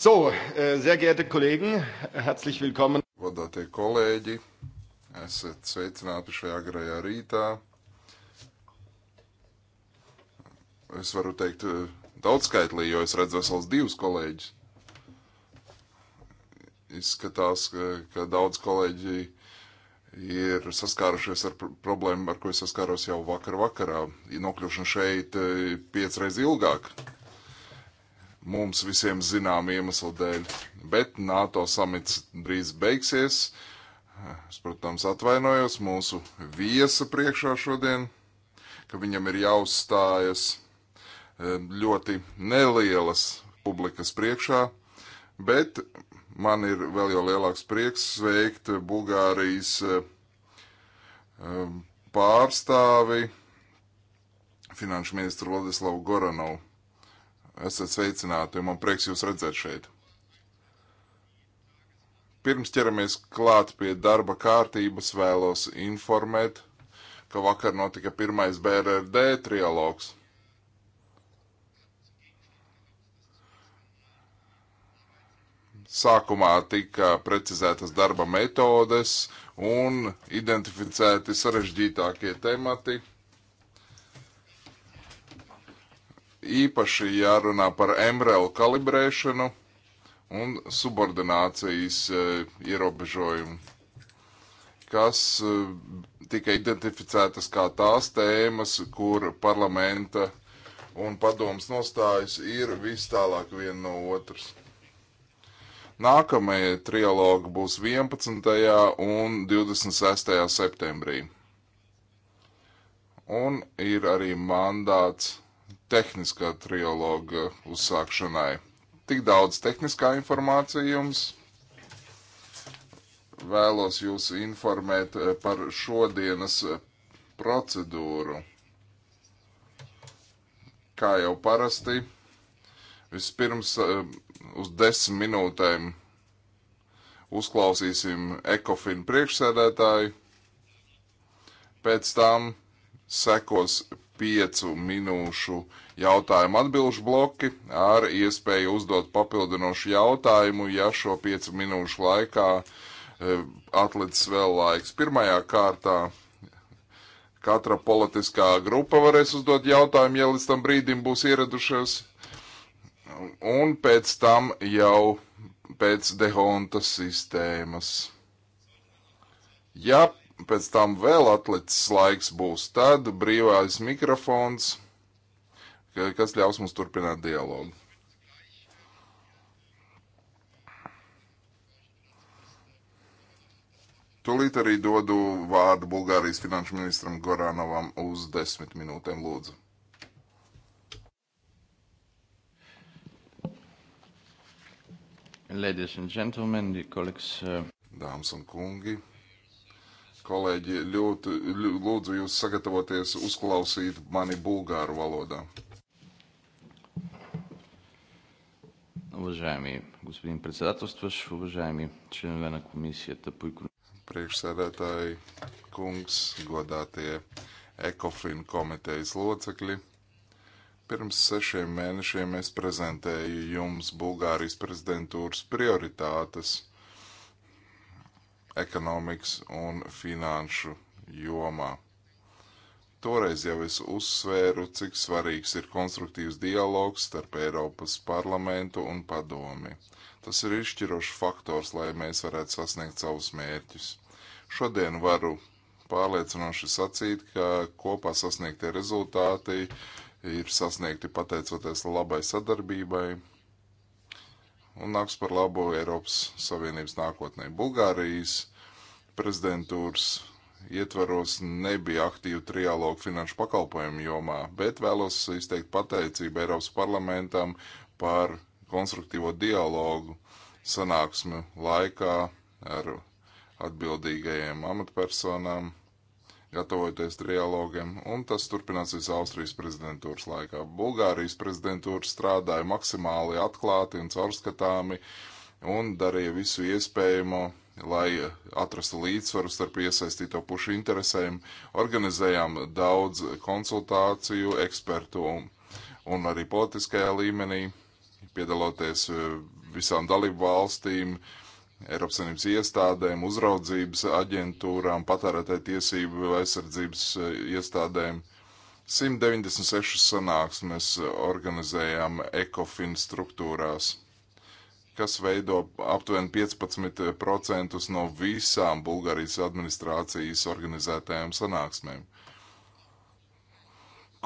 So, äh, sehr geehrte Kollegen, herzlich willkommen. Godātie kolēģi, esat sveicināti šajā agrajā rītā. Es varu teikt äh, daudzskaitlī, jo es redzu vesels divus kolēģus. Izskatās, ka, ka daudz kolēģi ir saskārušies ar problēmu, ar ko es saskāros jau vakar vakarā. Nokļūšana šeit äh, piecreiz ilgāk mums visiem zinām iemeslu dēļ. Bet NATO samits drīz beigsies. Es, protams, atvainojos mūsu viesa priekšā šodien, ka viņam ir jāuzstājas eh, ļoti nelielas publikas priekšā, bet man ir vēl jau lielāks prieks sveikt Bulgārijas eh, eh, pārstāvi, finanšu ministru Vladislavu Goranovu. Esat sveicināti, man prieks jūs redzēt šeit. Pirms ķeramies klāt pie darba kārtības, vēlos informēt, ka vakar notika pirmais BRD trialogs. Sākumā tika precizētas darba metodes un identificēti sarežģītākie temati īpaši jārunā par MRL kalibrēšanu un subordinācijas eh, ierobežojumu, kas eh, tika identificētas kā tās tēmas, kur parlamenta un padomas nostājas ir vis tālāk viena no otras. Nākamie trialogi būs 11. un 26. septembrī. Un ir arī mandāts tehniskā trialoga uzsākšanai. Tik daudz tehniskā informācija jums. Vēlos jūs informēt eh, par šodienas eh, procedūru. Kā jau parasti, vispirms eh, uz desmit minūtēm uzklausīsim ekofinu priekšsēdētāju, pēc tam sekos piecu minūšu jautājumu atbilžu bloki ar iespēju uzdot papildinošu jautājumu, ja šo piecu minūšu laikā eh, atlicis vēl laiks. Pirmajā kārtā katra politiskā grupa varēs uzdot jautājumu, ja līdz tam brīdim būs ieradušies. Un pēc tam jau pēc dehonta sistēmas. Ja pēc tam vēl atlicis laiks būs, tad brīvais mikrofons, kas ļaus mums turpināt dialogu. Tūlīt arī dodu vārdu Bulgārijas finanšu ministram Goranovam uz desmit minūtēm, lūdzu. Ladies and gentlemen, colleagues. Uh... Dāmas un kungi, Kolēģi, ļoti, lūdzu jūs sagatavoties uzklausīt mani bulgāru valodā. Уважаеми господин председателстващ, уважаеми членове на комисията по економическите... Priekšsēdētāji, kungs, godātie ECOFIN komitejas locekļi. Pirms sešiem mēnešiem es prezentēju jums Bulgārijas prezidentūras prioritātes – ekonomikas un finanšu jomā. Toreiz jau es uzsvēru, cik svarīgs ir konstruktīvs dialogs starp Eiropas parlamentu un padomi. Tas ir izšķirošs faktors, lai mēs varētu sasniegt savus mērķus. Šodien varu pārliecinoši sacīt, ka kopā sasniegtie rezultāti ir sasniegti pateicoties labai sadarbībai un nāks par labu Eiropas Savienības nākotnē. Bulgārijas prezidentūras ietvaros nebija aktīva trialoga finanšu pakalpojumu jomā, bet vēlos izteikt pateicību Eiropas parlamentam par konstruktīvo dialogu sanāksmi laikā ar atbildīgajiem amatpersonām, gatavojoties trialogiem, un tas turpināsies Austrijas prezidentūras laikā. Bulgārijas prezidentūra strādāja maksimāli atklāti un caurskatāmi un darīja visu iespējamo, lai eh, atrastu līdzsvaru starp iesaistīto pušu interesēm. Organizējām daudz konsultāciju, ekspertu un arī politiskajā līmenī, piedaloties eh, visām dalību valstīm, Eiropas Savienības iestādēm, uzraudzības aģentūrām, patērētāju tiesību aizsardzības eh, iestādēm. 196 sanāksmes organizējām ECOFIN struktūrās kas veido aptuveni 15% no visām Bulgārijas administrācijas organizētajām sanāksmēm.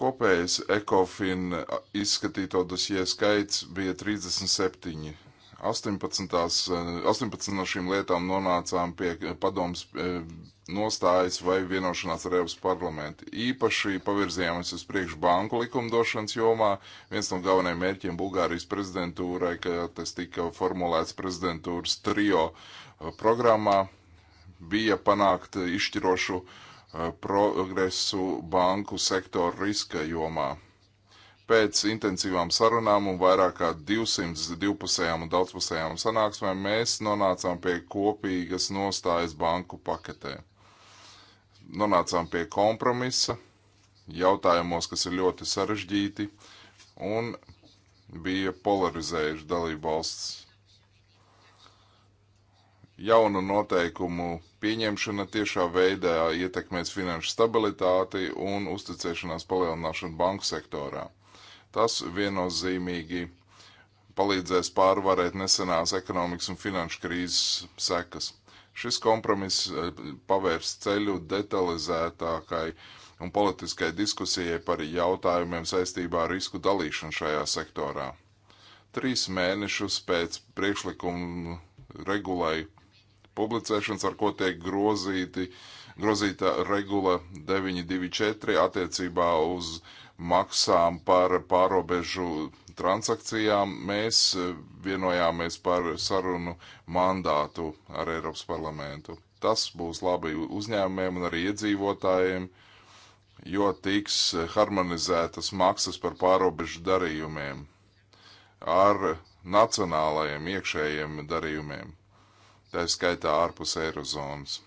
Kopējais ECOFIN izskatīto dosie skaits bija 37. 18, 18 no šīm lietām nonācām pie padomas eh, nostājas vai vienošanās ar Eiropas parlamentu. Īpaši pavirzījāmies uz priekšu banku likumdošanas jomā. Viens no galvenajiem mērķiem Bulgārijas prezidentūrai, ka tas tika formulēts prezidentūras trio uh, programmā, bija panākt izšķirošu uh, progresu banku sektoru riska jomā. Pēc intensīvām sarunām un vairāk kā 200 divpusējām un daudzpusējām sanāksmēm mēs nonācām pie kopīgas nostājas banku paketē nonācām pie kompromisa jautājumos, kas ir ļoti sarežģīti un bija polarizējuši dalību valsts. Jaunu noteikumu pieņemšana tiešā veidā ietekmēs finanšu stabilitāti un uzticēšanās palielināšanu banku sektorā. Tas viennozīmīgi palīdzēs pārvarēt nesenās ekonomikas un finanšu krīzes sekas. Šis kompromiss eh, pavērs ceļu detalizētākai un politiskai diskusijai par jautājumiem saistībā ar risku dalīšanu šajā sektorā. Trīs mēnešus pēc priekšlikuma regulai publicēšanas, ar ko tiek grozīti, grozīta regula 924 attiecībā uz maksām par pārobežu transakcijām mēs eh, vienojāmies par sarunu mandātu ar Eiropas parlamentu. Tas būs labi uzņēmumiem un arī iedzīvotājiem, jo tiks eh, harmonizētas maksas par pārobežu darījumiem ar nacionālajiem iekšējiem darījumiem, tā skaitā ārpus Eirozonas.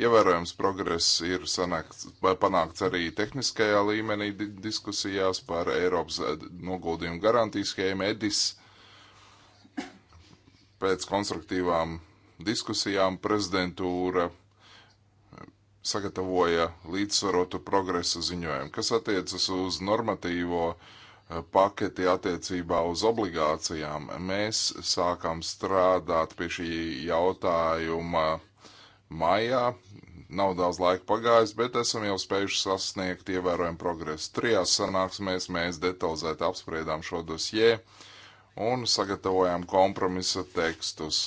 Ievērojams progress ir sanākts, panākts arī tehniskajā līmenī diskusijās par Eiropas eh, noguldījumu garantijas schēmu EDIS. Pēc konstruktīvām diskusijām prezidentūra eh, sagatavoja līdzsvarotu progresa ziņojumu, kas attiecas uz normatīvo eh, paketi attiecībā uz obligācijām. Mēs sākām strādāt pie šī jautājuma maijā. Nav daudz laika pagājis, bet esam jau spējuši sasniegt ievērojumu progresu. Trijās sanāksmēs mēs detalizēti apspriedām šo dosjē un sagatavojām kompromisa tekstus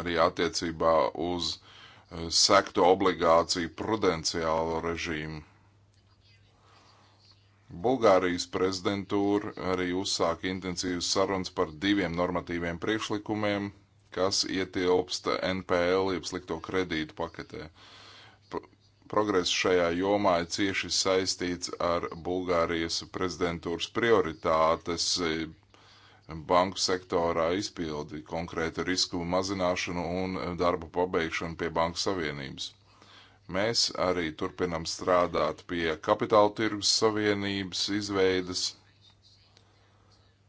arī attiecībā uz eh, sektu obligāciju prudenciālo režīmu. Bulgārijas prezidentūra arī uzsāka intensīvas sarunas par diviem normatīviem priekšlikumiem kas ietilpst NPL, jeb slikto kredītu paketē. Progress šajā jomā ir cieši saistīts ar Bulgārijas prezidentūras prioritātes banku sektorā izpildi, konkrētu risku mazināšanu un darbu pabeigšanu pie Banku Savienības. Mēs arī turpinam strādāt pie kapitāla tirgus savienības izveidas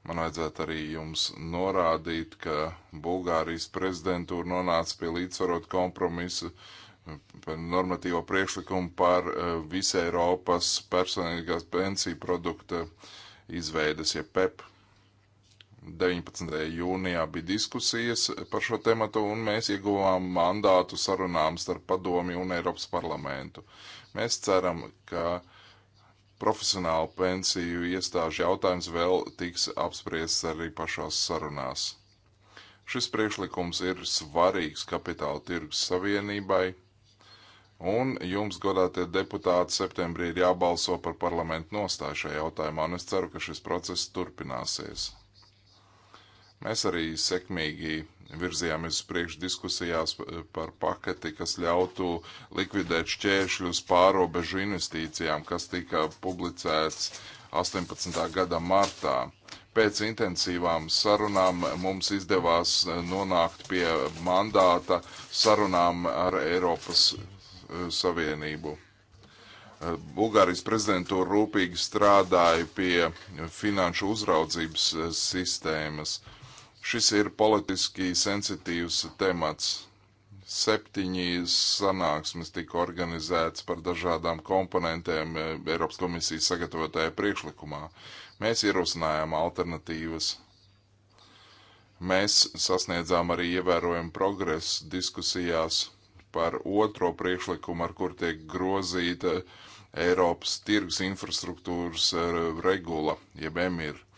Man vajadzētu arī jums norādīt, ka Bulgārijas prezidentūra nonāca pie līdzsvarot kompromisu par normatīvo priekšlikumu par eh, visu Eiropas personīgās pensiju produkta izveidas, ja PEP. 19. jūnijā bija diskusijas par šo tematu, un mēs ieguvām mandātu sarunām starp padomi un Eiropas parlamentu. Mēs ceram, ka profesionālu pensiju iestāžu jautājums vēl tiks apspriests arī pašās sarunās. Šis priekšlikums ir svarīgs kapitāla tirgus savienībai, un jums, godātie deputāti, septembrī ir jābalso par parlamentu nostāju šajā jautājumā, un es ceru, ka šis process turpināsies. Mēs arī sekmīgi virzījāmies uz priekšu diskusijās eh, par paketi, kas ļautu likvidēt šķēršļus pārobežu investīcijām, kas tika publicēts 18. gada martā. Pēc intensīvām sarunām mums izdevās eh, nonākt pie mandāta sarunām ar Eiropas eh, Savienību. Bulgārijas prezidentūra rūpīgi strādāja pie finanšu uzraudzības sistēmas. Uh, Šis ir politiski sensitīvs temats. Septiņi sanāksmes tika organizēts par dažādām komponentēm eh, Eiropas komisijas sagatavotajā priekšlikumā. Mēs ierosinājām alternatīvas. Mēs sasniedzām arī ievērojumu progresu diskusijās par otro priekšlikumu, ar kur tiek grozīta Eiropas tirgus infrastruktūras eh, regula, jeb emīra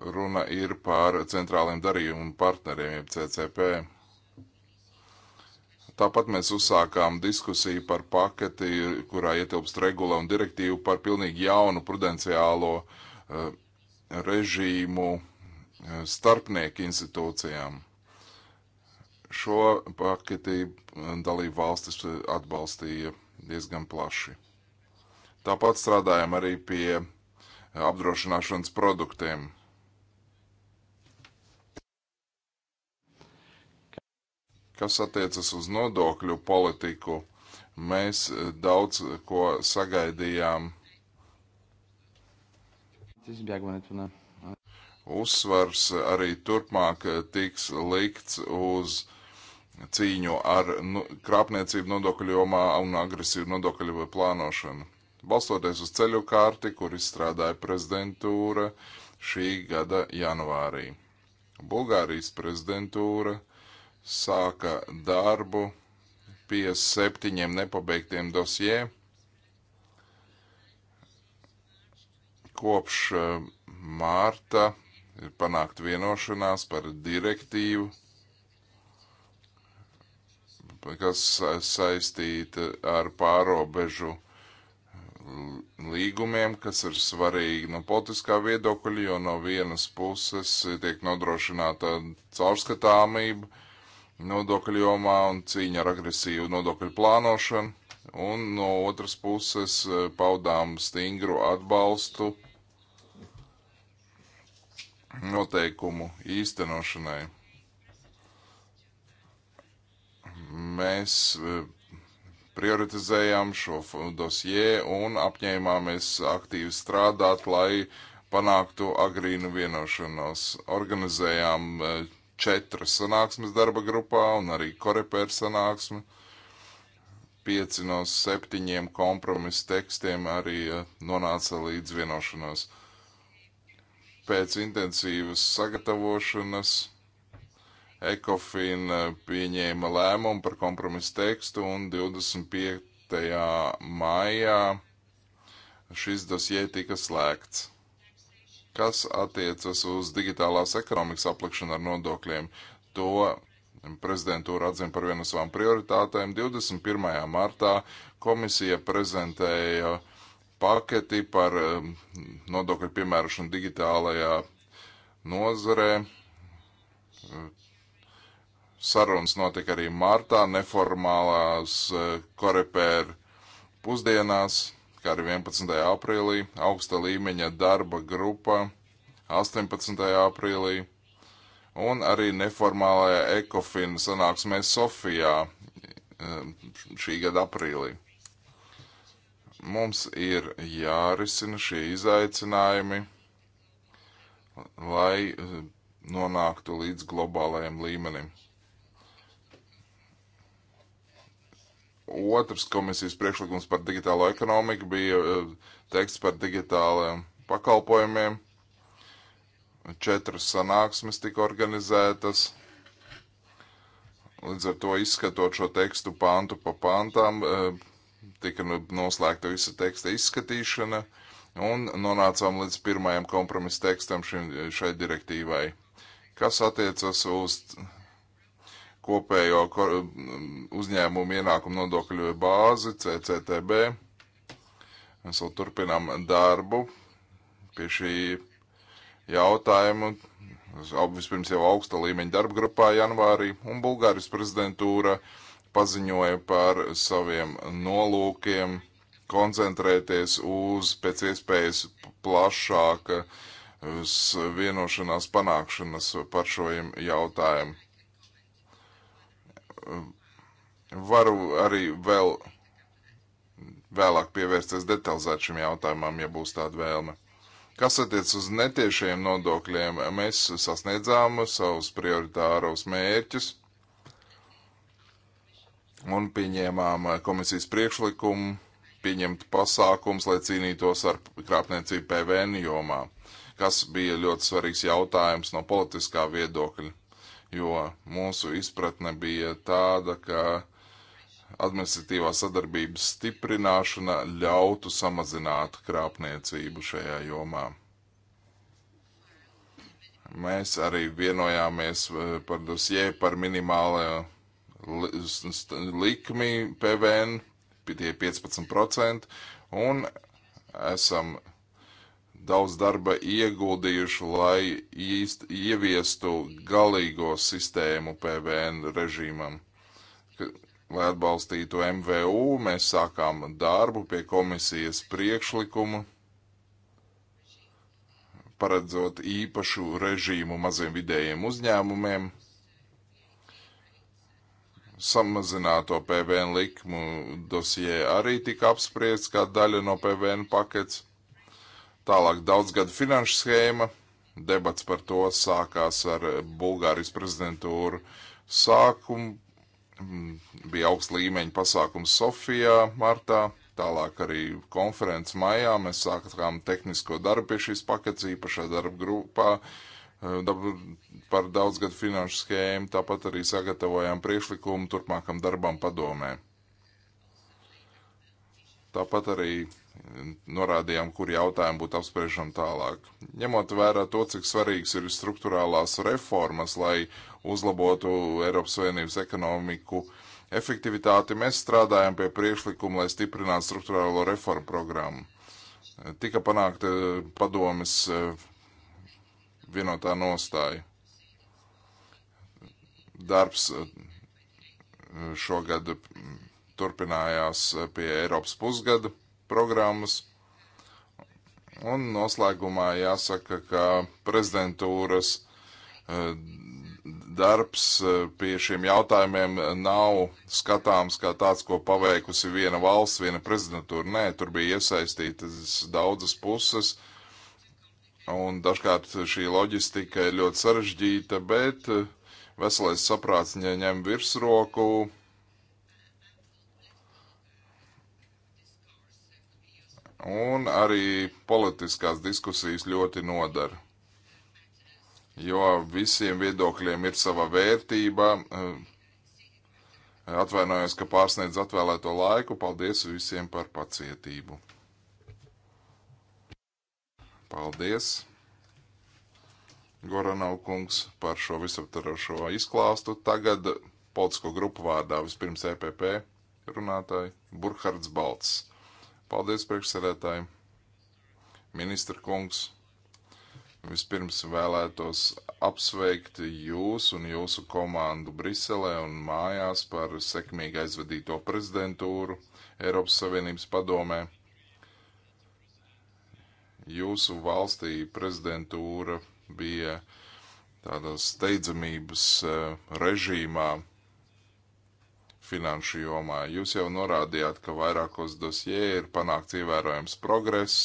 runa ir par centrāliem darījumu partneriem, jeb CCP. Tāpat mēs uzsākām diskusiju par paketi, kurā ietilpst regula un direktīva par pilnīgi jaunu prudenciālo uh, režīmu eh, starpnieku institūcijām. Šo paketi eh, dalību valstis atbalstīja diezgan plaši. Tāpat strādājam arī pie apdrošināšanas produktiem. Kas attiecas uz nodokļu politiku, mēs eh, daudz eh, ko sagaidījām. Tas bija gāgonetuna uzsvars eh, arī turpmāk tiks likts uz cīņu ar nu, krāpniecību nodokļu jomā un agresīvu nodokļu plānošanu. Balstoties uz ceļu kārti, kur izstrādāja prezidentūra šī gada janvārī. Bulgārijas prezidentūra sāka darbu pie septiņiem nepabeigtiem dosjē kopš e, mārta ir panākt vienošanās par direktīvu, kas saistīta ar pārobežu e, līgumiem, kas ir svarīgi no politiskā viedokļa, jo no vienas puses tiek nodrošināta caurskatāmība, nodokļu jomā un cīņa ar agresīvu nodokļu plānošanu. Un no otras puses e, paudām stingru atbalstu noteikumu īstenošanai. Mēs e, prioritizējām šo dosie un apņēmāmies aktīvi strādāt, lai panāktu agrīnu vienošanos. Organizējām uh, četras sanāksmes darba grupā un arī korepēra sanāksme. Pieci no septiņiem kompromisu tekstiem arī eh, nonāca līdz vienošanos. Pēc intensīvas sagatavošanas ECOFIN eh, pieņēma lēmumu par kompromisu tekstu un 25. maijā šis dosie tika slēgts kas attiecas uz digitālās ekonomikas aplikšanu ar nodokļiem. To prezidentūra atzina par vienu no savām prioritātēm. 21. martā komisija prezentēja paketi par um, nodokļu piemērošanu digitālajā nozarē. Sarunas notika arī martā neformālās uh, korepēra pusdienās kā arī 11. aprīlī, augsta līmeņa darba grupa 18. aprīlī un arī neformālajā ekofina sanāksmē Sofijā ehm, šī gada aprīlī. Mums ir jārisina šie izaicinājumi, lai ehm, nonāktu līdz globālajiem līmenim. Otrs komisijas priekšlikums par digitālo ekonomiku bija eh, teksts par digitāliem pakalpojumiem. Četras sanāksmes tika organizētas. Līdz ar to izskatot šo tekstu pantu pa pantām, eh, tika nu, noslēgta visa teksta izskatīšana un nonācām līdz pirmajam kompromisa tekstam šim, šai direktīvai, kas attiecas uz kopējo mm, uzņēmumu ienākumu nodokļu bāzi CCTB. Mēs vēl turpinām darbu pie šī jautājuma. Vispirms jau augsta līmeņa darba grupā janvārī, un Bulgārijas prezidentūra paziņoja par saviem nolūkiem koncentrēties uz pēc iespējas plašāka vienošanās panākšanas par šo jautājumu Um, varu arī vēl vēlāk pievērsties detalizēt šim jautājumam, ja būs tāda vēlme. Kas attiec uz netiešajiem nodokļiem, mēs sasniedzām savus prioritāros mērķus un pieņēmām komisijas priekšlikumu pieņemt pasākums, lai cīnītos ar krāpniecību PVN jomā, kas bija ļoti svarīgs jautājums no politiskā viedokļa jo mūsu izpratne bija tāda, ka administratīvā sadarbības stiprināšana ļautu samazināt krāpniecību šajā jomā. Mēs arī vienojāmies e, par dosjē par minimālo likmi PVN, tie 15%, un esam daudz darba ieguldījuši, lai īst, ieviestu galīgo sistēmu PVN režīmam. Lai atbalstītu MVU, mēs sākām darbu pie komisijas priekšlikuma, paredzot īpašu režīmu maziem vidējiem uzņēmumiem, samazināto PVN likmu dosijē arī tika apspriests kā daļa no PVN pakets Tālāk daudzgada finanšu schēma. Debats par to sākās ar Bulgārijas prezidentūru sākumu. Mm, bija augsts līmeņa pasākums Sofijā martā. Tālāk arī konferences maijā mēs sākām tehnisko darbu pie šīs paketes īpašā darba grupā eh, par daudzgadu finanšu schēmu, tāpat arī sagatavojām priekšlikumu turpmākam darbam padomē. Tāpat arī norādījām, kur jautājumi būtu apspriežam tālāk. Ņemot vērā to, cik svarīgs ir struktūrālās reformas, lai uzlabotu Eiropas Savienības ekonomiku efektivitāti, mēs strādājam pie priekšlikuma, lai stiprinātu struktūrālo reformu programmu. Tika panākta padomes eh, vienotā nostāja. Darbs eh, šogad mm, turpinājās pie Eiropas pusgada programmas. Un noslēgumā jāsaka, ka prezidentūras e, darbs e, pie šiem jautājumiem nav skatāms kā tāds, ko paveikusi viena valsts, viena prezidentūra. Nē, tur bija iesaistītas daudzas puses, un dažkārt šī loģistika ir ļoti sarežģīta, bet e, veselais saprāts ņem virsroku, un arī politiskās diskusijas ļoti nodara. Jo visiem viedokļiem ir sava vērtība. Eh, atvainojos, ka pārsniedz atvēlēto laiku. Paldies visiem par pacietību. Paldies, Goranov kungs, par šo visaptarošo izklāstu. Tagad politisko grupu vārdā vispirms EPP runātāji Burkhards Balts. Paldies priekšsēdētāji. Ministra kungs, vispirms vēlētos apsveikt jūs un jūsu komandu Briselē un mājās par sekmīgi aizvadīto prezidentūru Eiropas Savienības padomē. Jūsu valstī prezidentūra bija tādā steidzamības eh, režīmā finanšu jomā. Jūs jau norādījāt, ka vairākos dosjē ir panākts ievērojams progress,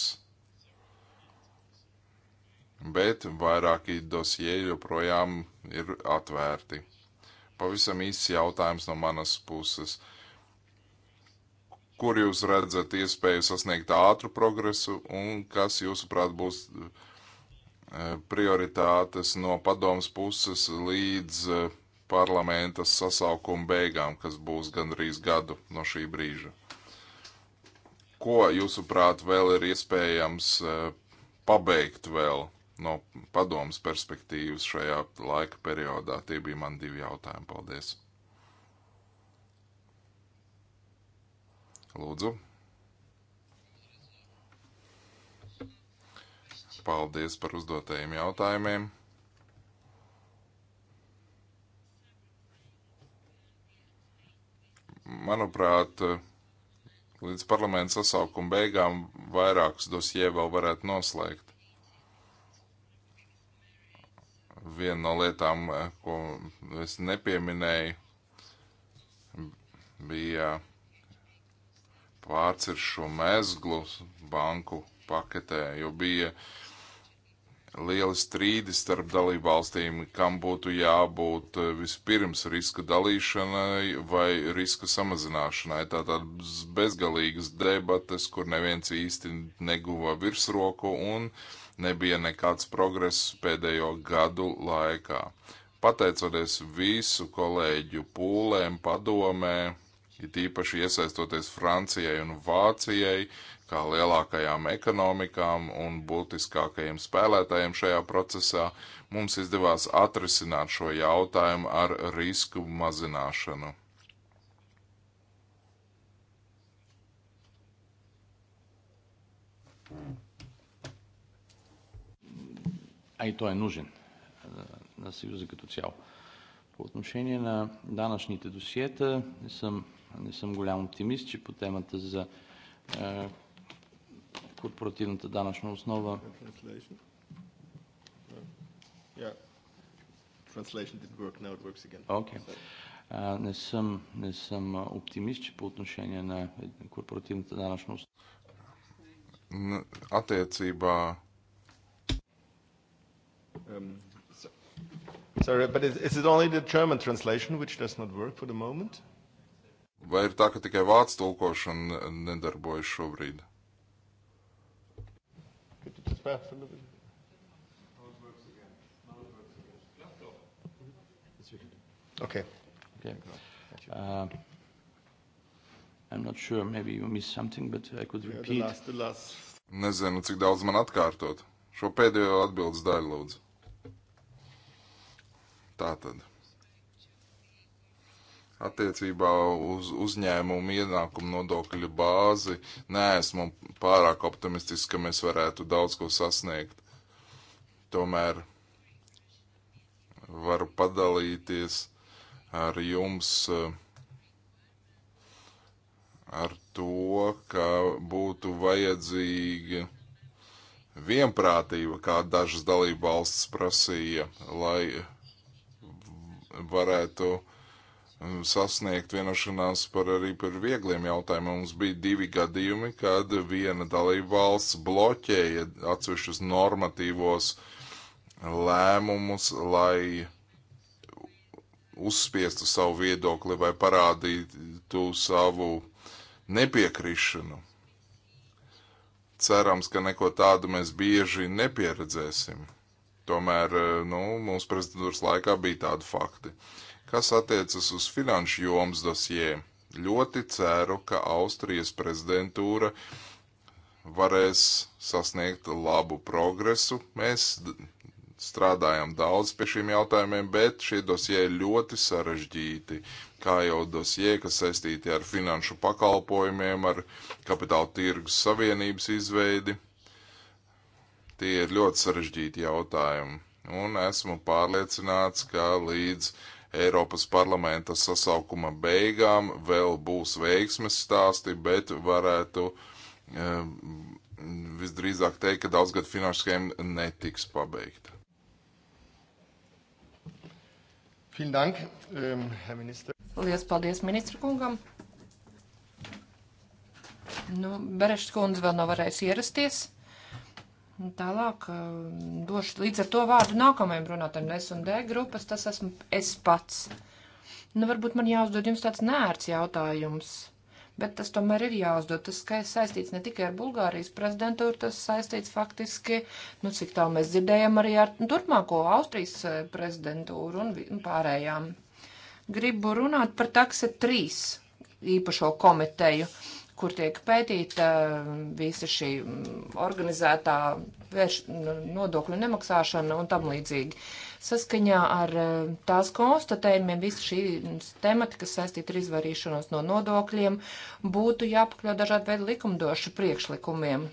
bet vairāki dosjē joprojām ir atvērti. Pavisam īsts jautājums no manas puses. Kur jūs redzat iespēju sasniegt ātru progresu un kas jūsuprāt būs eh, prioritātes no padomas puses līdz eh, parlamenta sasaukuma beigām, kas būs gandrīz gadu no šī brīža. Ko, jūsuprāt, vēl ir iespējams e, pabeigt vēl no padomas perspektīvas šajā laika periodā? Tie bija man divi jautājumi. Paldies! Lūdzu! Paldies par uzdotajiem jautājumiem! Manuprāt, līdz parlamenta sasaukuma beigām vairākus dosie vēl varētu noslēgt. Viena no lietām, ko es nepieminēju, bija pārciršu mezglu banku paketē, jo bija uh, lieli strīdi starp dalībvalstīm, kam būtu jābūt eh, vispirms riska dalīšanai vai riska samazināšanai. Tātad bezgalīgas debates, kur neviens īsti neguva virsroku un nebija nekāds progress pēdējo gadu laikā. Pateicoties visu kolēģu pūlēm, padomē, it īpaši iesaistoties Francijai un Vācijai, kā lielākajām ekonomikām un būtiskākajiem spēlētājiem šajā procesā, mums izdevās atrisināt šo jautājumu ar risku mazināšanu. А и той е нужен на Съюза като цяло. По отношение на данъчните досиета, не съм, не съм голям оптимист, че по темата за корпоративната данъчна основа. Uh, okay. А, uh, не, съм, не съм uh, оптимист, че по отношение на корпоративната данъчна основа. Attiecībā. Um, so, sorry, but is, is it only the German translation which does not work for the moment? Vai ir tā, ka tikai vācu tulkošana nedarbojas šobrīd? Sprache von der Vision. Okay. Okay. Uh, I'm not sure, maybe you missed something, but I could repeat. Yeah, the last, the last. Nezinu, cik daudz man atkārtot. Šo pēdējo atbildes daļu lūdzu. Tātad attiecībā uz uzņēmumu ienākumu nodokļu bāzi neesmu pārāk optimistisks, ka mēs varētu daudz ko sasniegt. Tomēr varu padalīties ar jums eh, ar to, ka būtu vajadzīga vienprātība, kā dažas dalība valsts prasīja, lai varētu uh, Mm, sasniegt vienošanās par arī par viegliem jautājumiem. Mums bija divi gadījumi, kad viena dalība valsts bloķēja atsevišķus normatīvos lēmumus, lai uzspiestu savu viedokli vai parādītu savu nepiekrišanu. Cerams, ka neko tādu mēs bieži nepieredzēsim. Tomēr, eh, nu, mūsu prezidentūras laikā bija tādi fakti. Uh, Kas attiecas uz finanšu jomas dosjē, ļoti ceru, ka Austrijas prezidentūra varēs sasniegt labu progresu. Mēs strādājam daudz pie šiem jautājumiem, bet šie dosie ir ļoti sarežģīti. Kā jau dosie, kas saistīti ar finanšu pakalpojumiem, ar kapitāla tirgus savienības izveidi. Tie ir ļoti sarežģīti jautājumi. Un esmu pārliecināts, ka līdz Eiropas parlamenta sasaukuma beigām vēl būs veiksmes stāsti, bet varētu ehm, visdrīzāk teikt, ka daudzgad finanšu schēma netiks pabeigta. Dank, um, Lielas paldies ministru kungam. Nu, Berešs kundze vēl nav varējusi ierasties. Tālāk došu līdz ar to vārdu nākamajam runātājam no S&D grupas, tas esmu es pats. Nu, varbūt man jāuzdod jums tāds nērts jautājums, bet tas tomēr ir jāuzdod. Tas saistīts ne tikai ar Bulgārijas prezidentūru, tas saistīts faktiski, nu, cik tālu mēs dzirdējam, arī ar turpmāko Austrijas prezidentūru un, un pārējām. Gribu runāt par takse 3 īpašo komiteju. Uh, kur tiek pētīta um, visa šī um, organizētā vērš, nu, nodokļu nemaksāšana un tam līdzīgi. Saskaņā ar um, tās konstatējumiem visa šī temata, kas saistīta ar izvarīšanos no nodokļiem, būtu jāpakļaut dažādu veidu likumdošu priekšlikumiem.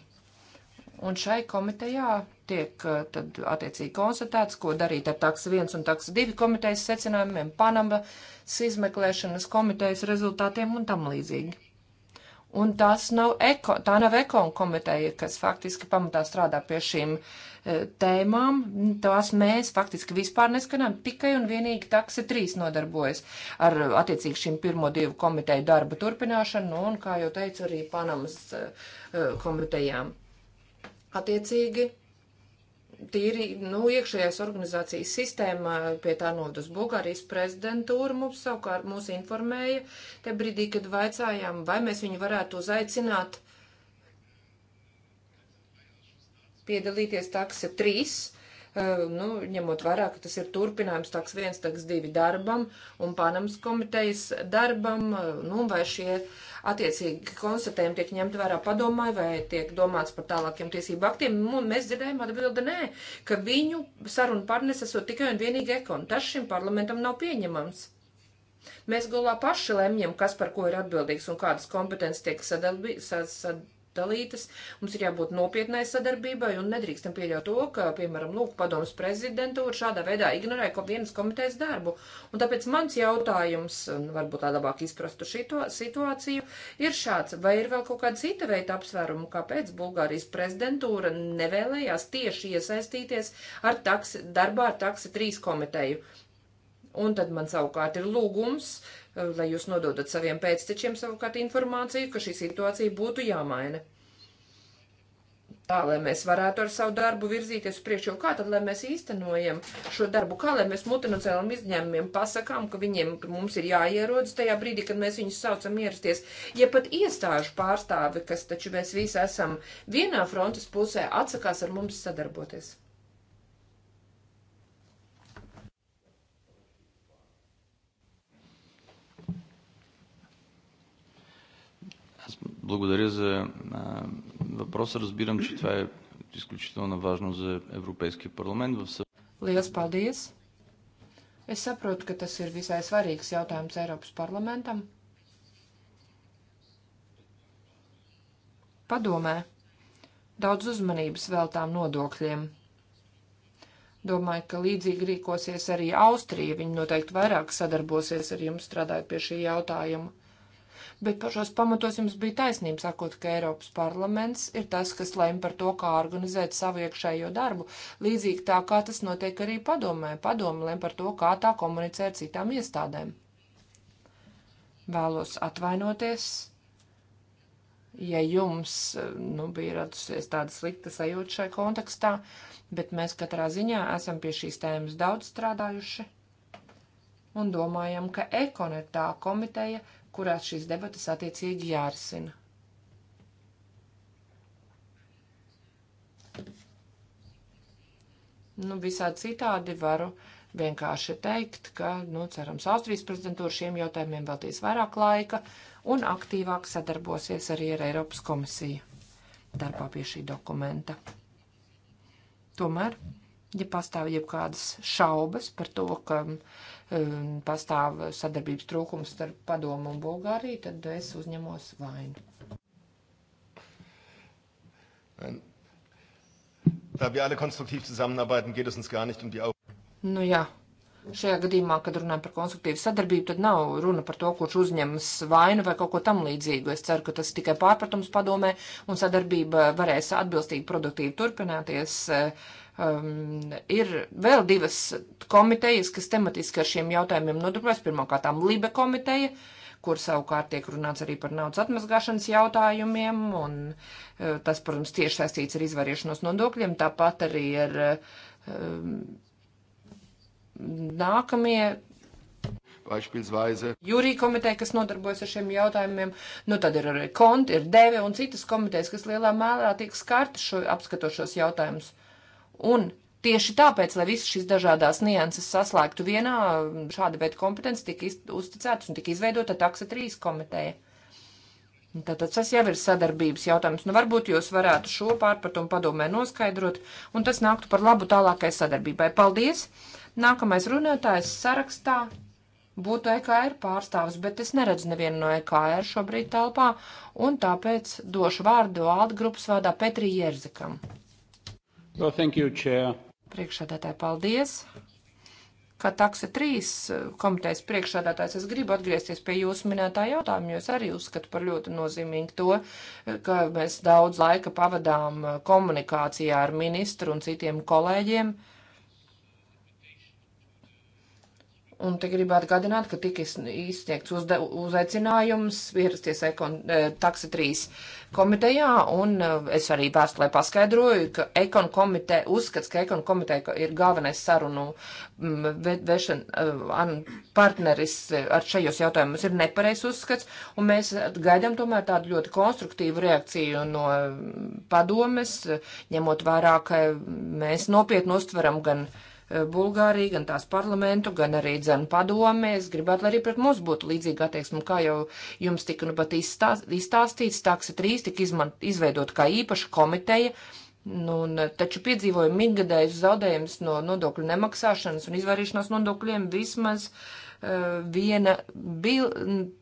Un šai komitejā tiek uh, tad attiecīgi konstatēts, ko darīt ar taks 1 un taks 2 komitejas secinājumiem, Panamas izmeklēšanas komitejas rezultātiem un tam līdzīgi. Un tas nav eko, tā nav ekonu komiteja, kas faktiski pamatā strādā pie šīm e, tēmām. Tās mēs faktiski vispār neskanām, tikai un vienīgi takse trīs nodarbojas ar attiecīgi šīm pirmo divu komiteju darba turpināšanu nu, un, kā jau teicu, arī Panamas e, e komitejām. Attiecīgi tīri, nu, iekšējās organizācijas sistēma pie tā nodas Bulgārijas prezidentūra mums savukārt mūs informēja, te brīdī, kad vaicājām, vai mēs viņu varētu uzaicināt piedalīties takse eh, 3, nu, ņemot vērā, ka tas ir turpinājums taks viens, taks divi darbam un Panamas komitejas darbam, eh, nu, vai šie uh, attiecīgi konstatējumi tiek ņemti vērā padomai vai tiek domāts par tālākiem tiesību aktiem. Un mēs dzirdējām atbildi nē, ka viņu sarunu partneris esot tikai un vienīgi ekon. Tas šim parlamentam nav pieņemams. Mēs gulā paši lemjam, kas par ko ir atbildīgs un kādas kompetences tiek sadalītas. Sad dalītas. Mums ir jābūt nopietnai sadarbībai un nedrīkstam pieļaut to, ka, piemēram, lūk, padomas prezidentūra šādā veidā ignorē ko vienas komitejas darbu. Un tāpēc mans jautājums, varbūt tā labāk izprastu šito situāciju, ir šāds. Vai ir vēl kaut kāda cita veida apsvērumu, kāpēc Bulgārijas prezidentūra nevēlējās tieši iesaistīties ar taksi, darbā ar taksi trīs komiteju? Un tad man savukārt ir lūgums uh, Eh, lai jūs nododat saviem pēctečiem savukārt informāciju, ka šī situācija būtu jāmaina. Tā, lai mēs varētu ar savu darbu virzīties uz priekšu, kā tad, lai mēs īstenojam šo darbu, kā lai mēs multinacionāliem izņēmumiem pasakām, ka viņiem ka mums ir jāierodas tajā brīdī, kad mēs viņus saucam ierasties. Ja pat iestāžu pārstāvi, kas taču mēs visi esam vienā frontes pusē, atsakās ar mums sadarboties. Благодаря за а, въпроса. Разбирам, че това е изключително важно за Европейския парламент. В... Lielas paldies! Es saprotu, ka tas ir visai svarīgs jautājums Eiropas parlamentam. Padomē, daudz uzmanības veltām nodokļiem. Domāju, ka līdzīgi rīkosies arī Austrija. Viņa noteikti vairāk sadarbosies ar jums strādājot pie šī jautājuma bet par šos pamatos jums bija taisnība sakot, ka Eiropas parlaments ir tas, kas lem par to, kā organizēt savu iekšējo darbu, līdzīgi tā kā tas notiek arī padomē. Padome lem par to, kā tā komunicē ar citām iestādēm. Vēlos atvainoties, ja jums nu, bija radusies tāda slikta sajūta šai kontekstā, bet mēs katrā ziņā esam pie šīs tēmas daudz strādājuši un domājam, ka ekon ir tā komiteja, kurās šīs debatas attiecīgi jārisina. Nu, visādi citādi varu vienkārši teikt, ka, nu, cerams, Austrijas prezidentūra šiem jautājumiem veltīs vairāk laika un aktīvāk sadarbosies arī ar Eiropas komisiju darbā pie šī dokumenta. Tomēr, ja pastāv jebkādas šaubas par to, ka uh, um, pastāv sadarbības trūkums starp padomu un Bulgāriju, tad es uzņemos vainu. Da wir alle konstruktiv zusammenarbeiten, geht es uns gar nicht um die Augen. Nu jā, Šajā gadījumā, kad runājam par konstruktīvu sadarbību, tad nav runa par to, kurš uzņems vainu vai kaut ko tam līdzīgu. Es ceru, ka tas tikai pārpratums padomē un sadarbība varēs atbilstīgi produktīvi turpināties. Uh, um, ir vēl divas komitejas, kas tematiski ar šiem jautājumiem nodarbojas. Pirmkārt, Libe komiteja, kur savukārt tiek runāts arī par naudas atmazgāšanas jautājumiem, un uh, tas, protams, tieši saistīts ar izvariešanos nodokļiem, tāpat arī ar um, nākamie. Jūrija komiteja, kas nodarbojas ar šiem jautājumiem, nu tad ir arī konti, ir deve un citas komitejas, kas lielā mērā tiek skarta šo apskatošos jautājumus. Un tieši tāpēc, lai visas šīs dažādās nianses saslēgtu vienā, šāda veida kompetence tika uzticētas un tika izveidota taksa trīs komiteja. Tātad tas jau ir sadarbības jautājums. Nu, varbūt jūs varētu šo pārpratumu padomē noskaidrot, un tas nāktu par labu tālākai sadarbībai. Paldies! Nākamais runātājs sarakstā būtu EKR pārstāvis, bet es neredzu nevienu no EKR šobrīd telpā, un tāpēc došu vārdu Alda grupas vārdā Petri Jerzikam. Well, thank you, Chair. Priekšādātāji, paldies! Kā taksa trīs eh, komitejas priekšādātājs, es gribu atgriezties pie jūsu minētā jautājuma, jo es arī uzskatu par ļoti nozīmīgu to, ka mēs daudz laika pavadām eh, komunikācijā ar ministru un citiem kolēģiem. Uh, Un te gribētu atgādināt, ka tika izsniegts uzde, uzaicinājums ierasties ekon, e, taksa 3 komitejā, un e, es arī vēstulē paskaidroju, ka ekon komite, uzskats, ka ekon komiteja ir galvenais sarunu vešan, e, partneris ar šajos jautājumus ir nepareizs uzskats, un mēs gaidām tomēr tādu ļoti konstruktīvu reakciju no padomes, ņemot vērā, ka mēs nopietni uztveram gan. Uh, Eh, Bulgārija, gan tās parlamentu, gan arī dzēnu padomē. Es gribētu, lai arī pret mums būtu līdzīga attieksme, kā jau jums tika nu pat izstāstīts, tāks ir trīs tik izman, izveidot kā īpaša komiteja. Nu, un, eh, taču piedzīvoja mingadējus zaudējumus no nodokļu nemaksāšanas un izvairīšanās nodokļiem vismaz uh, viena bil,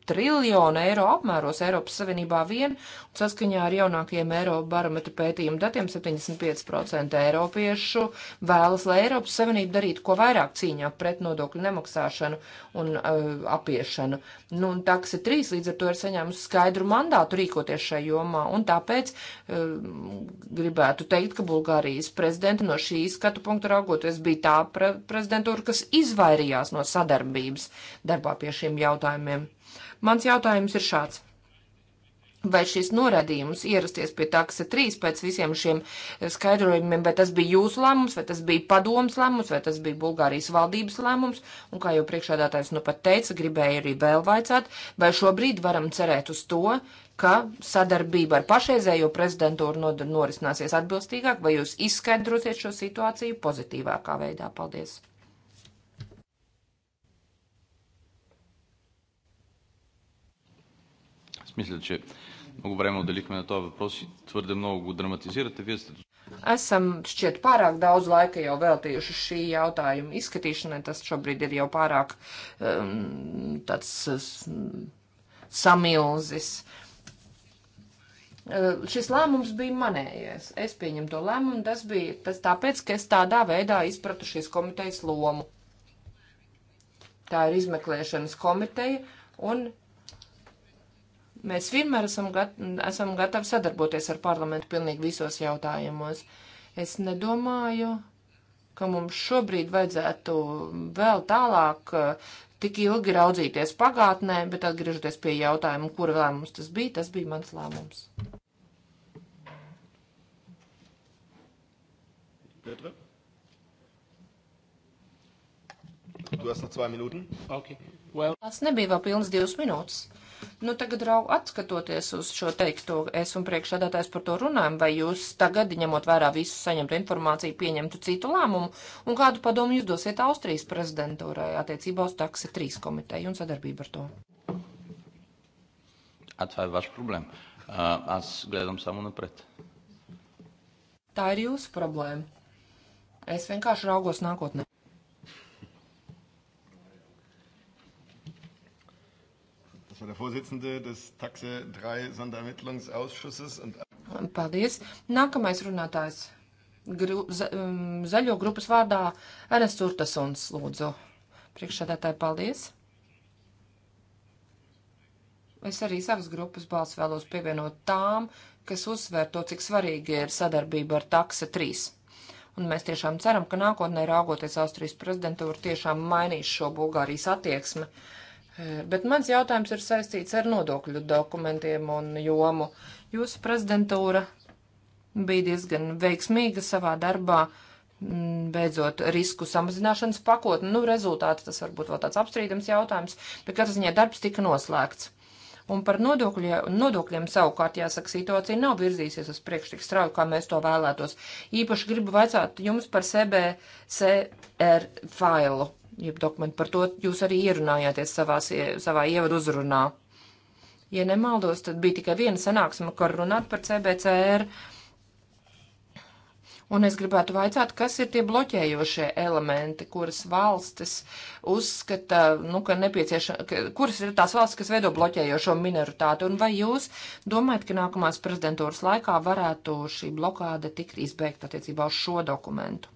triljona eiro apmēros Eiropas Savienībā vien, un saskaņā ar jaunākajiem Eiropa barometru pētījumu datiem 75% eiropiešu vēlas, lai Eiropas Savienība darītu ko vairāk cīņā pret nodokļu nemaksāšanu un uh, apiešanu. Nu, un takse 3 līdz ar to ir saņēmusi skaidru mandātu rīkoties šajā jomā, un tāpēc uh, gribētu teikt, ka Bulgārijas prezidenta no šī skatu punktu raugoties bija tā pre prezidentūra, kas izvairījās no sadarbības darbā pie šiem jautājumiem. Mans jautājums ir šāds. Vai šis norādījums ierasties pie taksa 3 pēc visiem šiem skaidrojumiem, vai tas bija jūsu lēmums, vai tas bija padomas lēmums, vai tas bija Bulgārijas valdības lēmums, un kā jau priekšādātājs nu pat teica, gribēju arī vēl vaicāt, vai šobrīd varam cerēt uz to, ka sadarbība ar pašreizējo prezidentūru norisināsies atbilstīgāk, vai jūs izskaidrosiet šo situāciju pozitīvākā veidā. Paldies! Мисля, че много време отделихме на този въпрос и твърде много го драматизирате. Вие сте... Esam šķiet pārāk daudz laika jau veltījuši šī jautājuma izskatīšanai. Tas šobrīd ir jau pārāk um, tāds um, samilzis. Uh, šis lēmums bija manējais. Es pieņemu to lēmumu, tas bija tas tāpēc, ka es tādā veidā izpratu šīs komitejas lomu. Tā ir izmeklēšanas komiteja, un Mēs vienmēr esam, gat esam gatavi sadarboties ar parlamentu pilnīgi visos jautājumos. Es nedomāju, ka mums šobrīd vajadzētu vēl tālāk eh, tik ilgi raudzīties pagātnē, bet atgriežoties pie jautājuma, kura lēmums tas bija, tas bija mans lēmums. Petra? Tu esi no 2 minūtes? Okay. Well. Tas nebija vēl pilnas 2 minūtes. Nu, tagad, Rau, atskatoties uz šo teikto, es un priekšsēdētājs par to runājam, vai jūs tagad, ņemot vērā visu saņemtu informāciju, pieņemtu citu lēmumu, un kādu padomu jūs dosiet Austrijas prezidentūrai attiecībā uz taksi 3 komiteju un sadarbību ar to? Atvēr vaš problēmu. Аз гледам само напред. Tā ir jūsu problēma. Es vienkārši raugos nākotnē. war der Vorsitzende des Taxe 3 Sonderermittlungsausschusses. Und... Paldies. Nākamais runātājs. Gru, za, um, zaļo grupas vārdā Ernsts Urtasons, lūdzu. Priekšsēdētāji, paldies. Es arī savas grupas balss vēlos pievienot tām, kas uzsver to, cik svarīgi ir sadarbība ar Taxa 3 un mēs tiešām ceram, ka nākotnē raugoties Austrijas prezidentūra tiešām mainīs šo Bulgārijas attieksmi Bet mans jautājums ir saistīts ar nodokļu dokumentiem un jomu. Jūsu prezidentūra bija diezgan veiksmīga savā darbā, beidzot risku samazināšanas pakotni. Nu, rezultāti tas varbūt vēl tāds apstrīdams jautājums, bet katrā ziņā darbs tika noslēgts. Un par nodokļa, nodokļiem savukārt jāsaka, situācija nav virzīsies uz priekšu tik strauji, kā mēs to vēlētos. Īpaši gribu vaicāt jums par CBCR failu jeb dokumenti. Par to jūs arī ierunājāties savās, savā ievadu uzrunā. Ja nemaldos, tad bija tikai viena sanāksme, kur runāt par CBCR. Un es gribētu vaicāt, kas ir tie bloķējošie elementi, kuras valstis uzskata, nu, ka nepieciešams, kuras ir tās valstis, kas veido bloķējošo minoritāti, un vai jūs domājat, ka nākamās prezidentūras laikā varētu šī blokāde tikt izbeigta attiecībā uz šo dokumentu?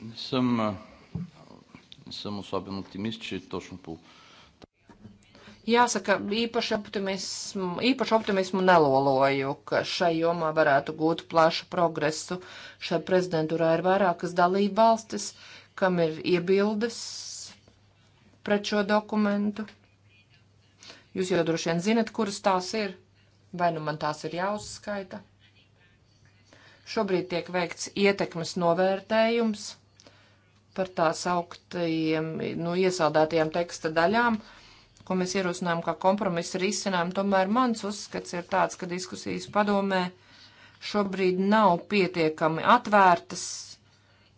Не съм, не съм особен оптимист, че точно по Jāsaka, īpaši optimismu, īpaši optimismu neloloju, ka šai jomā varētu gūt plašu progresu. Šai prezidentūrā ir vairākas dalība valstis, kam ir iebildes pret šo dokumentu. Jūs jau droši vien zinat, kuras tās ir, vai nu man tās ir jāuzskaita. Šobrīd tiek veikts ietekmes novērtējums par tās augtajiem, nu, iesaldētajām teksta daļām, ko mēs ierosinām kā kompromisu risinājumu. Tomēr mans uzskats ir tāds, ka diskusijas padomē šobrīd nav pietiekami atvērtas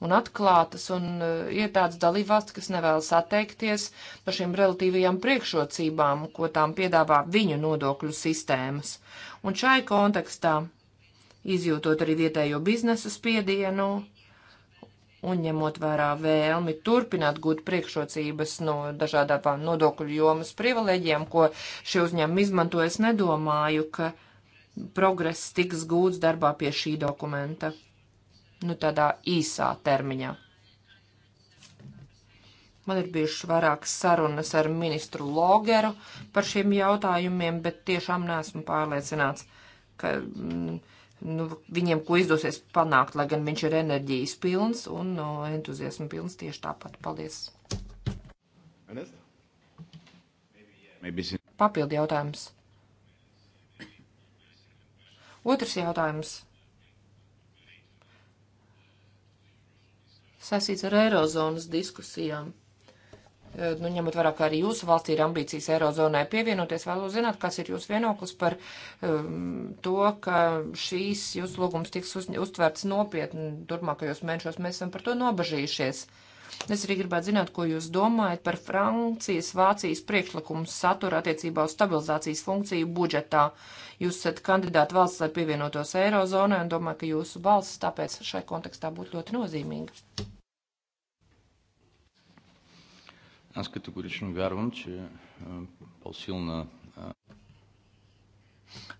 un atklātas, un uh, ir tāds dalībvalsts, kas nevēlas atteikties no šīm relatīvajām priekšrocībām, ko tām piedāvā viņu nodokļu sistēmas. Un šai kontekstā, izjūtot arī vietējo biznesa spiedienu, un ņemot vērā vēlmi turpināt gūt priekšrocības no dažādām nodokļu jomas privilēģiem, ko šie uzņēmumi izmanto, es nedomāju, ka progress tiks gūts darbā pie šī dokumenta. Nu, tādā īsā termiņā. Man ir bijušas vairākas sarunas ar ministru Logeru par šiem jautājumiem, bet tiešām neesmu pārliecināts, ka. Mm, nu, viņiem, ko izdosies panākt, lai gan viņš ir enerģijas pilns un no, nu, entuziasma pilns tieši tāpat. Paldies! Papildi jautājums. Otrs jautājums. Sasīts ar Eirozonas diskusijām. Eh, nu, ņemot vērā, ka arī jūsu valstī ir ambīcijas Eirozonai pievienoties, vēlos zināt, kas ir jūsu vienoklis par um, to, ka šīs jūsu lūgums tiks uz, uztverts nopietni turpmākajos mēnešos. Mēs esam par to nobažījušies. Es arī gribētu zināt, ko jūs domājat par Francijas, Vācijas priekšlikumu satura attiecībā uz stabilizācijas funkciju budžetā. Jūs esat kandidāti valsts, lai pievienotos Eirozonai, un domāju, ka jūsu balss tāpēc šai kontekstā būtu ļoti nozīmīga. Аз категорично вярвам, че по-силна.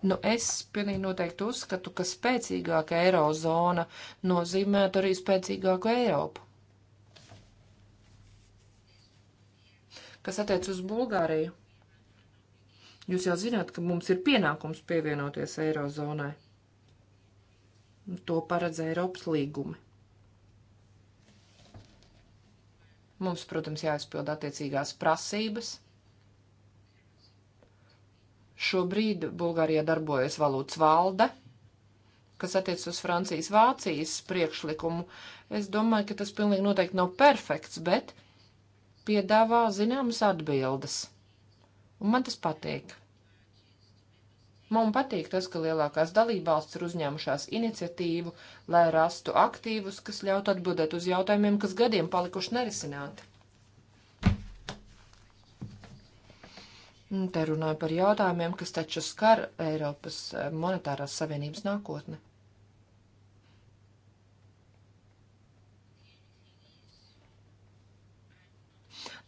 Nu, es pilnīgi noteikti uzskatu, ka spēcīgāka eirozona nozīmētu arī spēcīgāku Eiropu. Kas attiec uz Bulgāriju, jūs jau zināt, ka mums ir pienākums pievienoties eirozonai. To paredz Eiropas līgumi. Mums, protams, jāizpild attiecīgās prasības. Šobrīd Bulgārijā darbojas valūtas valde, kas attiec uz Francijas-Vācijas priekšlikumu. Es domāju, ka tas pilnīgi noteikti nav perfekts, bet piedāvā zināmas atbildes. Un man tas patīk. Man patīk tas, ka lielākās dalībvalsts ir uzņēmušās iniciatīvu, lai rastu aktīvus, kas ļautu atbildēt uz jautājumiem, kas gadiem palikuši nerisināti. Te runāju par jautājumiem, kas taču skar Eiropas eh, monetārās savienības nākotni.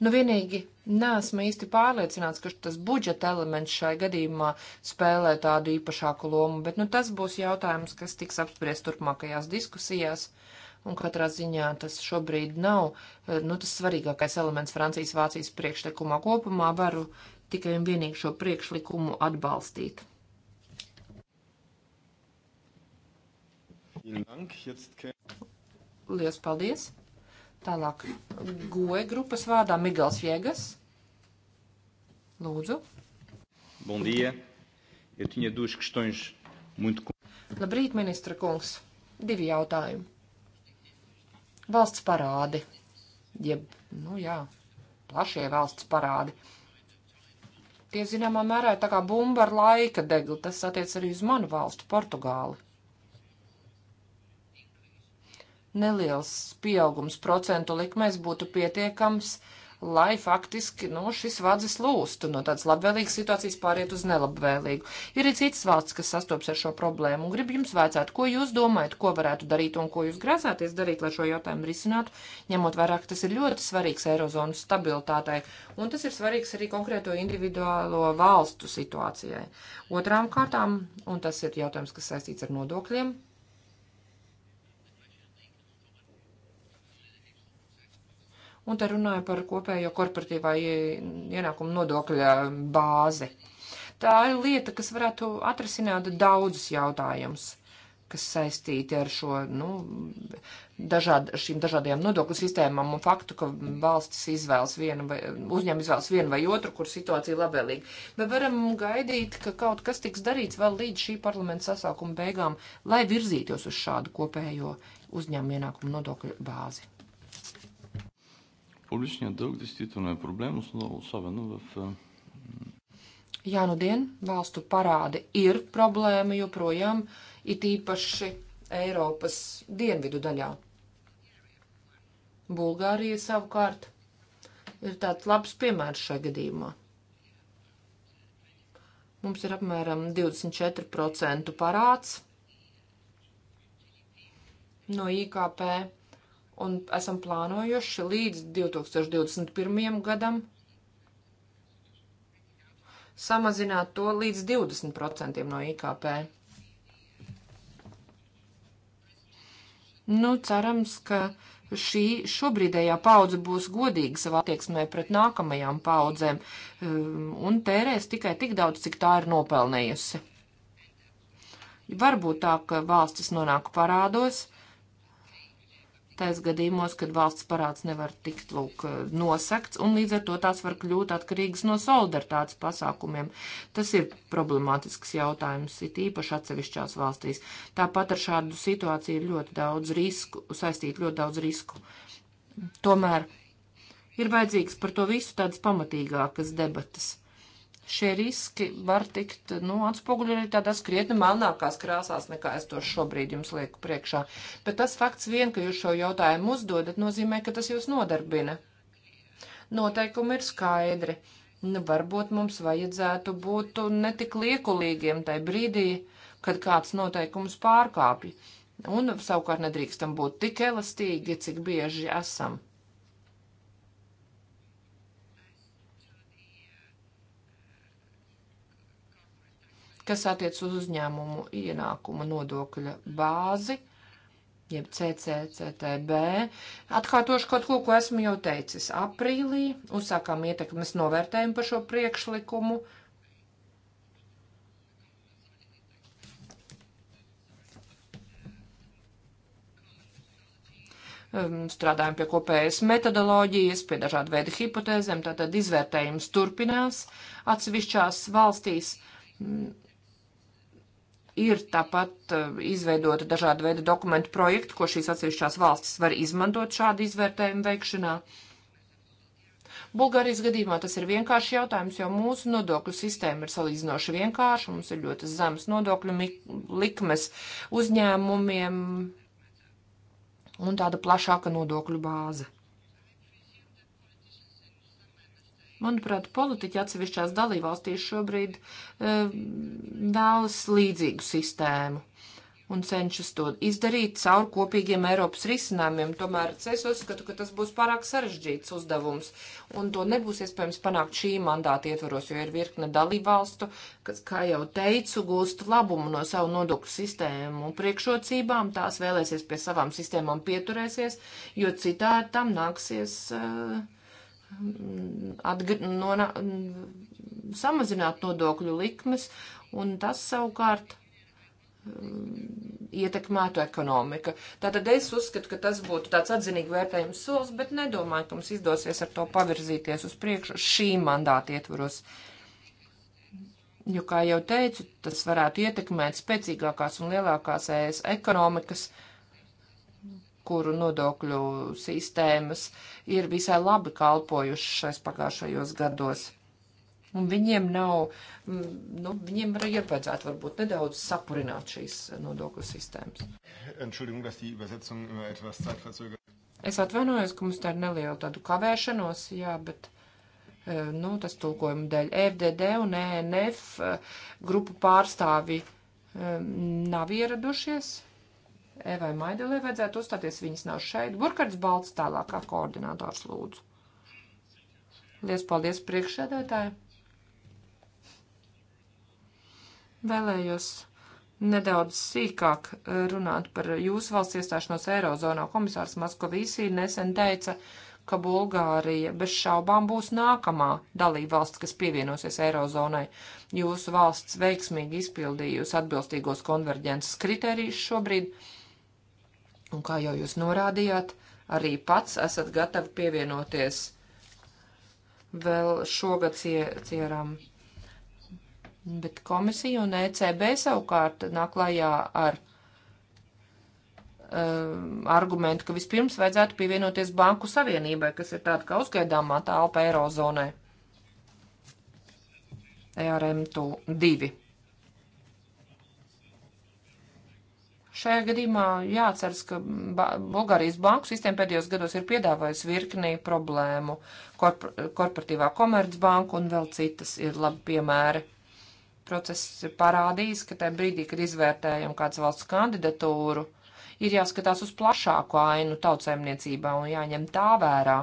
Nu vienīgi Nesmu īsti pārliecināts, ka tas budžeta elements šai gadījumā spēlē tādu īpašāku lomu, bet nu, tas būs jautājums, kas tiks apspriests turpmākajās diskusijās. Un katrā ziņā tas šobrīd nav eh, nu, tas svarīgākais elements Francijas-Vācijas priekšlikumā. Kopumā varu tikai un vienīgi šo priekšlikumu atbalstīt. Lielas paldies! Tālāk goja e grupas vārdā Migals Jēgas. Lūdzu. Bom dia. Eu tinha duas questões muito... Labrīt, ministra kungs. Divi jautājumi. Valsts parādi. Jeb, nu jā, plašie valsts parādi. Tie, zināmā mērā, ir tā kā bumba ar laika degli. Tas attiec arī uz manu valstu, Portugāli neliels pieaugums procentu likmēs būtu pietiekams, lai faktiski nu, šis vadzis lūstu no tādas labvēlīgas situācijas pāriet uz nelabvēlīgu. Ir arī citas valsts, kas sastopas ar šo problēmu, un gribu jums vaicāt, ko jūs domājat, ko varētu darīt un ko jūs grasāties darīt, lai šo jautājumu risinātu, ņemot vērā, ka tas ir ļoti svarīgs Eirozonas stabilitātei, un tas ir svarīgs arī konkrēto individuālo valstu situācijai. Otrām kārtām, un tas ir jautājums, kas saistīts ar nodokļiem. un te runāju par kopējo korporatīvā ienākuma nodokļa bāzi. Tā ir lieta, kas varētu atrisināt daudzus jautājumus, kas saistīti ar šo, nu, dažād, šīm dažādajām nodokļu sistēmām un faktu, ka valstis izvēlas vienu vai uzņēma izvēlas vienu vai otru, kur situācija labvēlīga. Vai varam gaidīt, ka kaut kas tiks darīts vēl līdz šī parlamenta sasaukuma beigām, lai virzītos uz šādu kopējo uzņēmu ienākumu nodokļu bāzi? Публичният дълг действително е проблем, основно, особено в. Jā, nu dien, valstu parāde ir problēma joprojām, it īpaši Eiropas dienvidu daļā. Bulgārija savukārt ir tāds labs piemērs šai gadījumā. Mums ir apmēram 24% parāds no IKP un esam plānojuši līdz 2021. gadam samazināt to līdz 20% no IKP. Nu, cerams, ka šī šobrīdējā paudze būs godīga savā attieksmē pret nākamajām paudzēm um, un tērēs tikai tik daudz, cik tā ir nopelnējusi. Varbūt tā, ka valstis nonāk parādos, uh, tais gadījumos, kad valsts parāds nevar tikt lūk nosakts, un līdz ar to tās var kļūt atkarīgas no solidaritātes pasākumiem. Tas ir problemātisks jautājums, it īpaši atsevišķās valstīs. Tāpat ar šādu situāciju ir ļoti daudz risku, saistīt ļoti daudz risku. Tomēr ir vajadzīgs par to visu tādas pamatīgākas debatas šie riski var tikt nu, atspoguļot arī tādās krietni melnākās krāsās, nekā es to šobrīd jums lieku priekšā. Bet tas fakts vien, ka jūs šo jautājumu uzdodat, nozīmē, ka tas jūs nodarbina. Noteikumi ir skaidri. Nu, varbūt mums vajadzētu būt netik liekulīgiem tajā brīdī, kad kāds noteikums pārkāpj. Un savukārt nedrīkstam būt tik elastīgi, cik bieži esam. kas attiec uz uzņēmumu ienākuma nodokļa bāzi, jeb CCCTB. Atkārtošu kaut ko, ko esmu jau teicis. Aprīlī uzsākām ietekmes novērtējumu par šo priekšlikumu. Um, strādājam pie kopējas metodoloģijas, pie dažādu veidu hipotēzēm, tātad izvērtējums turpinās atsevišķās valstīs. Mm, Ir tāpat eh, izveidota dažāda veida dokumentu projekti, ko šīs atsevišķās valstis var izmantot šādu izvērtējumu veikšanā. Bulgārijas gadījumā tas ir vienkārši jautājums, jo mūsu nodokļu sistēma ir salīdzinoši vienkārša, mums ir ļoti zemes nodokļu likmes uzņēmumiem un tāda plašāka nodokļu bāze. Manuprāt, politiķi atsevišķās dalībvalstīs šobrīd uh, vēlas līdzīgu sistēmu un cenšas to izdarīt caur kopīgiem Eiropas risinājumiem. Tomēr es uzskatu, ka tas būs pārāk sarežģīts uzdevums, un to nebūs iespējams panākt šī mandāta ietvaros, jo ir virkne dalībvalstu, kas, kā jau teicu, gūst labumu no savu nodokļu sistēmu un priekšrocībām, tās vēlēsies pie savām sistēmām pieturēsies, jo citādi tam nāksies. Uh, atgr, nona, samazināt nodokļu likmes, un tas savukārt um, ietekmētu ekonomika. Tātad es uzskatu, ka tas būtu tāds atzinīgi vērtējums solis, bet nedomāju, ka mums izdosies ar to pavirzīties uz priekšu šī mandāta ietvaros. Jo, kā jau teicu, tas varētu ietekmēt spēcīgākās un lielākās ES ekonomikas. Uh, kuru nodokļu sistēmas ir visai labi kalpojušas pagājušajos gados. Un viņiem nav, nu, viņiem arī ir vajadzētu varbūt nedaudz sapurināt šīs nodokļu sistēmas. Es atvainojos, ka mums tā ir neliela tādu kavēšanos, jā, bet, e, nu, tas tulkojuma dēļ e FDD un ENF e, grupu pārstāvi nav ieradušies. Evai Maidelē vajadzētu uzstāties, viņas nav šeit. Burkards Balts tālākā koordinātors lūdzu. Lies paldies priekšsēdētāji. Vēlējos nedaudz sīkāk eh, runāt par jūsu valsts iestāšanos Eirozonā. Komisārs Maskovīsī nesen teica, ka Bulgārija bez šaubām būs nākamā dalībvalsts, kas pievienosies Eirozonai. Jūsu valsts veiksmīgi izpildījusi atbilstīgos konverģences kritērijus šobrīd. Uh, Un kā jau jūs norādījāt, arī pats esat gatavi pievienoties vēl šogad cieram. Bet komisija un ECB savukārt nāk lajā ar um, argumentu, ka vispirms vajadzētu pievienoties Banku Savienībai, kas ir tāda kā uzgaidāmā tālpa Eirozonai. ERM2 Šajā gadījumā jāatceras, ka ba Bulgārijas banku sistēma pēdējos gados ir piedāvājusi virknī problēmu. Korpor korporatīvā komercbanka un vēl citas ir labi piemēri. Process ir parādījis, ka tajā brīdī, kad izvērtējam kāds valsts kandidatūru, ir jāskatās uz plašāku ainu tautsēmniecībā un jāņem tā vērā,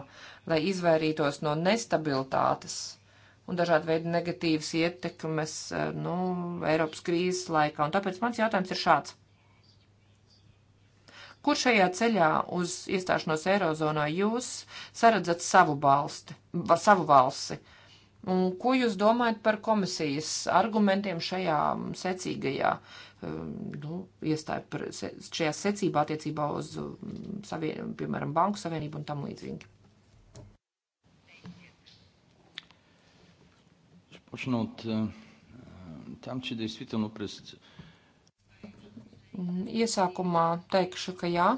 lai izvairītos no nestabilitātes un dažādi veidi negatīvas ietekmes, eh, nu, Eiropas krīzes laikā. Un tāpēc mans jautājums ir šāds. Kur šajā ceļā uz iestāšanos Eirozonā jūs saredzat savu, balsti, va, savu valsi? Un ko jūs domājat par komisijas argumentiem šajā secīgajā, um, nu, iestāja par, šajā secībā attiecībā uz, um, savien, piemēram, Banku Savienību un tam līdzīgi? Почна от там, че действително през Mm, iesākumā teikšu, ka jā.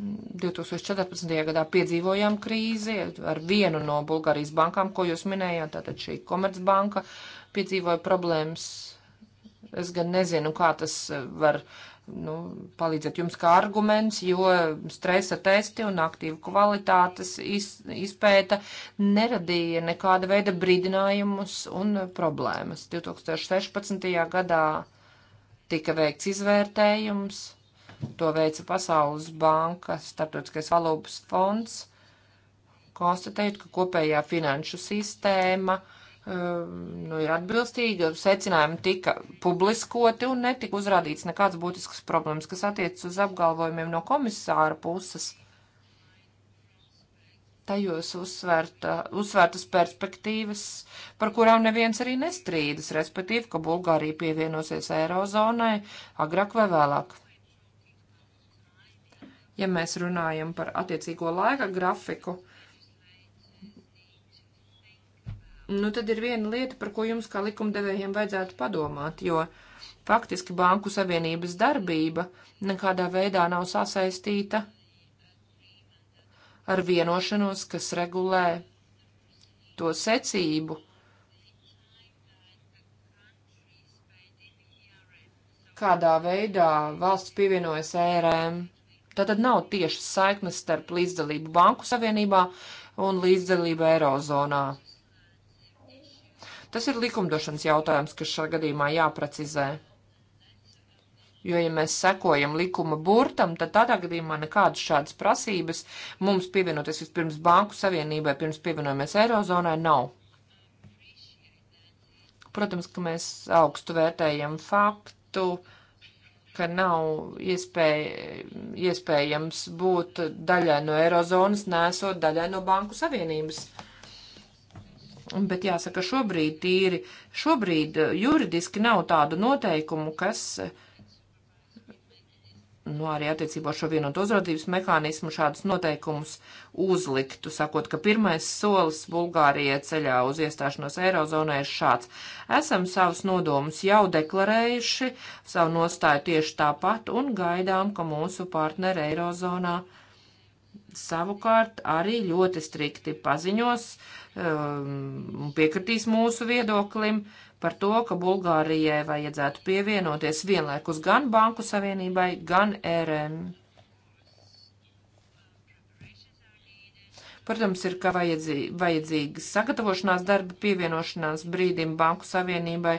2014. gadā piedzīvojām krīzi ar vienu no Bulgārijas bankām, ko jūs minējāt, tātad šī Komercbanka piedzīvoja problēmas. Es gan nezinu, kā tas e, var nu, palīdzēt jums kā arguments, jo stresa testi un aktīvu kvalitātes iz, izpēta neradīja nekāda veida brīdinājumus un problēmas. 2016. gadā tika veikts izvērtējums, to veica Pasaules banka, Startautiskais valūtas fonds, konstatējot, ka kopējā finanšu sistēma um, nu, ir atbilstīga, secinājumi tika publiskoti un netika uzrādīts nekāds būtisks problēmas, kas attiecas uz apgalvojumiem no komisāra puses tajos uzsvērta, uzsvērtas perspektīvas, par kurām neviens arī nestrīdas, respektīvi, ka Bulgārija pievienosies Eirozonai agrāk vai vēlāk. Ja mēs runājam par attiecīgo laika grafiku, nu tad ir viena lieta, par ko jums kā likumdevējiem vajadzētu padomāt, jo faktiski Banku Savienības darbība nekādā veidā nav sasaistīta ar ar vienošanos, kas regulē to secību, kādā veidā valsts pievienojas ērēm. Tātad nav tiešas saiknes starp līdzdalību Banku Savienībā un līdzdalību Eirozonā. Tas ir likumdošanas jautājums, kas šajā gadījumā jāprecizē. Jo, ja mēs sekojam likuma burtam, tad tādā gadījumā nekādas šādas prasības mums pievienoties vispirms Banku Savienībai, pirms pievienojamies Eirozonai, nav. Protams, ka mēs augstu vērtējam faktu, ka nav iespēj, iespējams būt daļai no Eirozonas, nesot daļai no Banku Savienības. Bet jāsaka, šobrīd tīri, šobrīd juridiski nav tādu noteikumu, kas uh, nu, arī attiecībā ar šo vienotu uzraudzības mehānismu šādus noteikumus uzliktu, sakot, ka pirmais solis Bulgārijai ceļā uz iestāšanos Eirozonai ir šāds. Esam savus nodomus jau deklarējuši, savu nostāju tieši tāpat un gaidām, ka mūsu partneri Eirozonā savukārt arī ļoti strikti paziņos um, un um, piekritīs mūsu viedoklim, uh, par to, ka Bulgārijai vajadzētu pievienoties vienlaikus gan Banku Savienībai, gan ERM. Protams, ir kā vajadzīgi, vajadzīgas sagatavošanās darba pievienošanās brīdim Banku Savienībai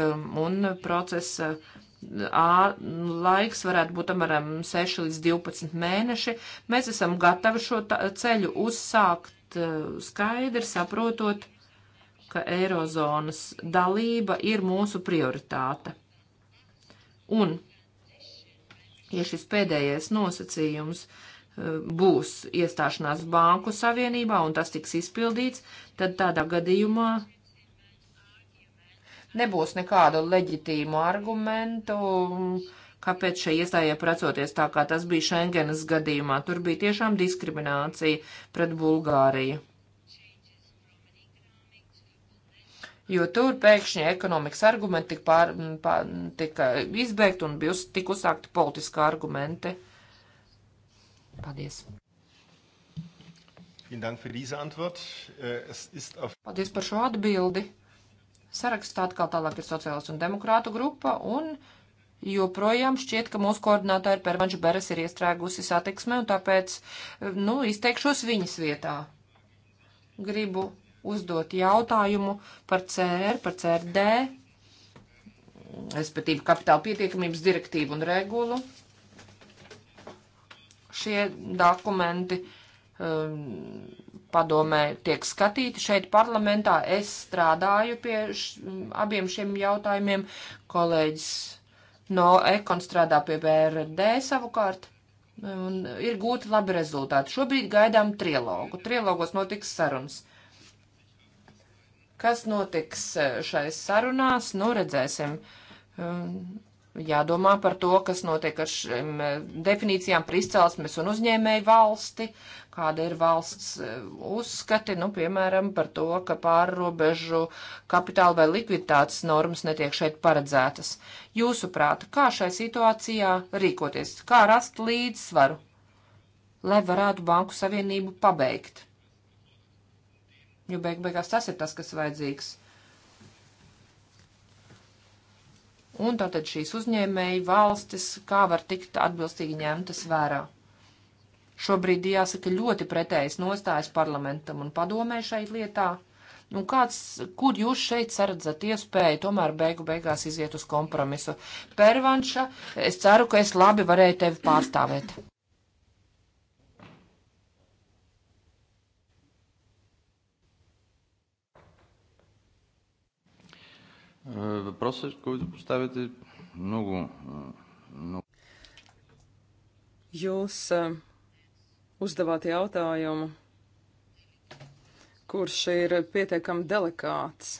um, un procesa Ā, laiks varētu būt apmēram 6 līdz 12 mēneši. Mēs esam gatavi šo ceļu uzsākt uh, skaidri, saprotot, ka Eirozonas dalība ir mūsu prioritāte. Un, ja šis pēdējais nosacījums eh, būs iestāšanās Banku Savienībā un tas tiks izpildīts, tad tādā gadījumā nebūs nekādu leģitīmu argumentu, kāpēc šai iestājai precoties tā, kā tas bija Schengenas gadījumā. Tur bija tiešām diskriminācija pret Bulgāriju. jo tur pēkšņi ekonomikas argumenti tika, pār, pār, tika izbeigti un bija uz, tik uzsākti politiskā argumenti. Paldies! Äh, Paldies par šo atbildi. Sarakstā atkal tālāk ir sociālas un demokrātu grupa, un joprojām šķiet, ka mūsu koordinātāja Pervanša Beres ir iestrēgusi satiksmē, un tāpēc, nu, izteikšos viņas vietā. Gribu uzdot jautājumu par CR, par CRD, respektīvi kapitāla pietiekamības direktīvu un regulu. Šie dokumenti um, padomē tiek skatīti šeit parlamentā. Es strādāju pie š, abiem šiem jautājumiem. Kolēģis no Ekon strādā pie BRD savukārt. Un ir gūti labi rezultāti. Šobrīd gaidām trilogu. Trilogos notiks sarunas. Uh, Kas notiks e, šais sarunās, nu redzēsim. Um, jādomā par to, kas notiek ar šīm e, definīcijām par izcelsmes un uzņēmēju valsti, kāda ir valsts e, uzskati, nu, piemēram, par to, ka pārrobežu kapitāla vai likviditātes normas netiek šeit paredzētas. Jūsuprāt, kā šai situācijā rīkoties, kā rast līdzsvaru, lai varētu Banku Savienību pabeigt? Jo beig beigās tas ir tas, kas vajadzīgs. Un tātad šīs uzņēmēji valstis, kā var tikt atbilstīgi ņemtas vērā. Šobrīd jāsaka ļoti pretējas nostājas parlamentam un padomē šai lietā. Nu, kāds, kur jūs šeit saredzat iespēju tomēr beigu beigās iziet uz kompromisu? Pervanša, es ceru, ka es labi varēju tevi pārstāvēt. Въпросът, който поставяте, много, много. Jūs uzdevāt jautājumu, kurš ir pietiekami delikāts.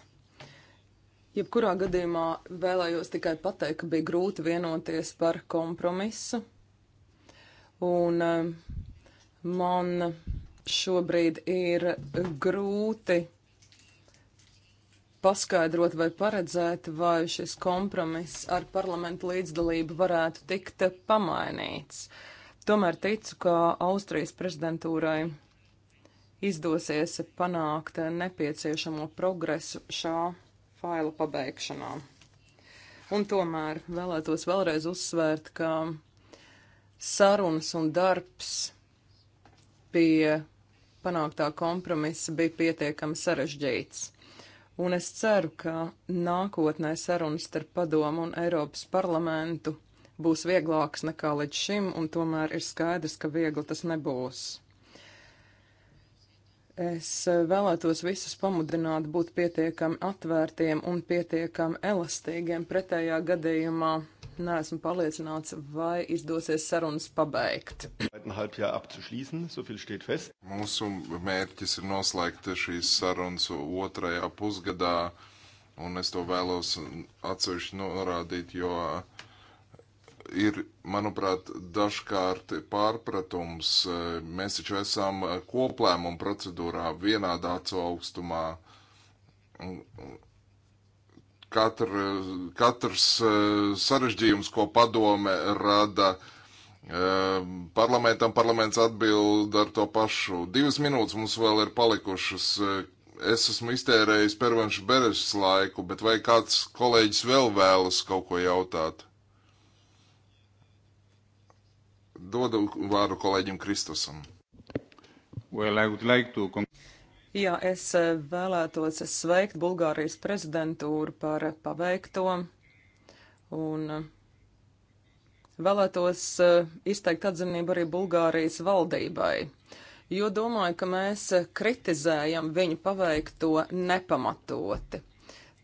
Jebkurā gadījumā vēlējos tikai pateikt, ka bija grūti vienoties par kompromisu. Un e, man šobrīd ir grūti paskaidrot vai paredzēt, vai šis kompromiss ar parlamentu līdzdalību varētu tikt pamainīts. Tomēr ticu, ka Austrijas prezidentūrai izdosies panākt nepieciešamo progresu šā faila pabeigšanā. Un tomēr vēlētos vēlreiz uzsvērt, ka sarunas un darbs pie panāktā kompromisa bija pietiekami sarežģīts un es ceru, ka nākotnē sarunas starp padomu un Eiropas parlamentu būs vieglāks nekā līdz šim, un tomēr ir skaidrs, ka viegli tas nebūs. Es vēlētos visus pamudināt būt pietiekami atvērtiem un pietiekami elastīgiem pretējā gadījumā bet neesmu pārliecināts, vai izdosies sarunas pabeigt. Mūsu mērķis ir noslēgt šīs sarunas otrajā pusgadā, un es to vēlos atsevišķi norādīt, jo ir, manuprāt, dažkārt pārpratums. Mēs taču esam koplēmumu procedūrā vienādā acu augstumā. Un, un, katr, katrs eh, sarežģījums, ko padome rada eh, parlamentam, parlaments atbild ar to pašu. Divas minūtes mums vēl ir palikušas. Eh, es esmu iztērējis pervenšu berežas laiku, bet vai kāds kolēģis vēl vēlas kaut ko jautāt? Dodu vārdu kolēģim Kristosam. Well, I would like to... Jā, es e, vēlētos sveikt Bulgārijas prezidentūru par e, paveikto un e, vēlētos izteikt atzinību arī Bulgārijas valdībai, jo domāju, ka mēs kritizējam viņu paveikto nepamatoti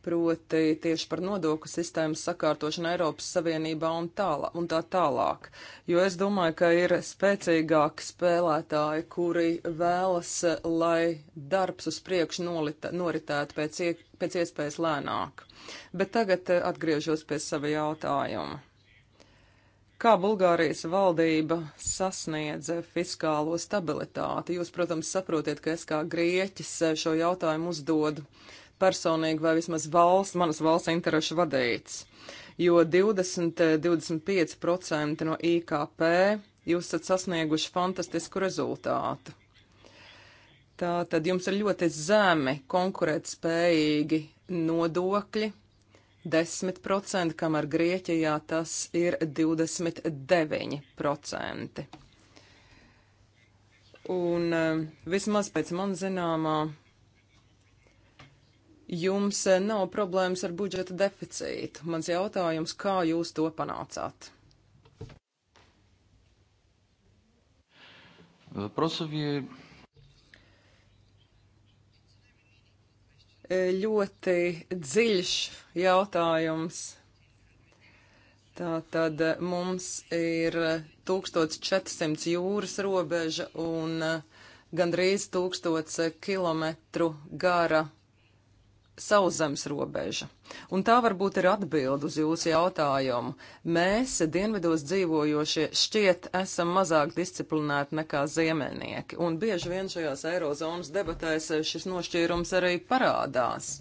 proti tieši par nodokļu sistēmas sakārtošanu Eiropas Savienībā un, tālā, un tā tālāk. Jo es domāju, ka ir spēcīgāki spēlētāji, kuri vēlas, lai darbs uz priekšu nolita, noritētu pēc, ie, pēc iespējas lēnāk. Bet tagad eh, atgriežos pie sava jautājuma. Kā Bulgārijas valdība sasniedz fiskālo stabilitāti? Jūs, protams, saprotiet, ka es kā grieķis eh, šo jautājumu uzdodu. Uh, personīgi vai vismaz valsts, manas valsts interešu vadīts. Jo 20-25% eh, no IKP jūs esat sasnieguši fantastisku rezultātu. Tā tad jums ir ļoti zemi konkurētspējīgi nodokļi, 10%, kamēr Grieķijā tas ir 29%. Un eh, vismaz pēc man zināmā Jums eh, nav problēmas ar budžeta deficītu. Mans jautājums, kā jūs to panācāt? Въпросът ви е... Ļoti dziļš jautājums. Tātad eh, mums ir 1400 jūras robeža un eh, gandrīz 1000 km gara sauszemes robeža. Un tā varbūt ir atbild uz jūsu jautājumu. Mēs, dienvidos dzīvojošie, šķiet esam mazāk disciplinēti nekā ziemeļnieki, un bieži vien šajās eirozonas debatēs šis nošķīrums arī parādās.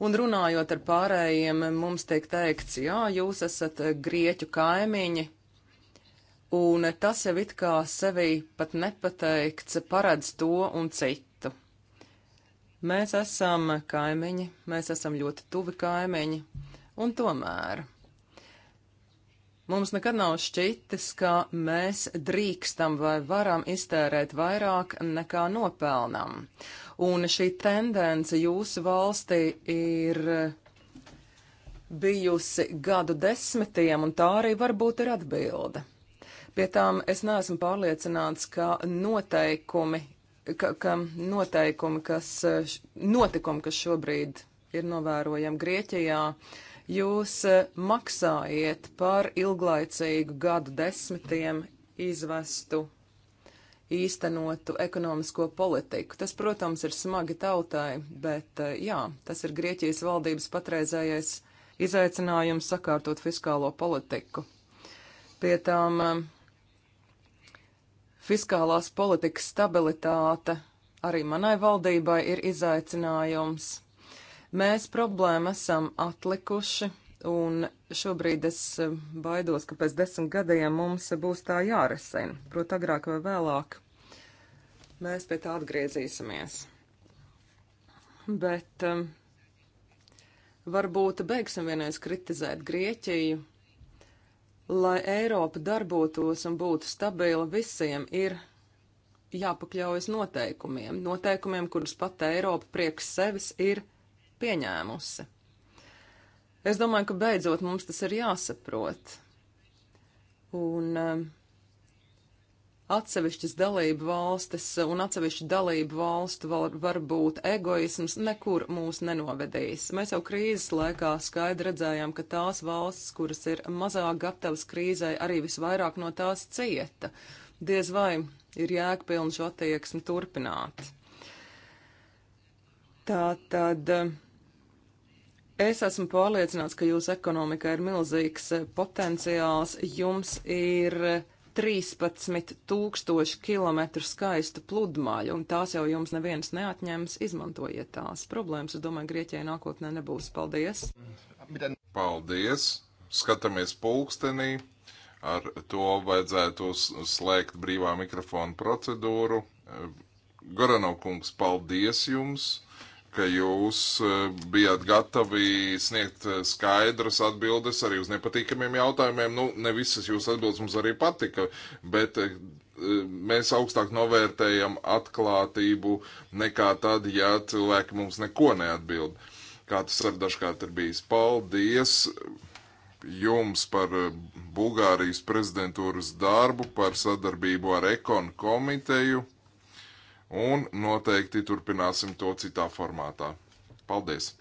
Un runājot ar pārējiem, mums tiek teikts, jā, jūs esat grieķu kaimiņi, un tas jau it kā sevī pat nepateikts paredz to un citu Mēs esam kaimiņi, mēs esam ļoti tuvi kaimiņi, un tomēr mums nekad nav šķitis, ka mēs drīkstam vai varam iztērēt vairāk nekā nopelnam. Un šī tendence jūsu valstī ir bijusi gadu desmitiem, un tā arī varbūt ir atbilde. Pie tām es neesmu pārliecināts, ka noteikumi ka, ka noteikumi, kas, notikumi, kas šobrīd ir novērojami Grieķijā, jūs e, maksājiet par ilglaicīgu gadu desmitiem izvestu īstenotu ekonomisko politiku. Tas, protams, ir smagi tautai, bet e, jā, tas ir Grieķijas valdības patreizējais izaicinājums sakārtot fiskālo politiku. Pie tām uh, Fiskālās politikas stabilitāte arī manai valdībai ir izaicinājums. Mēs problēmu esam atlikuši, un šobrīd es eh, baidos, ka pēc desmit gadiem mums būs tā jāresina. Protams, agrāk vai vēlāk mēs pie tā atgriezīsimies. Bet um, varbūt beigsim vienreiz kritizēt Grieķiju Lai Eiropa darbotos un būtu stabila visiem, ir jāpakļaujas noteikumiem, noteikumiem, kurus pat Eiropa priekš sevis ir pieņēmusi. Es domāju, ka beidzot mums tas ir jāsaprot. Un um, atsevišķas dalību valstis un atsevišķu dalību valstu var, var būt egoisms, nekur mūs nenovedīs. Mēs jau krīzes laikā skaidri redzējām, ka tās valstis, kuras ir mazāk gatavas krīzai, arī visvairāk no tās cieta. Diez vai ir jēgpilni šo attieksmi turpināt. Tā tad. Es esmu pārliecināts, ka jūsu ekonomikā ir milzīgs potenciāls. Jums ir uh, 13 tūkstoši kilometru skaistu pludmaļu, un tās jau jums neviens neatņems, izmantojiet tās. Problēmas, es domāju, Grieķijai nākotnē nebūs. Paldies! Paldies! Skatāmies pulkstenī. Ar to vajadzētu slēgt brīvā mikrofona procedūru. Goranov kungs, paldies jums! ka jūs eh, bijāt gatavi sniegt eh, skaidras atbildes arī uz nepatīkamiem jautājumiem. Nu, ne visas jūsu atbildes mums arī patika, bet eh, mēs augstāk novērtējam atklātību nekā tad, ja cilvēki mums neko neatbild. Kā tas ar dažkārt ir bijis. Paldies jums par Bulgārijas prezidentūras darbu, par sadarbību ar Ekon komiteju un noteikti turpināsim to citā formātā. Paldies!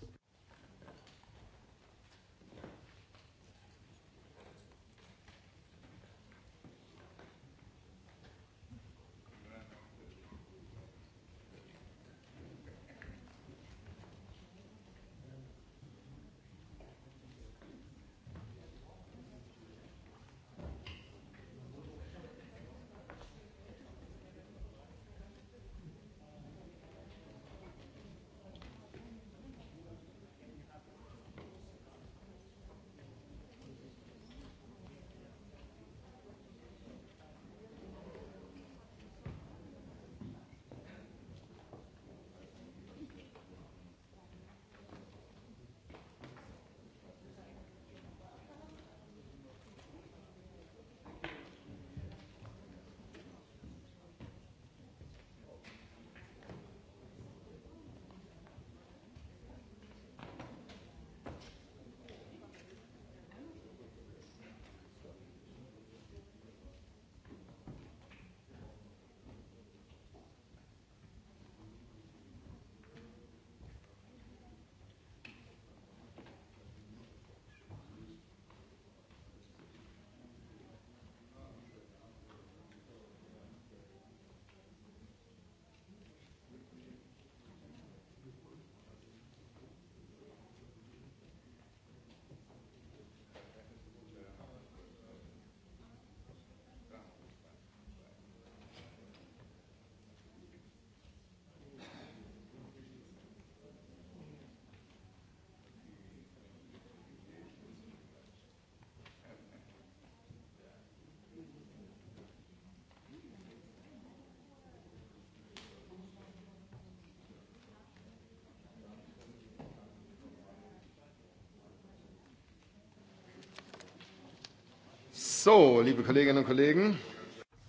So, liebe Kolleginnen und Kollegen.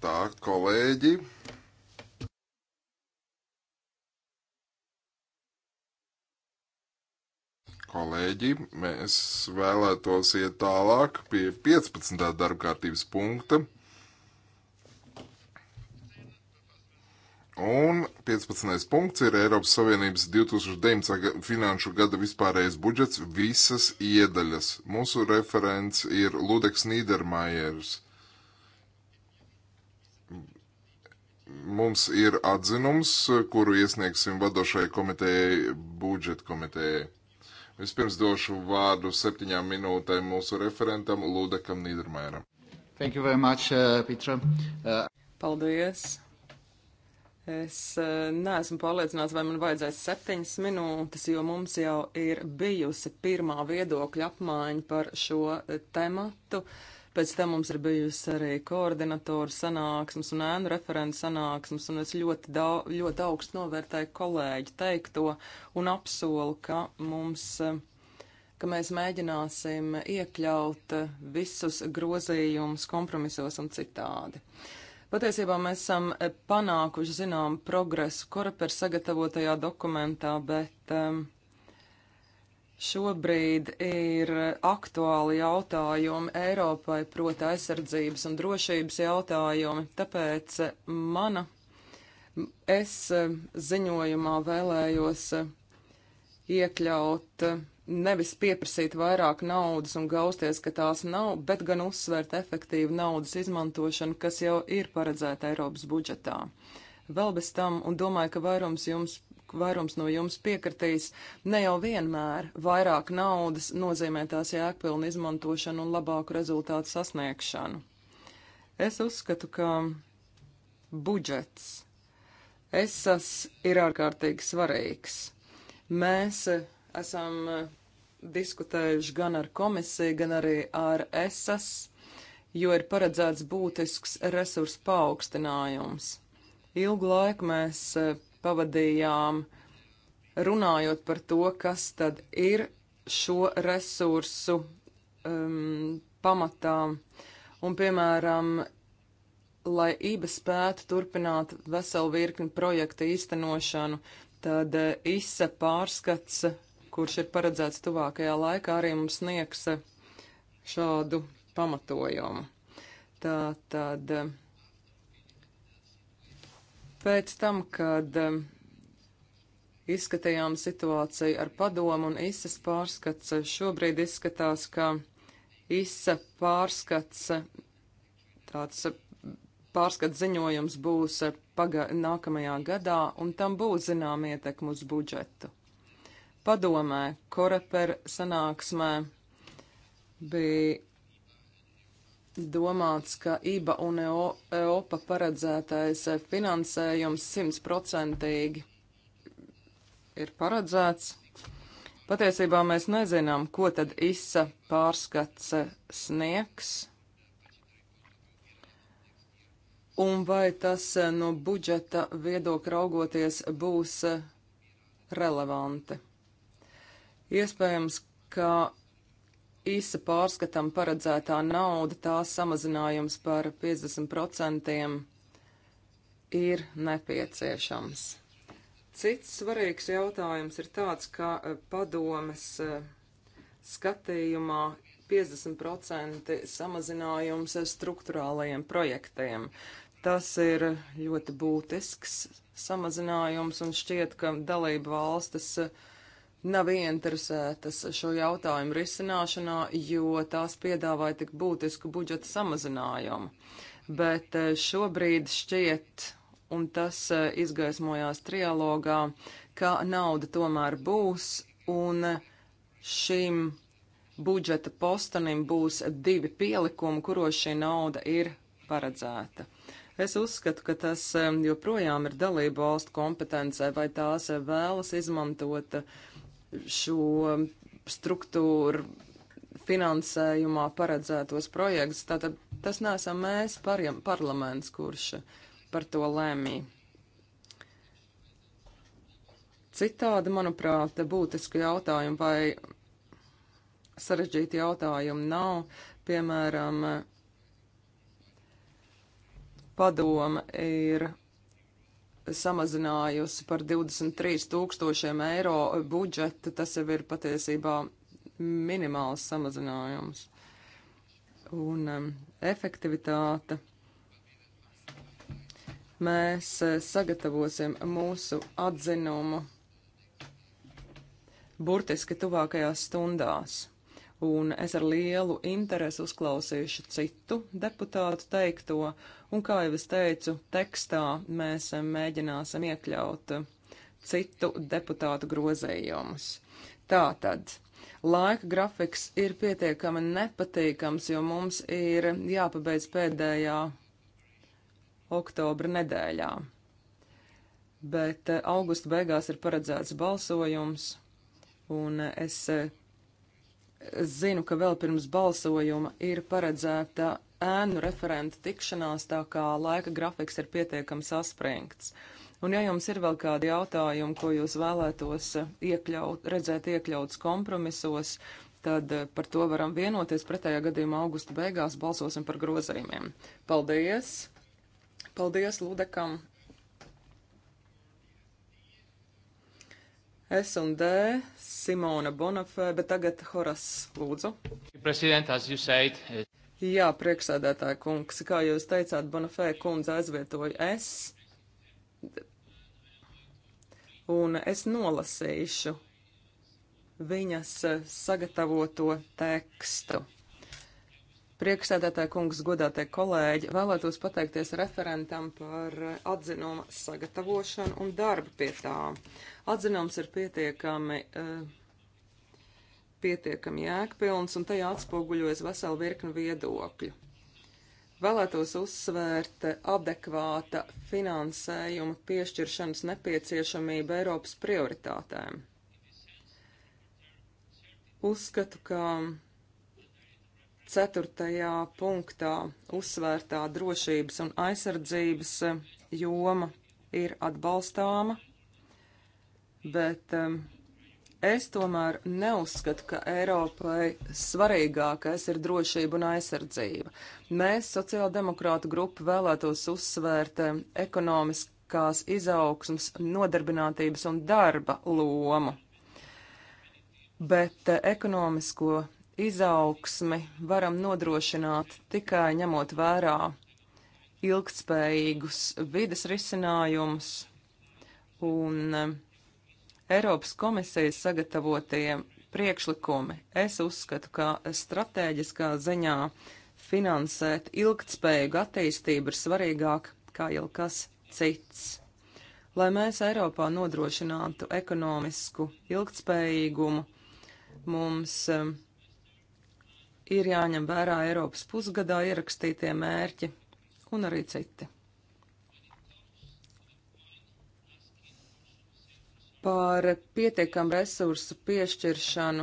Tā, kolēģi. Kolēģi, mēs vēlētos iet tālāk pie 15. darbkārtības punkta. Un 15. punkts ir Eiropas Savienības 2019. finanšu gada vispārējais budžets visas iedaļas. Mūsu referents ir Ludeks Nīdermājers. Mums ir atzinums, kuru iesniegsim vadošajai komitejai, budžeta komitejai. Vispirms došu vārdu septiņām minūtēm mūsu referentam Lūdekam Nīdermēram. Thank you very much, uh, Petra. Uh... Paldies. Es eh, neesmu pārliecināts, vai man vajadzēs septiņas minūtes, jo mums jau ir bijusi pirmā viedokļa apmaiņa par šo eh, tematu. Pēc tam mums ir bijusi arī koordinatoru sanāksmes un ēnu referentu sanāksmes, un es ļoti, daudz, ļoti augstu novērtēju kolēģi teikto un apsolu, ka mums eh, ka mēs mēģināsim iekļaut visus grozījumus kompromisos un citādi. Uh, Patiesībā mēs esam e, panākuši zinām progresu korapers sagatavotajā dokumentā, bet um, šobrīd ir aktuāli jautājumi Eiropai, proti aizsardzības un drošības jautājumi, tāpēc e, mana es e, ziņojumā vēlējos iekļaut nevis pieprasīt vairāk naudas un gausties, ka tās nav, bet gan uzsvērt efektīvu naudas izmantošanu, kas jau ir paredzēta Eiropas budžetā. Vēl bez tam, un domāju, ka vairums, jums, vairums no jums piekritīs, ne jau vienmēr vairāk naudas nozīmē tās jēgpilnu izmantošanu un labāku rezultātu sasniegšanu. Es uzskatu, ka budžets ESAS ir ārkārtīgi svarīgs. Mēs esam diskutējuši gan ar komisiju, gan arī ar ESAS, jo ir paredzēts būtisks resursu paaugstinājums. Ilgu laiku mēs e, pavadījām runājot par to, kas tad ir šo resursu um, pamatā. Un, piemēram, lai IBA spētu turpināt veselu virkni projektu īstenošanu, tad e, ISA pārskats kurš ir paredzēts tuvākajā laikā, arī mums sniegs eh, šādu pamatojumu. Tā tad eh, pēc tam, kad eh, izskatījām situāciju ar padomu un ISAS pārskats, šobrīd izskatās, ka ISA pārskats, tāds pārskats ziņojums būs paga, nākamajā gadā, un tam būs zinām ietekmu uz budžetu padomē, koreper sanāksmē bija domāts, ka IBA un EOPA e paredzētais finansējums simtprocentīgi ir paredzēts. Patiesībā mēs nezinām, ko tad ISA pārskats sniegs. Un vai tas eh, no budžeta viedokļa raugoties būs eh, relevanti? Iespējams, ka īsa pārskatam paredzētā nauda, tās samazinājums par 50% ir nepieciešams. Cits svarīgs jautājums ir tāds, ka eh, padomes eh, skatījumā 50% samazinājums struktūrālajiem projektiem. Tas ir ļoti būtisks samazinājums un šķiet, ka dalība valstis uh, nav ieinteresētas šo jautājumu risināšanā, jo tās piedāvāja tik būtisku budžeta samazinājumu. Bet eh, šobrīd šķiet, un tas eh, izgaismojās trialogā, ka nauda tomēr būs, un šim budžeta postanim būs divi pielikumi, kuros šī nauda ir paredzēta. Es uzskatu, ka tas eh, joprojām ir dalību valstu kompetencē, vai tās vēlas izmantot uh, šo struktūru finansējumā paredzētos projektus. Tātad tas nesam mēs, par, parlaments, kurš par to lēmīja. Citādi, manuprāt, būtiski jautājumi vai sarežģīti jautājumi nav. Piemēram, padoma ir samazinājusi par 23 tūkstošiem eiro budžetu, tas jau ir patiesībā minimāls samazinājums. Un um, efektivitāte. Mēs uh, sagatavosim mūsu atzinumu burtiski tuvākajās stundās. Un es ar lielu interesi uzklausīšu citu deputātu teikto, uh, Un, kā jau es teicu, tekstā mēs mēģināsim iekļaut citu deputātu grozējumus. Tātad. Laika grafiks ir pietiekami nepatīkams, jo mums ir jāpabeidz pēdējā oktobra nedēļā. Bet eh, augusta beigās ir paredzēts balsojums, un es eh, zinu, ka vēl pirms balsojuma ir paredzēta ēnu referentu tikšanās, tā kā laika grafiks ir pietiekami saspringts. Un ja jums ir vēl kādi jautājumi, ko jūs vēlētos eh, iekļaut, redzēt iekļauts kompromisos, tad eh, par to varam vienoties. Pretējā gadījumā augusta beigās balsosim par grozījumiem. Paldies! Paldies Ludekam! S un D, Simona Bonafē, bet tagad Horas lūdzu. President, as you said. It... Jā, priekšsēdētāja kungs, kā jūs teicāt, Bonafē kundze aizvietoja es, un es nolasīšu viņas sagatavoto tekstu. Priekšsēdētāja kungs, godātie kolēģi, vēlētos pateikties referentam par atzinuma sagatavošanu un darbu pie tā. Atzinums ir pietiekami uh, pietiekami jēgpilns, un tajā atspoguļojas vesela virkni viedokļu. Vēlētos uzsvērt adekvāta finansējuma piešķiršanas nepieciešamību Eiropas prioritātēm. Uzskatu, ka ceturtajā punktā uzsvērtā drošības un aizsardzības joma ir atbalstāma, bet um, Es tomēr neuzskatu, ka Eiropai svarīgākais ir drošība un aizsardzība. Mēs, sociāldemokrāta grupa, vēlētos uzsvērt eh, ekonomiskās izaugsmas, nodarbinātības un darba lomu. Bet eh, ekonomisko izaugsmi varam nodrošināt tikai ņemot vērā ilgtspējīgus vides risinājumus un eh, Eiropas komisijas sagatavotie priekšlikumi. Es uzskatu, ka stratēģiskā ziņā finansēt ilgtspējīgu attīstību ir svarīgāk kā jau kas cits. Lai mēs Eiropā nodrošinātu ekonomisku ilgtspējīgumu, mums um, ir jāņem vērā Eiropas pusgadā ierakstītie mērķi un arī citi. par pietiekam resursu piešķiršanu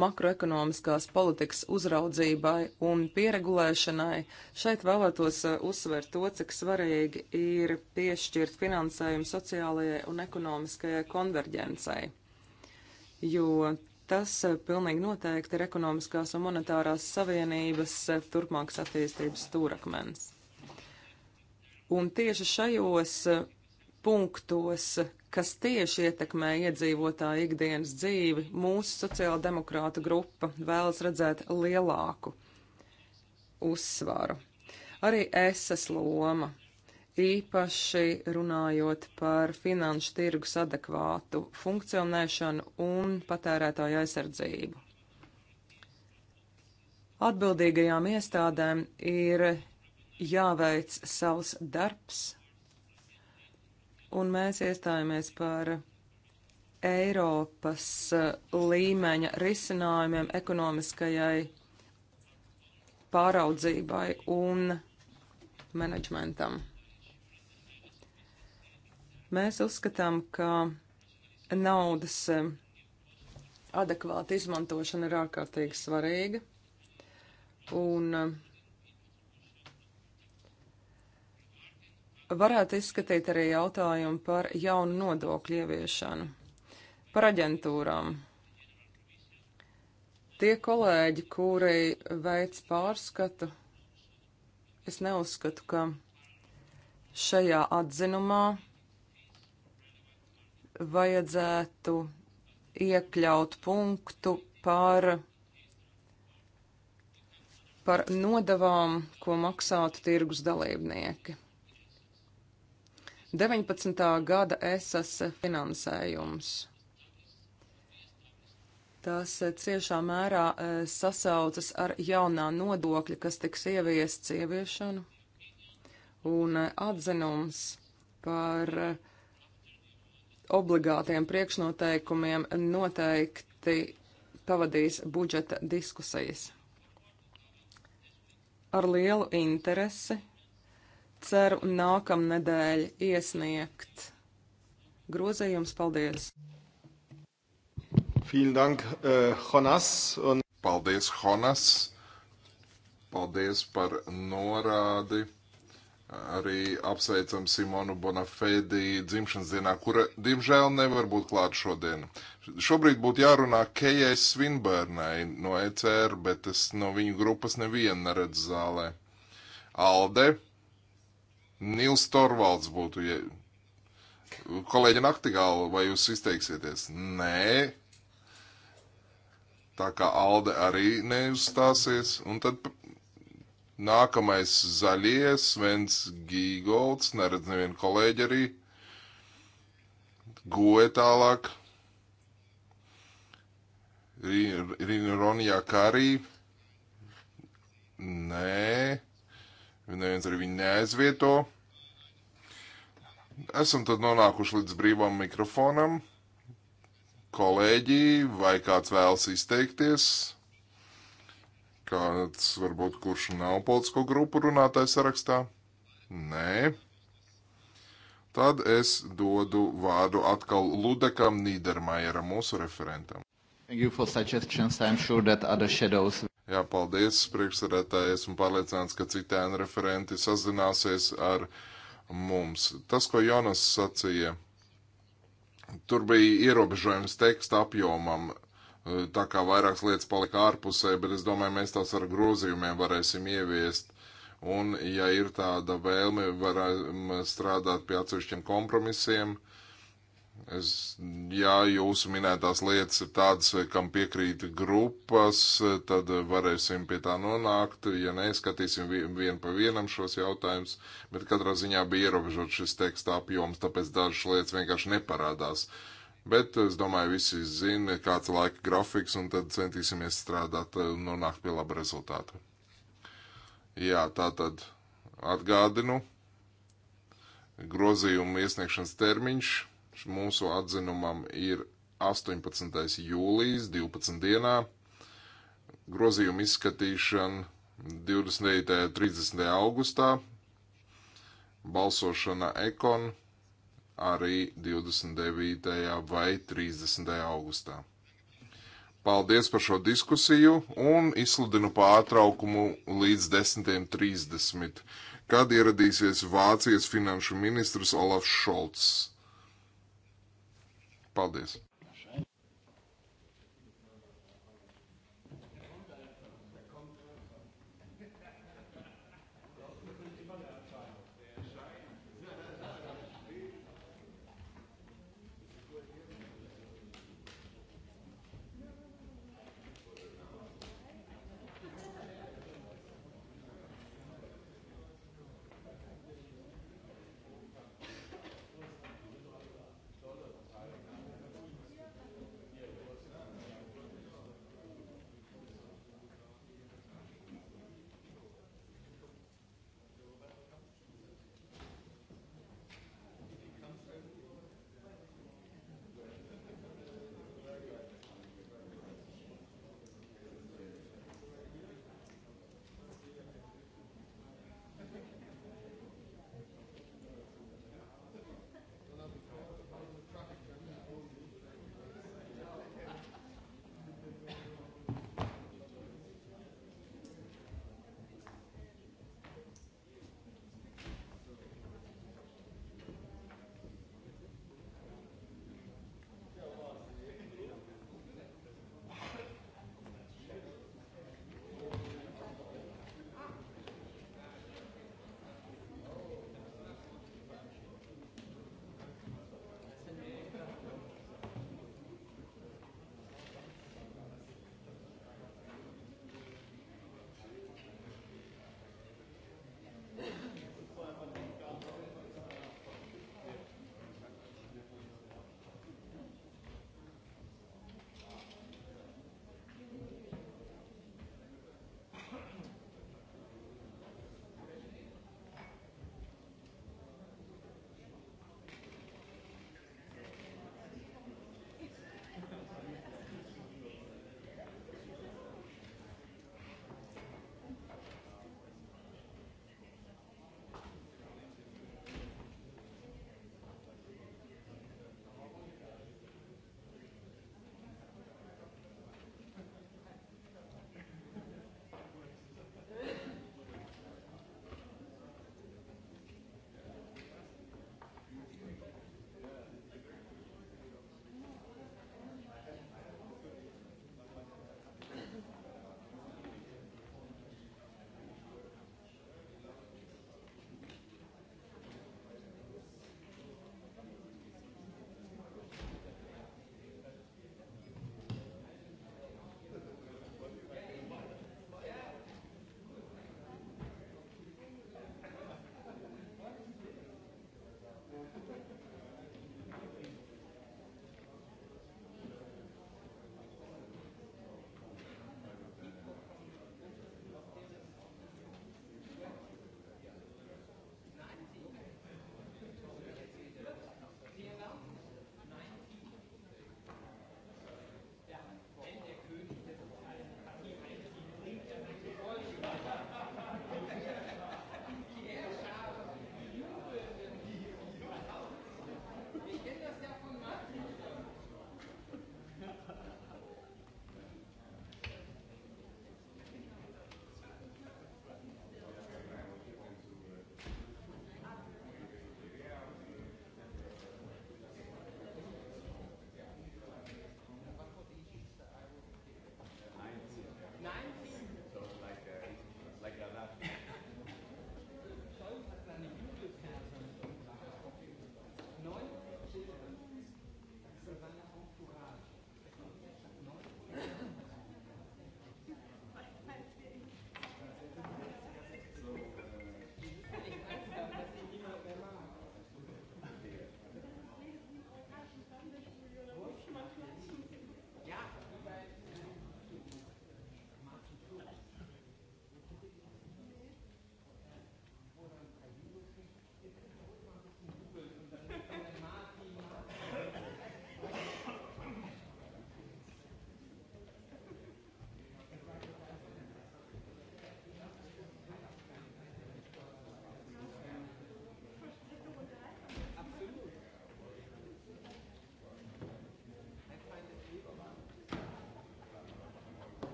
makroekonomiskās politikas uzraudzībai un pieregulēšanai. Šeit vēlētos eh, uzsvērt to, cik svarīgi ir piešķirt finansējumu sociālajai un ekonomiskajai konverģencei, jo tas eh, pilnīgi noteikti ir ekonomiskās un monetārās savienības eh, turpmākas attīstības stūrakmens. Un tieši šajos punktos, kas tieši ietekmē iedzīvotāju ikdienas dzīvi, mūsu sociāldemokrāta grupa vēlas redzēt lielāku uzsvaru. Arī esas loma, īpaši runājot par finanšu tirgus adekvātu funkcionēšanu un patērētāju aizsardzību. Atbildīgajām iestādēm ir jāveic savs darbs un mēs iestājāmies par Eiropas uh, līmeņa risinājumiem ekonomiskajai pāraudzībai un menedžmentam. Mēs uzskatām, ka naudas um, adekvāta izmantošana ir ārkārtīgi svarīga, un um, Varētu izskatīt arī jautājumu par jaunu nodokļu ieviešanu, par aģentūrām. Tie kolēģi, kuri veic pārskatu, es neuzskatu, ka šajā atzinumā vajadzētu iekļaut punktu par, par nodavām, ko maksātu tirgus dalībnieki. 19. gada ESAS finansējums. Tas eh, ciešā mērā eh, sasaucas ar jaunā nodokļa, kas tiks ieviests ieviešanu, un eh, atzinums par obligātiem priekšnoteikumiem noteikti pavadīs budžeta diskusijas. Ar lielu interesi ceru nākamnedēļ iesniegt grozējums. Paldies! Dank, uh, eh, Honas un... Paldies, Honas! Paldies par norādi! Arī apsveicam Simonu Bonafēdi dzimšanas dienā, kura, diemžēl, nevar būt klāt šodien. Šobrīd būtu jārunā Kejai Svinbērnai no ECR, bet es no viņu grupas nevienu neredzu zālē. Alde! Nils Torvalds būtu. Ja... Kolēģi Naktigāla, vai jūs izteiksieties? Nē. Tā kā Alde arī neuzstāsies. Un tad nākamais zaļies, Svens Gīgolds, neredz nevienu kolēģi arī. Goe tālāk. Rinronijā kā arī. Nē neviens arī viņu neaizvieto. Esam tad nonākuši līdz brīvam mikrofonam. Kolēģi, vai kāds vēlas izteikties? Kāds varbūt kurš nav politisko grupu runātājs sarakstā? Nē. Tad es dodu vārdu atkal Ludekam Nīdermajeram, mūsu referentam. Thank you for suggestions. I'm sure that other shadows Jā, paldies, priekšsarētāji. Esmu pārliecināts, ka citi ēna referenti sazināsies ar mums. Tas, ko Jonas sacīja, tur bija ierobežojums teksta apjomam, tā kā vairākas lietas palika ārpusē, bet es domāju, mēs tās ar grozījumiem varēsim ieviest. Un, ja ir tāda vēlme, varam strādāt pie atsevišķiem kompromisiem. Uh, Es, ja jūsu minētās lietas ir tādas, kam piekrīt grupas, tad varēsim pie tā nonākt. Ja neskatīsim vienu vien pa vienam šos jautājumus, bet katrā ziņā bija ierobežots šis teksta apjoms, tāpēc dažas lietas vienkārši neparādās. Bet es domāju, visi zina, kāds ir laika grafiks, un tad centīsimies strādāt un eh, nonākt pie laba rezultāta. Jā, tā tad atgādinu grozījumu iesniegšanas termiņš mūsu atzinumam ir 18. jūlijas 12. dienā, grozījuma izskatīšana 29. un 30. augustā, balsošana ekon arī 29. vai 30. augustā. Paldies par šo diskusiju un izsludinu pārtraukumu līdz 10.30, kad ieradīsies Vācijas finanšu ministrs Olafs Šolts. Paldies!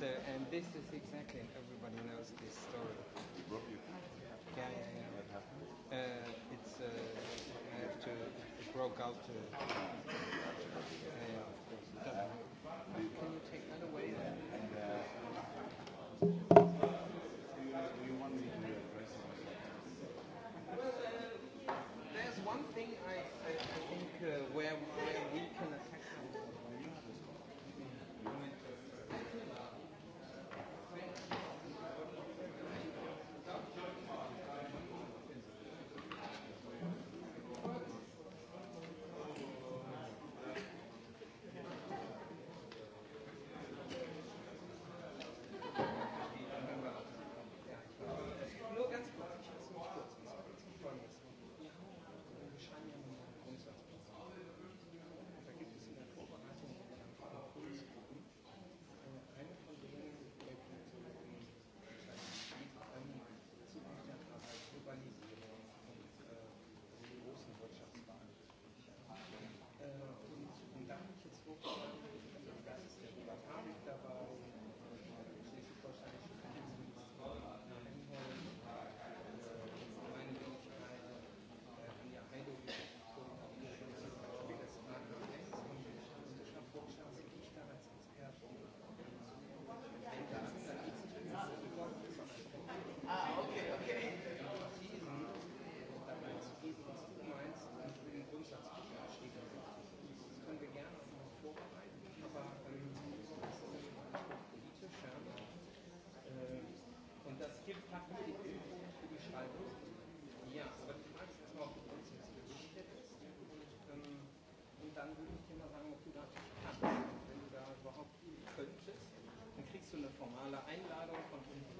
So, and this is exactly, everybody knows this story. They broke you? Yeah, yeah, yeah. What happened? Uh, it's, uh, I have to, it broke out. Uh, yeah, uh, of course. It doesn't. Can you take that away? And, uh, formaler Einladung von unten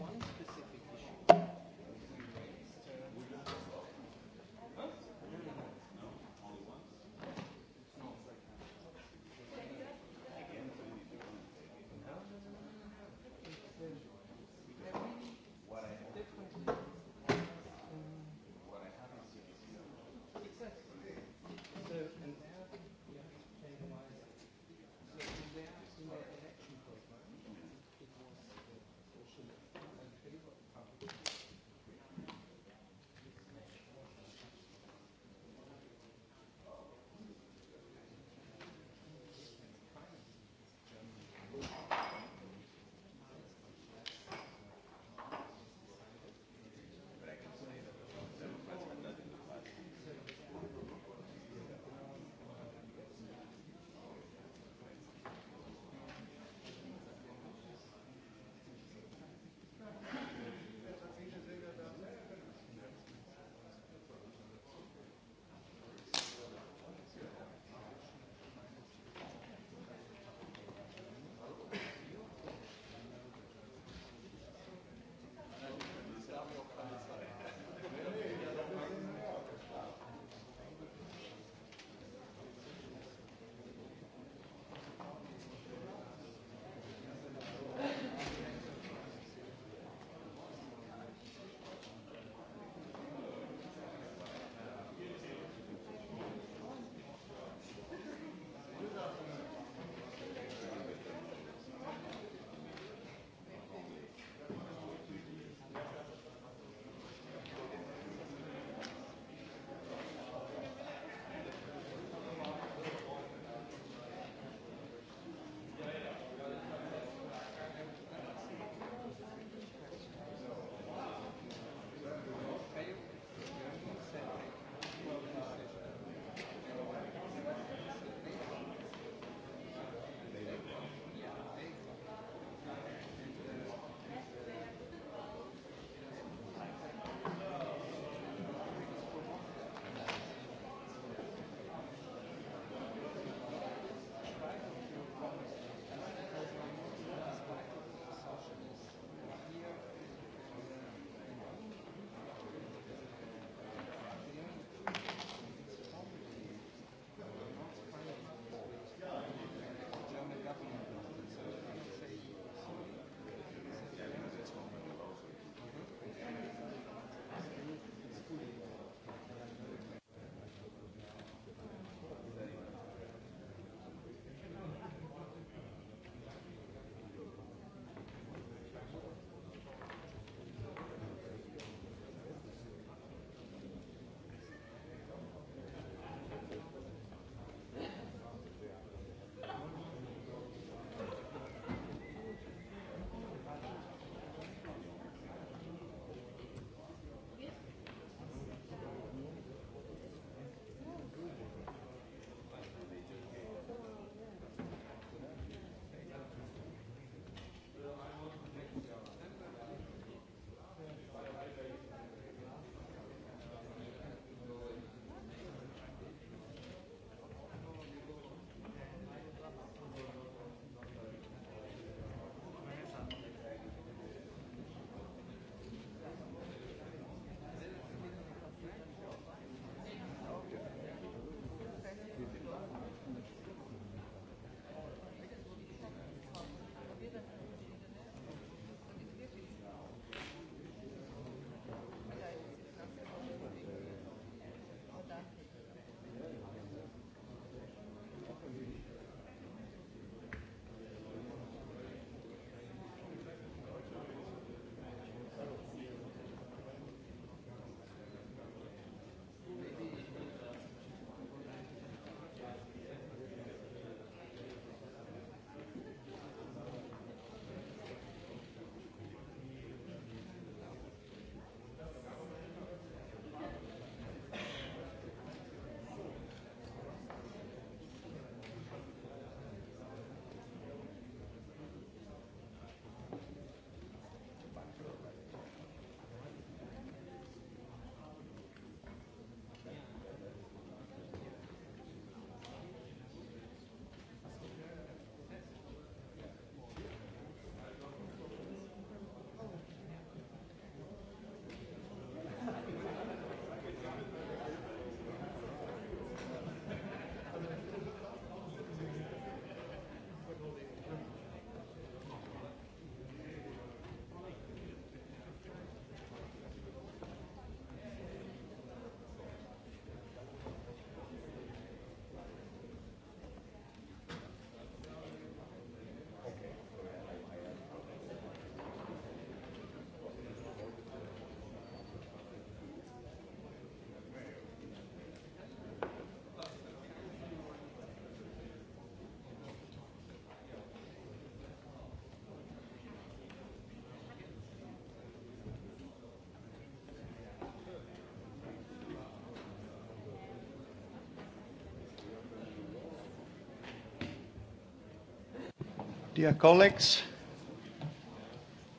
Dear colleagues,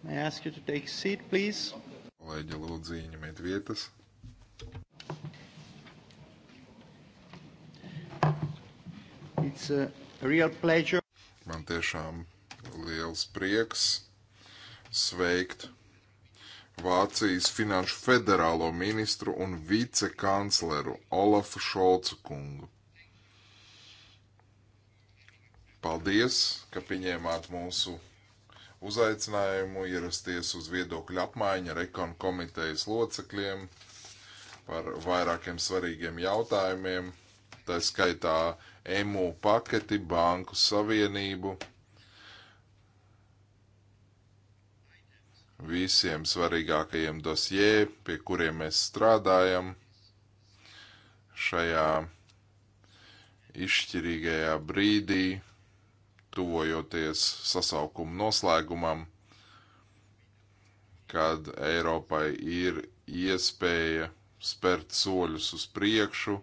may I ask you to take seat, please? Kolēģi, lūdzu, ieņemiet vietas. It's a real pleasure. Man tiešām liels prieks sveikt Vācijas Finanšu federālo ministru un vicekancleru Olafu Šolcu kungu. Paldies, ka pieņēmāt mūsu uzaicinājumu ierasties uz viedokļu apmaiņu ar ekonu komitejas locekļiem par vairākiem svarīgiem jautājumiem, tā skaitā EMU paketi, Banku savienību, visiem svarīgākajiem dosjē, pie kuriem mēs strādājam šajā izšķirīgajā brīdī, tuvojoties sasaukuma noslēgumam, kad Eiropai ir iespēja spērt soļus uz priekšu,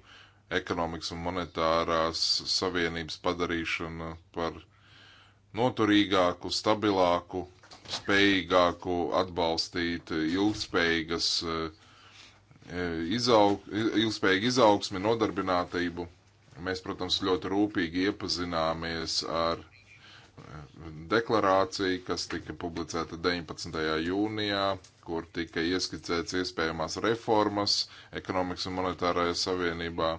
ekonomikas un monetārās savienības padarīšana par noturīgāku, stabilāku, spējīgāku atbalstīt ilgspējīgas e, izaug, ilgspējīgu izaugsmi, nodarbinātību. Mēs, protams, ļoti rūpīgi iepazināmies ar deklarācija, kas tika publicēta 19. jūnijā, kur tika ieskicēts iespējamās reformas ekonomikas un monetārajā savienībā.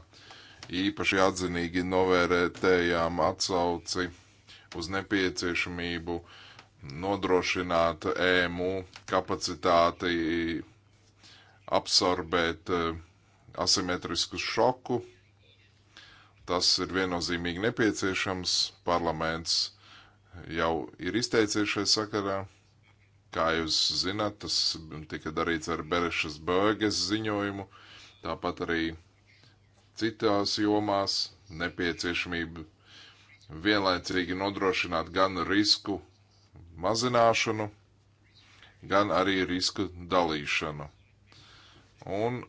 Īpaši atzinīgi novērtējām atsauci uz nepieciešamību nodrošināt EMU kapacitāti absorbēt eh, asimetrisku šoku. Tas ir viennozīmīgi nepieciešams. Parlaments jau ir izteicies šai sakarā. Kā jūs zināt, tas tika darīts ar Berešas Bēges ziņojumu, tāpat arī citās jomās nepieciešamību vienlaicīgi nodrošināt gan risku mazināšanu, gan arī risku dalīšanu. Un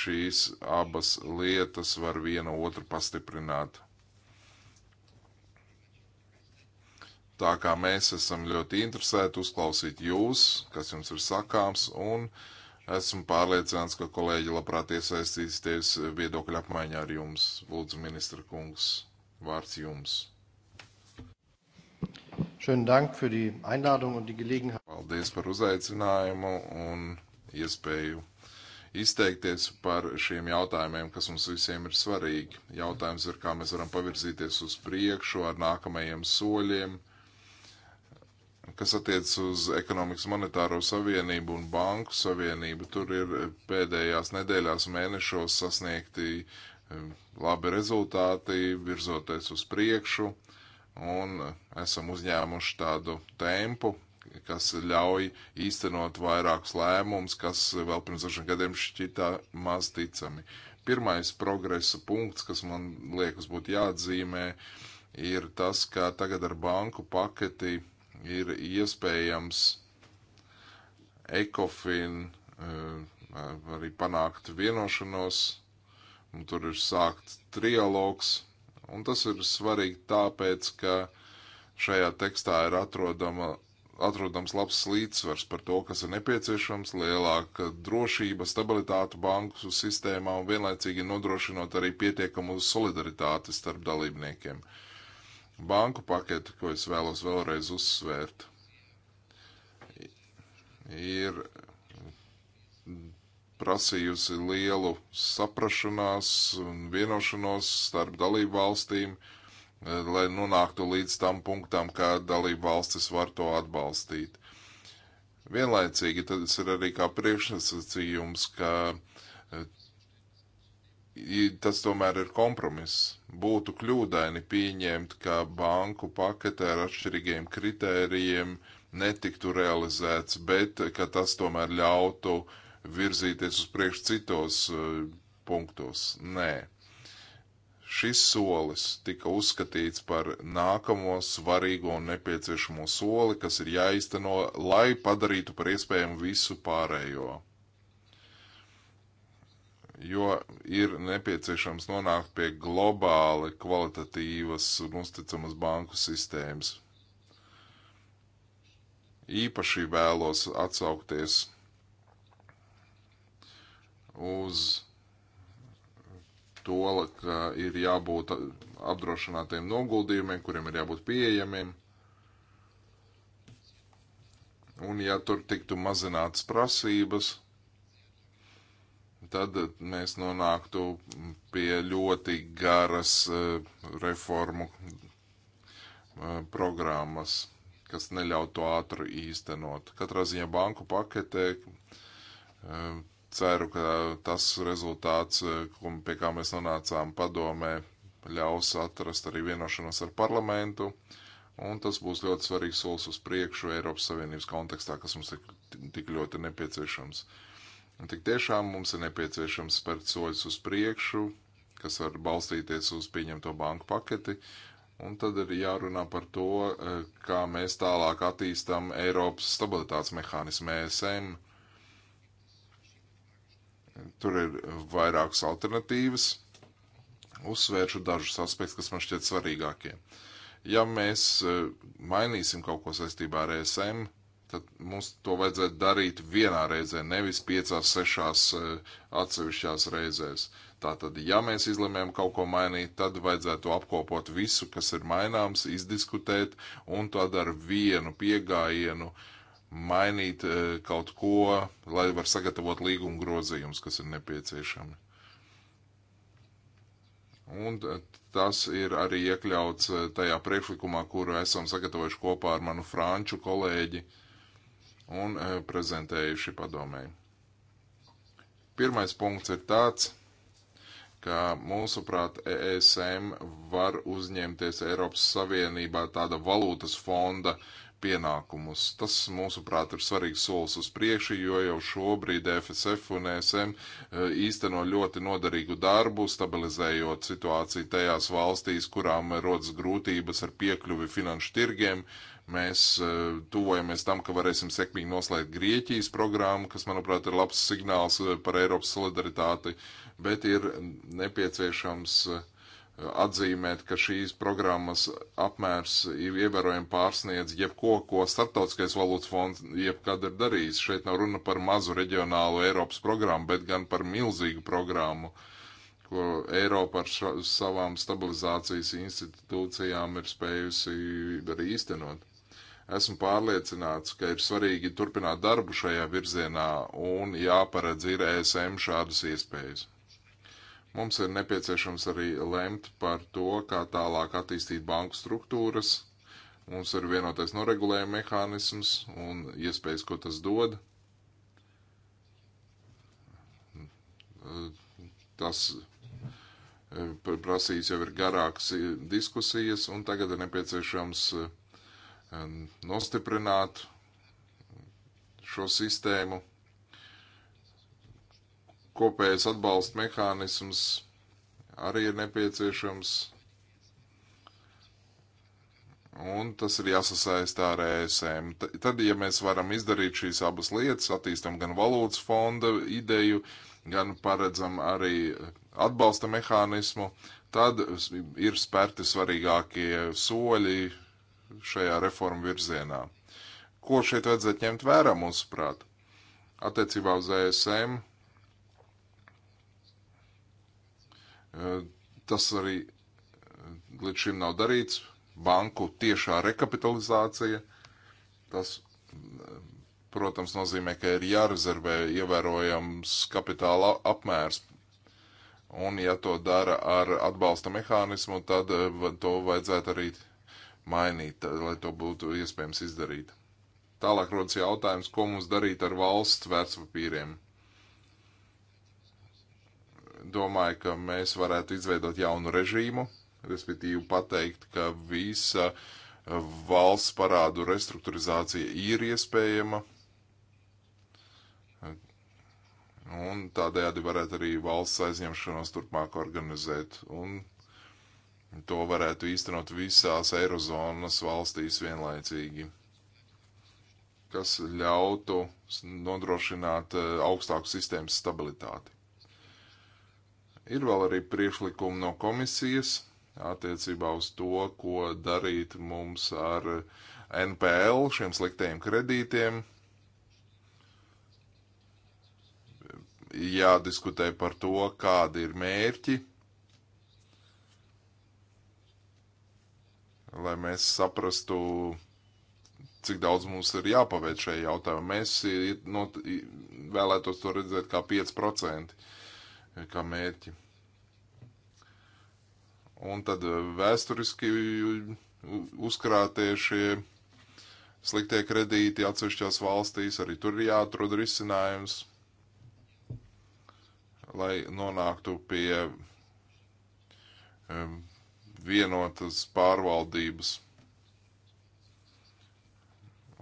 šīs abas lietas var viena otru pastiprināt. Tā kā mēs esam ļoti interesēti uzklausīt jūs, kas jums ir sakāms, un esmu pārliecināts, ka kolēģi labprāt iesaistīsies viedokļu apmaiņā ar jums. Lūdzu, ministra kungs, vārds jums. Schönen Dank für die Einladung und die Gelegenheit. Paldies par uzaicinājumu un iespēju izteikties par šiem jautājumiem, kas mums visiem ir svarīgi. Jautājums ir, kā mēs varam pavirzīties uz priekšu ar nākamajiem soļiem, kas attiecas uz ekonomikas monetāro savienību un banku savienību, tur ir pēdējās nedēļās mēnešos sasniegti eh, labi rezultāti, virzoties uz priekšu, un esam uzņēmuši tādu tempu, kas ļauj īstenot vairākus lēmumus, kas vēl pirms dažiem gadiem šķita maz ticami. Pirmais progresa punkts, kas man liekas būtu jāatzīmē, ir tas, ka tagad ar banku paketi ir iespējams ECOFIN eh, arī panākt vienošanos, un tur ir sākt trialogs, un tas ir svarīgi tāpēc, ka šajā tekstā ir atrodama atrodams labs līdzsvars par to, kas ir nepieciešams, lielāka drošība, stabilitāte banku sistēmā un vienlaicīgi nodrošinot arī pietiekamu solidaritāti starp dalībniekiem. Uh, banku paketi, ko es vēlos vēlreiz uzsvērt, ir prasījusi lielu saprašanās un vienošanos starp dalību valstīm, lai nonāktu līdz tam punktam, kā dalību valstis var to atbalstīt. Vienlaicīgi tas ir arī kā priekšnosacījums, ka tas tomēr ir kompromiss. Būtu kļūdaini pieņemt, ka banku pakete ar atšķirīgiem kritērijiem netiktu realizēts, bet ka tas tomēr ļautu virzīties uz priekšu citos uh, punktos. Nē. Šis solis tika uzskatīts par nākamo svarīgo un nepieciešamo soli, kas ir jāizteno, lai padarītu par iespējamu visu pārējo jo ir nepieciešams nonākt pie globāli kvalitatīvas un uzticamas banku sistēmas. Īpaši vēlos atsaukties uz to, ka ir jābūt apdrošinātiem noguldījumiem, kuriem ir jābūt pieejamiem. Un ja tur tiktu mazinātas prasības, tad mēs nonāktu pie ļoti garas eh, reformu eh, programmas, kas neļautu to ātri īstenot. Katrā ziņā banku paketē eh, ceru, ka tas rezultāts, pie kā mēs nonācām padomē, ļaus atrast arī vienošanos ar parlamentu. Un tas būs ļoti svarīgs solis uz priekšu Eiropas Savienības kontekstā, kas mums ir tik ļoti nepieciešams. Uh, Un tik tiešām mums ir nepieciešams spērt soļus uz priekšu, kas var balstīties uz pieņemto banku paketi, un tad ir jārunā par to, eh, kā mēs tālāk attīstam Eiropas stabilitātes mehānismu ESM. Tur ir vairākas alternatīvas. Uzsvēršu dažus aspektus, kas man šķiet svarīgākie. Ja mēs eh, mainīsim kaut ko saistībā ar ESM, tad mums to vajadzētu darīt vienā reizē, nevis piecās, sešās eh, atsevišķās reizēs. Tātad, ja mēs izlemjam kaut ko mainīt, tad vajadzētu apkopot visu, kas ir maināms, izdiskutēt un tad ar vienu piegājienu mainīt eh, kaut ko, lai var sagatavot līguma grozījumus, kas ir nepieciešami. Un eh, tas ir arī iekļauts tajā priekšlikumā, kuru esam sagatavojuši kopā ar manu franču kolēģi. Uh, un e, prezentējuši padomēji. Pirmais punkts ir tāds, ka mūsuprāt ESM var uzņemties Eiropas Savienībā tāda valūtas fonda pienākumus. Tas, mūsuprāt, ir svarīgs solis uz priekšu, jo jau šobrīd FSF e un ESM e, īsteno ļoti noderīgu darbu, stabilizējot situāciju tajās valstīs, kurām rodas grūtības ar piekļuvi finanšu tirgiem, Mēs eh, tuvojamies tam, ka varēsim sekmīgi noslēgt Grieķijas programmu, kas, manuprāt, ir labs signāls eh, par Eiropas solidaritāti, bet ir nepieciešams eh, atzīmēt, ka šīs programmas apmērs ievērojami pārsniedz jebko, ko Startautiskais valūtas fonds jebkad ir darījis. Šeit nav runa par mazu reģionālu Eiropas programmu, bet gan par milzīgu programmu, ko Eiropa ar savām stabilizācijas institūcijām ir spējusi arī īstenot. Esmu pārliecināts, ka ir svarīgi turpināt darbu šajā virzienā un jāparedz ir ESM šādas iespējas. Mums ir nepieciešams arī lemt par to, kā tālāk attīstīt banku struktūras. Mums ir vienotais noregulējuma mehānisms un iespējas, ko tas dod. Tas eh, prasīs jau ir garāks diskusijas, un tagad ir nepieciešams uh, Um, nostiprināt šo sistēmu. Kopējais atbalsta mehānisms arī ir nepieciešams. Un tas ir jāsasaistā ar ESM. Tad, ja mēs varam izdarīt šīs abas lietas, attīstam gan valūtas fonda ideju, gan paredzam arī atbalsta mehānismu, tad ir spērti svarīgākie soļi šajā reformu virzienā. Ko šeit vajadzētu ņemt vērā mūsuprāt? Attiecībā uz ESM eh, tas arī eh, līdz šim nav darīts. Banku tiešā rekapitalizācija. Tas, eh, protams, nozīmē, ka ir jārezervē ievērojams kapitāla apmērs. Un, ja to dara ar atbalsta mehānismu, tad to vajadzētu arī mainīt, eh, lai to būtu iespējams izdarīt. Tālāk rodas jautājums, ko mums darīt ar valsts vērtspapīriem. Domāju, ka mēs varētu izveidot jaunu režīmu, respektīvi pateikt, ka visa eh, valsts parādu restruktūrizācija ir iespējama. Un tādējādi varētu arī valsts aizņemšanos turpmāk organizēt. Un to varētu īstenot visās Eirozonas valstīs vienlaicīgi, kas ļautu nodrošināt e, augstāku sistēmas stabilitāti. Ir vēl arī priekšlikumi no komisijas attiecībā uz to, ko darīt mums ar NPL, šiem sliktajiem kredītiem. Jādiskutē par to, kādi ir mērķi lai mēs saprastu, cik daudz mums ir jāpaveic šajā jautājumā. Mēs no, vēlētos to redzēt kā 5% kā mērķi. Un tad e, vēsturiski uzkrātie šie sliktie kredīti atsevišķās valstīs, arī tur ir jāatrod risinājums, lai nonāktu pie um, vienotas pārvaldības.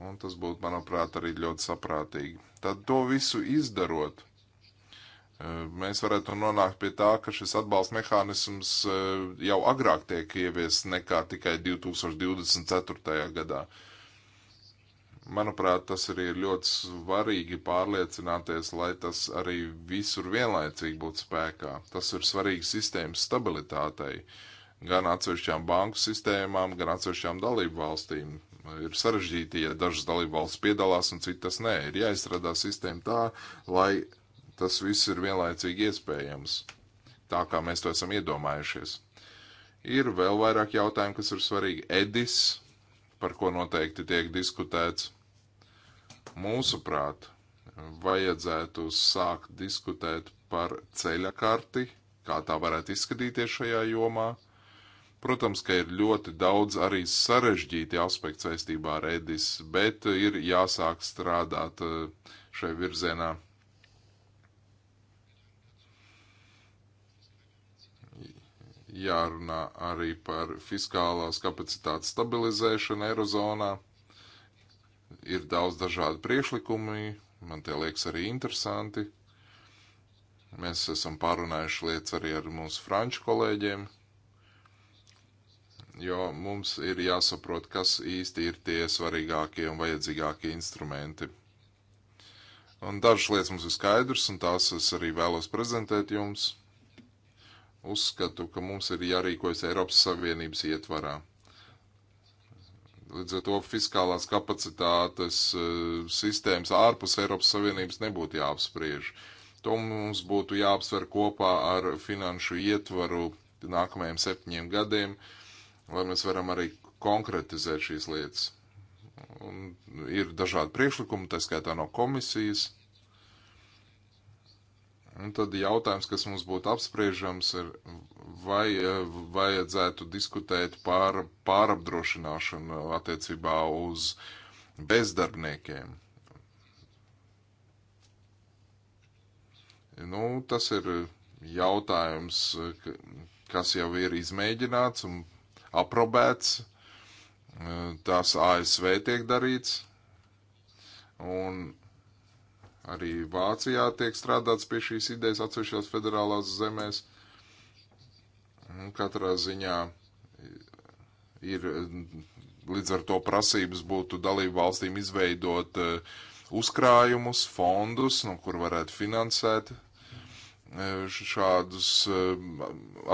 Un tas būtu, manuprāt, arī ļoti saprātīgi. Tad to visu izdarot, eh, mēs varētu nonākt pie tā, ka šis atbalsta mehānisms eh, jau agrāk tiek ieviests nekā tikai 2024. gadā. Manuprāt, tas arī ir ļoti svarīgi pārliecināties, lai tas arī visur vienlaicīgi būtu spēkā. Tas ir svarīgi sistēmas stabilitātei. Uh, gan atsevišķām banku sistēmām, gan atsevišķām dalību valstīm. Ir sarežģīti, ja dažas dalību valsts piedalās un citas nē. Ir jāizstrādā sistēma tā, lai tas viss ir vienlaicīgi iespējams, tā kā mēs to esam iedomājušies. Ir vēl vairāk jautājumu, kas ir svarīgi. Edis, par ko noteikti tiek diskutēts, mūsuprāt, vajadzētu sākt diskutēt par ceļa karti, kā tā varētu izskatīties šajā jomā Protams, ka ir ļoti daudz arī sarežģīti aspekti saistībā ar Edis, bet ir jāsāk strādāt eh, šai virzienā. Jārunā arī par fiskālās kapacitātes stabilizēšanu Eirozonā. Ir daudz dažādu priekšlikumu, man tie liekas arī interesanti. Mēs esam pārunājuši lietas arī ar mūsu franču kolēģiem jo mums ir jāsaprot, kas īsti ir tie svarīgākie un vajadzīgākie instrumenti. Un dažas lietas mums ir skaidrs, un tās es arī vēlos prezentēt jums. Uzskatu, ka mums ir jārīkojas Eiropas Savienības ietvarā. Līdz ar to fiskālās kapacitātes eh, sistēmas ārpus Eiropas Savienības nebūtu jāapspriež. To mums būtu jāapsver kopā ar finanšu ietvaru nākamajiem septiņiem gadiem, uh, lai mēs varam arī konkretizēt šīs lietas. Un ir dažādi priekšlikumi, tā skaitā no komisijas. Un tad jautājums, kas mums būtu apspriežams, ir, vai e, vajadzētu diskutēt par pārapdrošināšanu attiecībā uz bezdarbniekiem. Nu, tas ir jautājums, kas jau ir izmēģināts un aprobēts, eh, tas ASV tiek darīts, un arī Vācijā tiek strādāts pie šīs idejas atsevišķās federālās zemēs. Un nu, katrā ziņā ir līdz ar to prasības būtu dalību valstīm izveidot eh, uzkrājumus, fondus, no kur varētu finansēt E, šādus e,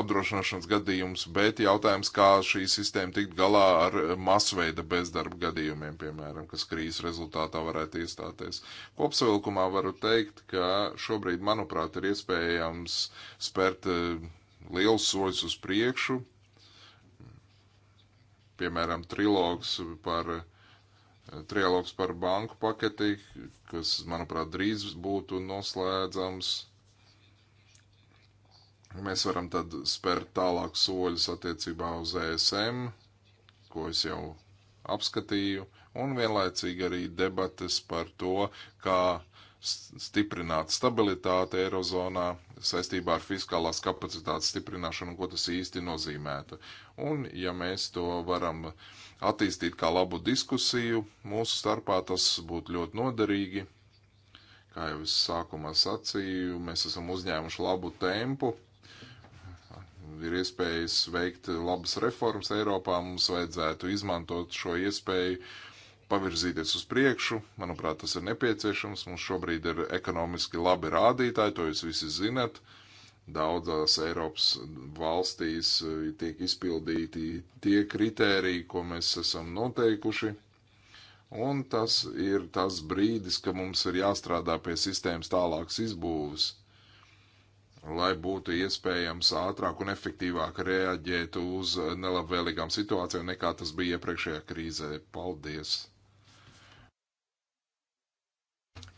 apdrošināšanas gadījumus, bet jautājums, kā šī sistēma tikt galā ar masveida bezdarba gadījumiem, piemēram, kas krīzes rezultātā varētu iestāties. Kopsavilkumā varu teikt, ka šobrīd, manuprāt, ir iespējams spērt e, liels soļus uz priekšu, piemēram, trilogs par trialogs par banku paketi, kas, manuprāt, drīz būtu noslēdzams Mēs varam tad spērt tālāk soļus attiecībā uz ESM, ko es jau apskatīju, un vienlaicīgi arī debates par to, kā stiprināt stabilitāti Eirozonā saistībā ar fiskālās kapacitātes stiprināšanu, ko tas īsti nozīmētu. Un, ja mēs to varam attīstīt kā labu diskusiju, mūsu starpā tas būtu ļoti noderīgi. Kā jau es sākumā sacīju, mēs esam uzņēmuši labu tempu ir iespējas veikt labas reformas Eiropā, mums vajadzētu izmantot šo iespēju pavirzīties uz priekšu. Manuprāt, tas ir nepieciešams. Mums šobrīd ir ekonomiski labi rādītāji, to jūs visi zinat. Daudzās Eiropas valstīs tiek izpildīti tie kritēriji, ko mēs esam noteikuši. Un tas ir tas brīdis, ka mums ir jāstrādā pie sistēmas tālākas izbūves lai būtu iespējams ātrāk un efektīvāk reaģēt uz nelabvēlīgām situācijām, nekā tas bija iepriekšējā krīzē. Paldies!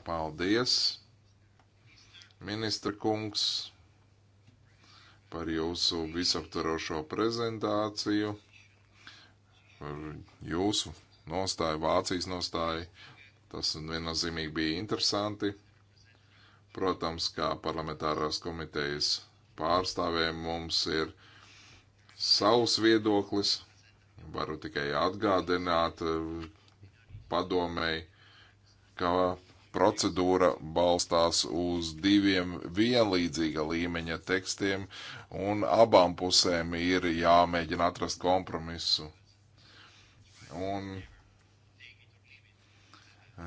Paldies, ministra kungs, par jūsu visaptvarošo prezentāciju, par jūsu nostāju, Vācijas nostāju. Tas viennozīmīgi bija interesanti. Protams, kā parlamentārās komitejas pārstāvēm mums ir savs viedoklis. Varu tikai atgādināt eh, padomēji, ka procedūra balstās uz diviem vienlīdzīga līmeņa tekstiem, un abām pusēm ir jāmēģina atrast kompromisu. Un,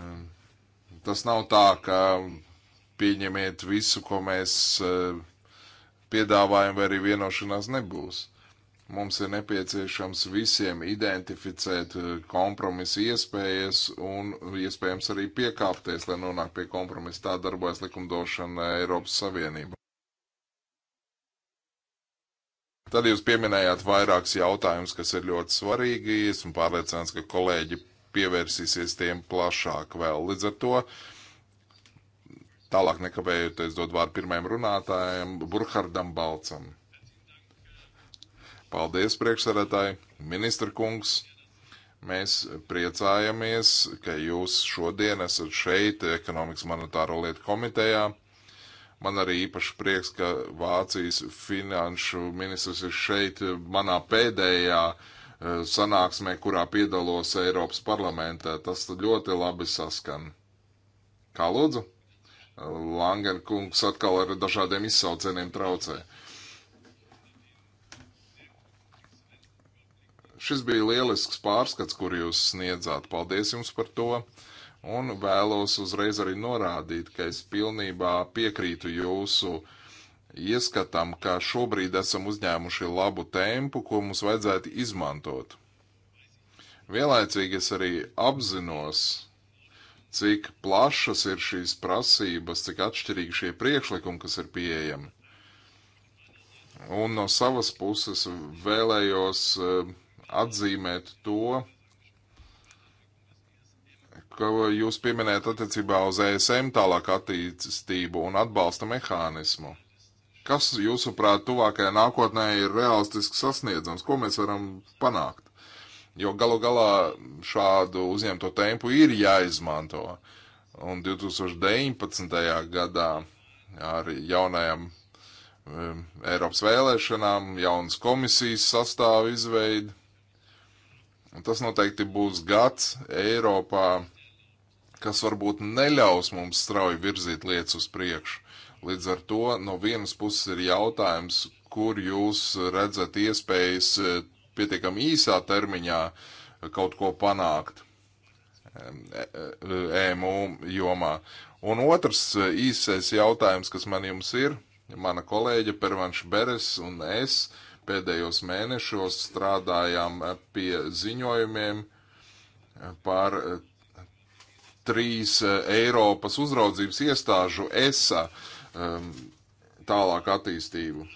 eh, tas nav tā, ka pieņemiet visu, ko mēs eh, piedāvājam, vai arī vienošanās nebūs. Mums ir nepieciešams visiem identificēt eh, kompromisu iespējas un iespējams arī piekāpties, lai nonāktu pie kompromisa. Tā darbojas likumdošana Eiropas Savienībā. Tad jūs pieminējāt vairākus jautājumus, kas ir ļoti svarīgi. Esmu pārliecināts, ka kolēģi pievērsīsies tiem plašāk vēl. Līdz ar to uh, Tālāk nekavējoties dod vārdu pirmajam runātājam, Burhardam Balcam. Paldies, priekšsarētāji, ministra kungs. Mēs priecājamies, ka jūs šodien esat šeit ekonomikas monetāro lietu komitejā. Man arī īpaši prieks, ka Vācijas finanšu ministrs ir šeit manā pēdējā eh, sanāksmē, kurā piedalos Eiropas parlamentā. Tas ļoti labi saskan. Kā lūdzu? Langerkungs atkal ar dažādiem izsaucieniem traucē. Šis bija lielisks pārskats, kur jūs sniedzāt. Paldies jums par to! Un vēlos uzreiz arī norādīt, ka es pilnībā piekrītu jūsu ieskatam, ka šobrīd esam uzņēmuši labu tempu, ko mums vajadzētu izmantot. Vienlaicīgi es arī apzinos, cik plašas ir šīs prasības, cik atšķirīgi šie priekšlikumi, kas ir pieejami. Un no savas puses vēlējos eh, atzīmēt to, ka jūs pieminējat attiecībā uz ESM tālāk attīstību un atbalsta mehānismu. Kas, jūsuprāt, tuvākajā nākotnē ir realistiski sasniedzams? Ko mēs varam panākt? jo galu galā šādu uzņemto tempu ir jāizmanto. Un 2019. gadā ar jaunajām um, Eiropas vēlēšanām, jaunas komisijas sastāvu izveidi. Un tas noteikti būs gads Eiropā, kas varbūt neļaus mums strauji virzīt lietas uz priekšu. Līdz ar to no vienas puses ir jautājums, kur jūs redzat iespējas eh, pietiekami īsā termiņā kaut ko panākt EMU jomā. Un otrs īsais jautājums, kas man jums ir, mana kolēģa Pervanš Beres un es pēdējos mēnešos strādājām pie ziņojumiem par trīs Eiropas uzraudzības iestāžu ESA tālāk attīstību.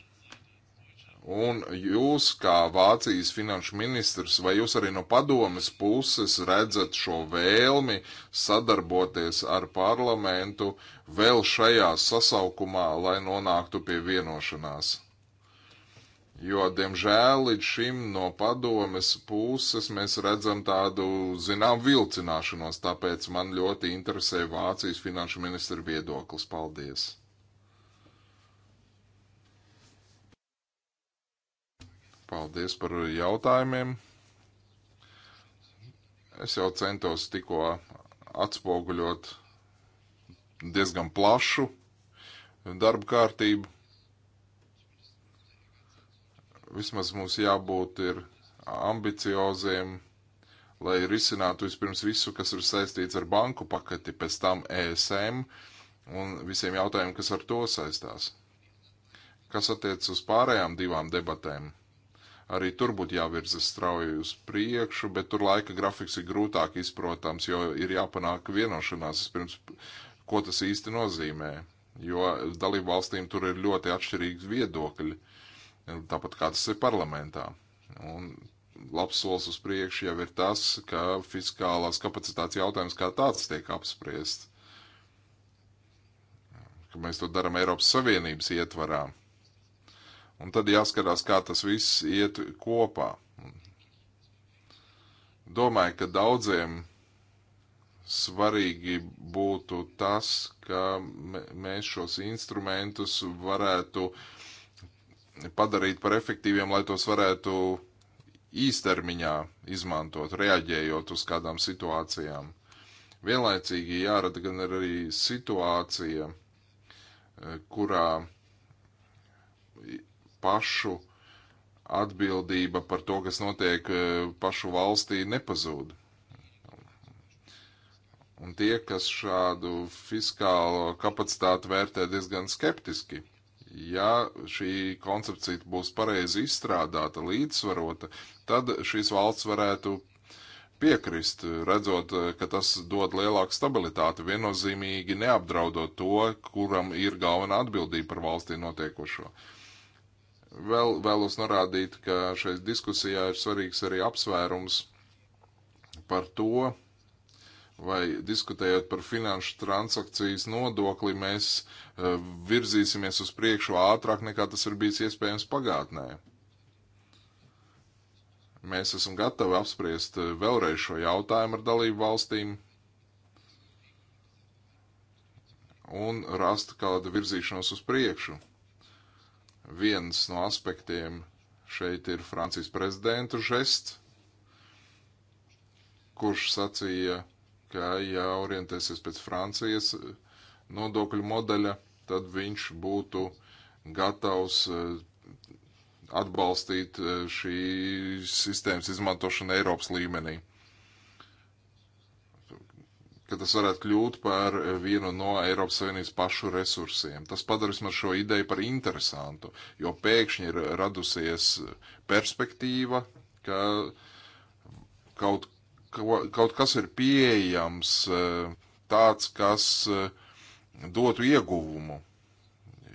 Un jūs, kā Vācijas finanšu ministrs, vai jūs arī no padomes puses redzat šo vēlmi sadarboties ar parlamentu vēl šajā sasaukumā, lai nonāktu pie vienošanās? Jo, diemžēl, līdz šim no padomes puses mēs redzam tādu, zinām, vilcināšanos, tāpēc man ļoti interesē Vācijas finanšu ministra viedoklis. Paldies! Paldies par jautājumiem. Es jau centos tikko atspoguļot diezgan plašu darba kārtību. Vismaz mums jābūt ir ambicioziem, lai risinātu vispirms visu, kas ir saistīts ar banku paketi, pēc tam ESM un visiem jautājumiem, kas ar to saistās. Kas attiec uz pārējām divām debatēm? Arī tur būtu jāvirza strauji uz priekšu, bet tur laika grafiks ir grūtāk izprotams, jo ir jāpanāk vienošanās pirms, ko tas īsti nozīmē. Jo dalību valstīm tur ir ļoti atšķirīgi viedokļi, tāpat kā tas ir parlamentā. Un labs solis uz priekšu jau ir tas, ka fiskālās kapacitātes jautājums kā tāds tiek apspriests. Ka mēs to darām Eiropas Savienības ietvarā. Un tad jāskatās, kā tas viss iet kopā. Domāju, ka daudziem svarīgi būtu tas, ka mēs šos instrumentus varētu padarīt par efektīviem, lai tos varētu īstermiņā izmantot, reaģējot uz kādām situācijām. Vienlaicīgi jārada gan arī situācija, kurā pašu atbildība par to, kas notiek e, pašu valstī, nepazūd. Un tie, kas šādu fiskālo kapacitāti vērtē diezgan skeptiski, ja šī koncepcija būs pareizi izstrādāta, līdzsvarota, tad šīs valsts varētu piekrist, redzot, e, ka tas dod lielāku stabilitāti, viennozīmīgi neapdraudot to, kuram ir galvenā atbildība par valstī notiekošo. Uh, Vēl, vēlos norādīt, ka šai diskusijā ir svarīgs arī apsvērums par to, vai diskutējot par finanšu transakcijas nodokli, mēs uh, virzīsimies uz priekšu ātrāk nekā tas ir bijis iespējams pagātnē. Mēs esam gatavi apspriest e, vēlreiz šo jautājumu ar dalību valstīm un rast kādu virzīšanos uz priekšu viens no aspektiem šeit ir Francijas prezidenta žests, kurš sacīja, ka jāorientēsies pēc Francijas nodokļu modeļa, tad viņš būtu gatavs eh, atbalstīt eh, šīs sistēmas izmantošanu Eiropas līmenī ka tas varētu kļūt par vienu no Eiropas Savienības pašu resursiem. Tas padarīs man šo ideju par interesantu, jo pēkšņi ir radusies perspektīva, ka kaut, kaut kas ir pieejams, eh, tāds, kas eh, dotu ieguvumu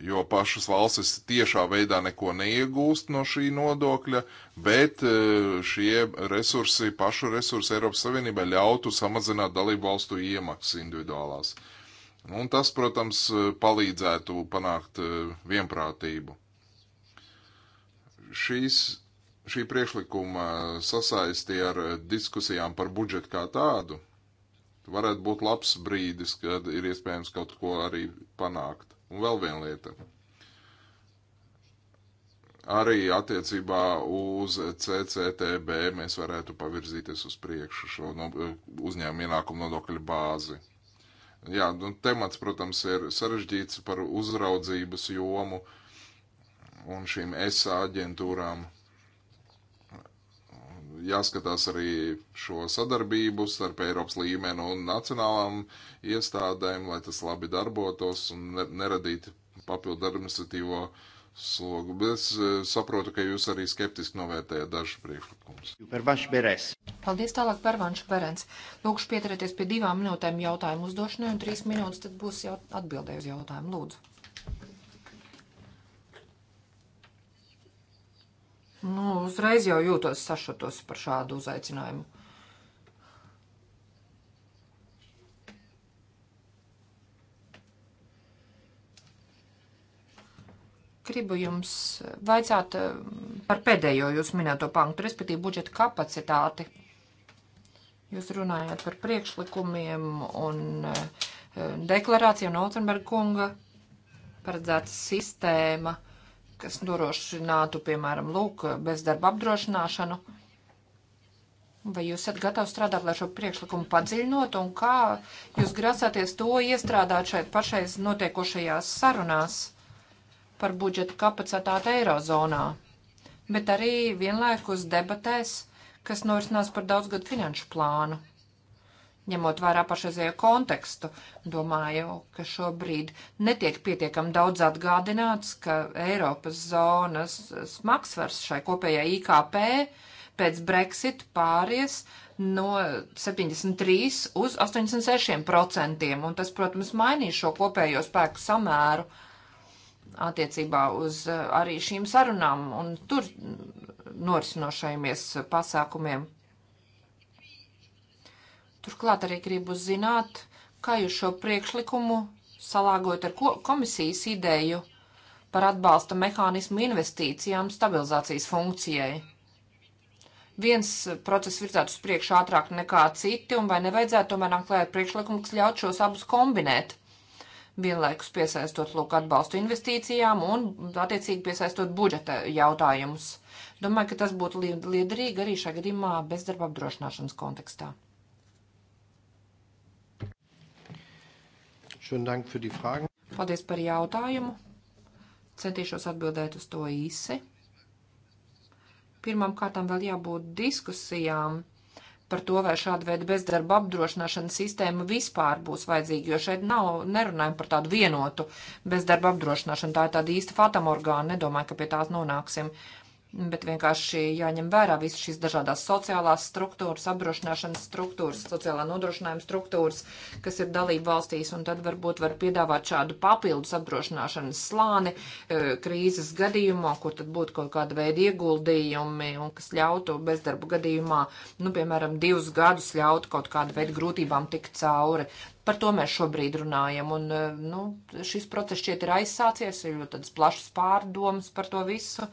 jo pašas valstis tiešā veidā neko neiegūst no šī nodokļa, bet e, šie resursi, pašu resursi Eiropas Savienībai ļautu samazināt dalību valstu iemaksas individuālās. Un tas, protams, e, palīdzētu panākt e, vienprātību. Šīs, šī priekšlikuma sasaisti ar diskusijām par budžetu kā tādu varētu būt labs brīdis, kad ir iespējams kaut ko arī panākt. Un vēl viena lieta. Arī attiecībā uz CCTB mēs varētu pavirzīties uz priekšu šo no, uzņēmumu ienākumu nodokļu bāzi. Jā, nu, temats, protams, ir sarežģīts par uzraudzības jomu un šīm SA aģentūrām jāskatās arī šo sadarbību starp Eiropas līmeni un nacionālām iestādēm, lai tas labi darbotos un neradītu papildu administratīvo slogu. Es eh, saprotu, ka jūs arī skeptiski novērtējat dažus priekšlikumus. Pervanš Beres. Paldies tālāk, Pervanš Berens. Lūkšu pieturēties pie divām minūtēm jautājumu uzdošanai un trīs minūtes tad būs jau atbildēju uz jautājumu. Lūdzu. Nu, uzreiz jau jūtos sašutos par šādu uzaicinājumu. Gribu jums vaicāt eh, par pēdējo jūs minēto punktu, respektīvi budžeta kapacitāti. Jūs runājāt par priekšlikumiem un eh, deklarāciju no Oltenberga kunga paredzēta sistēma – kas nodrošinātu, piemēram, lūk, bezdarba apdrošināšanu. Vai jūs esat gatavi strādāt, lai šo priekšlikumu padziļinot, un kā jūs grasāties to iestrādāt šeit pašreiz notiekošajās sarunās par budžeta kapacitāti Eirozonā, bet arī vienlaikus debatēs, kas norisinās par daudzgadu finanšu plānu? ņemot vērā pašreizējo kontekstu. Domāju, ka šobrīd netiek pietiekam daudz atgādināts, ka Eiropas zonas smagsvars šai kopējai IKP pēc Brexit pāries no 73 uz 86 procentiem, un tas, protams, mainīs šo kopējo spēku samēru attiecībā uz uh, arī šīm sarunām un tur norisinošajamies pasākumiem. Turklāt arī gribu zināt, kā jūs šo priekšlikumu salāgojat ar ko, komisijas ideju par atbalsta mehānismu investīcijām stabilizācijas funkcijai. Viens process virzās uz priekšu ātrāk nekā citi, un vai nevajadzētu tomēr nākt klāt ar priekšlikumu, kas ļaut šos abus kombinēt? Vienlaikus piesaistot lūk atbalstu investīcijām un attiecīgi piesaistot budžeta jautājumus. Domāju, ka tas būtu liederīgi arī šā gadījumā bezdarba apdrošināšanas kontekstā. Paldies par jautājumu. Centīšos atbildēt uz to īsi. Pirmām kārtām vēl jābūt diskusijām par to, vai šāda veida bezdarba apdrošināšanas sistēma vispār būs vajadzīga, jo šeit nav, nerunājam par tādu vienotu bezdarba apdrošināšanu. Tā ir tāda īsta fatamorgāna, nedomāju, ka pie tās nonāksim. Uh, bet vienkārši jāņem vērā visas šīs dažādās sociālās struktūras, apdrošināšanas struktūras, sociālā nodrošinājuma struktūras, kas ir dalība valstīs, un tad varbūt var piedāvāt šādu papildus apdrošināšanas slāni e, krīzes gadījumā, kur tad būtu kaut kāda veida ieguldījumi, un kas ļautu bezdarbu gadījumā, nu, piemēram, divus gadus ļautu kaut kādu veidu grūtībām tikt cauri. Par to mēs šobrīd runājam, un eh, nu, šis process šķiet ir aizsācies, ir ļoti tādas plašas pārdomas par to visu,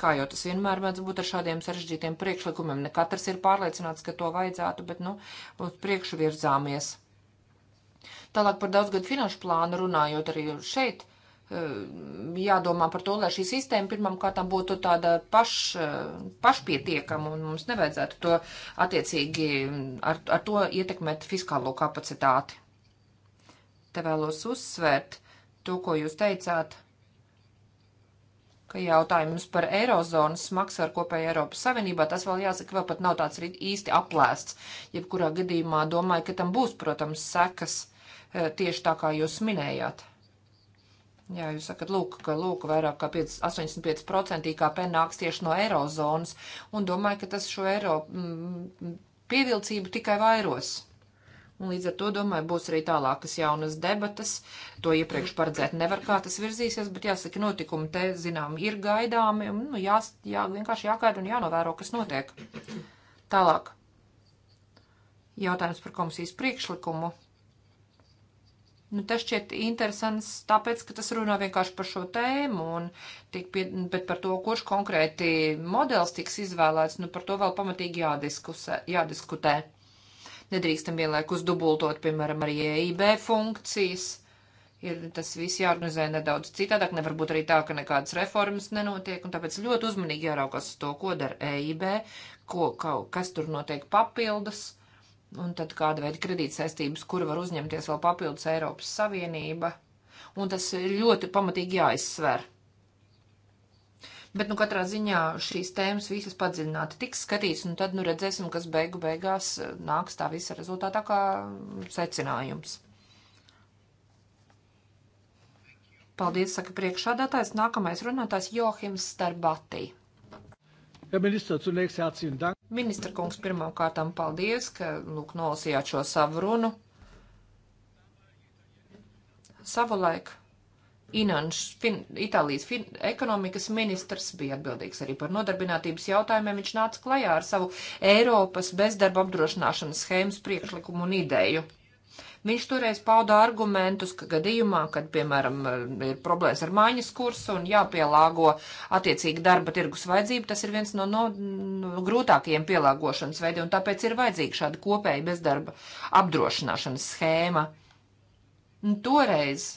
kā jau tas vienmēr mēdz būt ar šādiem sarežģītiem priekšlikumiem. Ne katrs ir pārliecināts, ka to vajadzētu, bet, nu, uz priekšu virzāmies. Tālāk par daudzgadu finanšu plānu runājot arī šeit, eh, jādomā par to, lai šī sistēma pirmām kārtām būtu tāda paš, eh, pašpietiekama un mums nevajadzētu to attiecīgi mm, ar, ar to ietekmēt fiskālo kapacitāti te vēlos uzsvērt to, ko jūs teicāt, ka jautājums par eirozonas maksu ar kopēju Eiropas Savienībā, tas vēl jāsaka, vēl pat nav tāds īsti aplēsts. Jebkurā gadījumā domāju, ka tam būs, protams, sekas eh, tieši tā, kā jūs minējāt. Jā, jūs sakat, lūk, ka lūk, vairāk kā 5, 85% IKP nāks tieši no eirozonas, un domāju, ka tas šo eiro mm, mm pievilcību tikai vairos. Un līdz ar to, domāju, būs arī tālākas jaunas debatas. To iepriekš paredzēt nevar, kā tas virzīsies, bet jāsaka, notikumi te, zinām, ir gaidāmi. Un, nu, jā, jā, vienkārši jāgaida un jānovēro, kas notiek. Tālāk. Jautājums par komisijas priekšlikumu. Nu, tas šķiet interesants, tāpēc, ka tas runā vienkārši par šo tēmu, un pie, bet par to, kurš konkrēti modelis tiks izvēlēts, nu, par to vēl pamatīgi jādiskusē, jādiskutē. Nedrīkstam vienlaikus dubultot, piemēram, arī EIB funkcijas. Ir tas viss jāorganizē nedaudz citādāk, nevar būt arī tā, ka nekādas reformas nenotiek, un tāpēc ļoti uzmanīgi jāraukās uz to, ko dara EIB, ko, ka, kas tur notiek papildus, un tad kāda veida kredītsaistības, kur var uzņemties vēl papildus Eiropas Savienība. Un tas ir ļoti pamatīgi jāizsver. Bet, nu, katrā ziņā šīs tēmas visas padziļināti tiks skatīts, un tad, nu, redzēsim, kas beigu beigās eh, nāks tā visa rezultātā kā secinājums. Paldies, saka priekšādātājs. Nākamais runātājs Johims Starbatī. Ja ministra, zunächst herzlichen Dank. Ministra kungs, pirmām kārtām paldies, ka lūk nolasījāt šo savu runu. Savulaik Inanš, fin, Itālijas fin, ekonomikas ministrs, bija atbildīgs arī par nodarbinātības jautājumiem. Viņš nāca klajā ar savu Eiropas bezdarba apdrošināšanas schēmas priekšlikumu un ideju. Viņš toreiz pauda argumentus, ka gadījumā, kad, piemēram, ir problēmas ar mājas kursu un jāpielāgo attiecīgi darba tirgus vajadzību, tas ir viens no, no, no grūtākajiem pielāgošanas veidiem, un tāpēc ir vajadzīga šāda kopēja bezdarba apdrošināšanas schēma. Un toreiz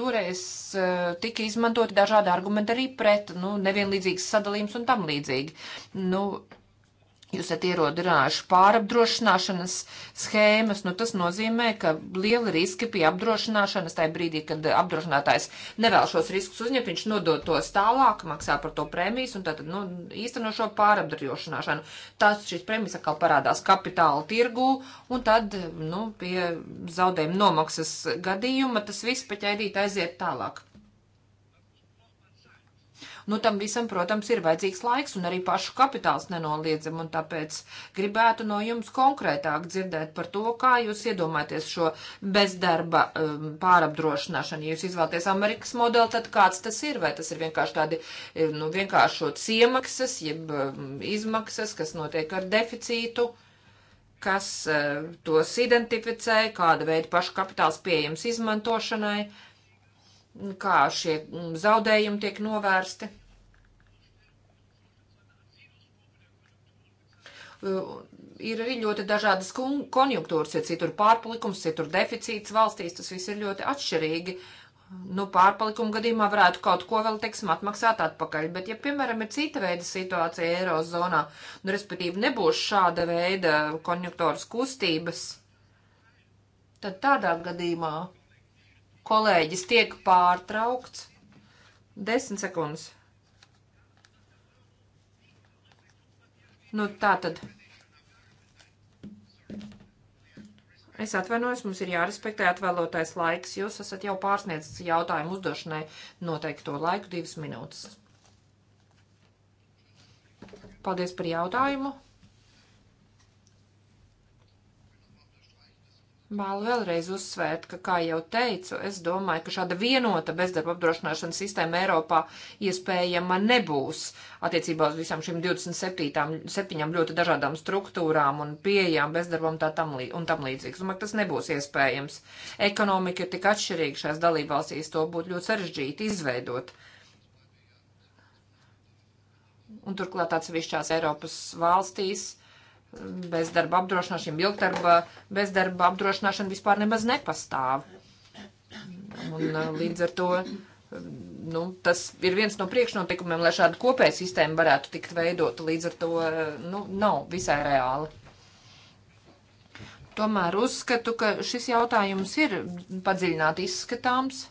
toreiz e, tika izmantoti dažādi argumenti arī pret, nu, nevienlīdzīgs sadalījums un tam līdzīgi. Nu, Jūs esat ierodinājuši pārapdrošināšanas schēmas, nu tas nozīmē, ka liela riska pie apdrošināšanas, tajā brīdī, kad apdrošinātājs nevēl šos riskus uzņemt, viņš nodod tos tālāk, maksā par to prēmijas un tātad nu, īsteno šo pārapdrošināšanu. Tas šis prēmijas atkal parādās kapitāla tirgū un tad, nu, pie zaudējuma nomaksas gadījuma tas viss paķaidīt aiziet tālāk. Nu, tam visam, protams, ir vajadzīgs laiks un arī pašu kapitāls nenoliedzam, un tāpēc gribētu no jums konkrētāk dzirdēt par to, kā jūs iedomājaties šo bezdarba um, pārapdrošināšanu. Ja jūs izvēlaties Amerikas modeli, tad kāds tas ir? Vai tas ir vienkārši tādi, eh, nu, vienkāršots iemaksas, jeb um, izmaksas, kas notiek ar deficītu? kas uh, tos identificē, kāda veida pašu kapitāls pieejams izmantošanai, kā šie mm, zaudējumi tiek novērsti. Eh, ir arī ļoti dažādas konjunktūras, ir citur pārpalikums, citur deficīts valstīs, tas viss ir ļoti atšķirīgi. Nu, pārpalikuma gadījumā varētu kaut ko vēl, teiksim, atmaksāt atpakaļ, bet, ja, piemēram, ir cita veida situācija Eirozonā, nu, respektīvi, nebūs šāda veida konjunktūras kustības, tad tādā gadījumā kolēģis tiek pārtraukts. Desmit sekundes. Nu, tā tad. Es atvainojos, mums ir jārespektē atvēlotais laiks. Jūs esat jau pārsniedzis jautājumu uzdošanai noteikto laiku divas minūtes. Paldies par jautājumu. Vēlu vēlreiz uzsvērt, ka, kā jau teicu, es domāju, ka šāda vienota bezdarba apdrošināšanas sistēma Eiropā iespējama nebūs attiecībā uz visām šīm 27 7 ļoti dažādām struktūrām un pieejām bezdarbam tā tam, lī, un tam līdzīgs. Domāju, ka tas nebūs iespējams. Ekonomika ir tik atšķirīga šajās dalībvalstīs, to būtu ļoti sarežģīti izveidot. Un turklāt atsevišķās Eiropas valstīs bezdarba apdrošināšana, ilgdarba bezdarba apdrošināšana vispār nemaz nepastāv. Un uh, līdz ar to uh, nu, tas ir viens no priekšnoteikumiem, lai šāda kopēja sistēma varētu tikt veidota. Līdz ar to uh, nu, nav visai reāli. Tomēr uzskatu, ka šis jautājums ir padziļināti izskatāms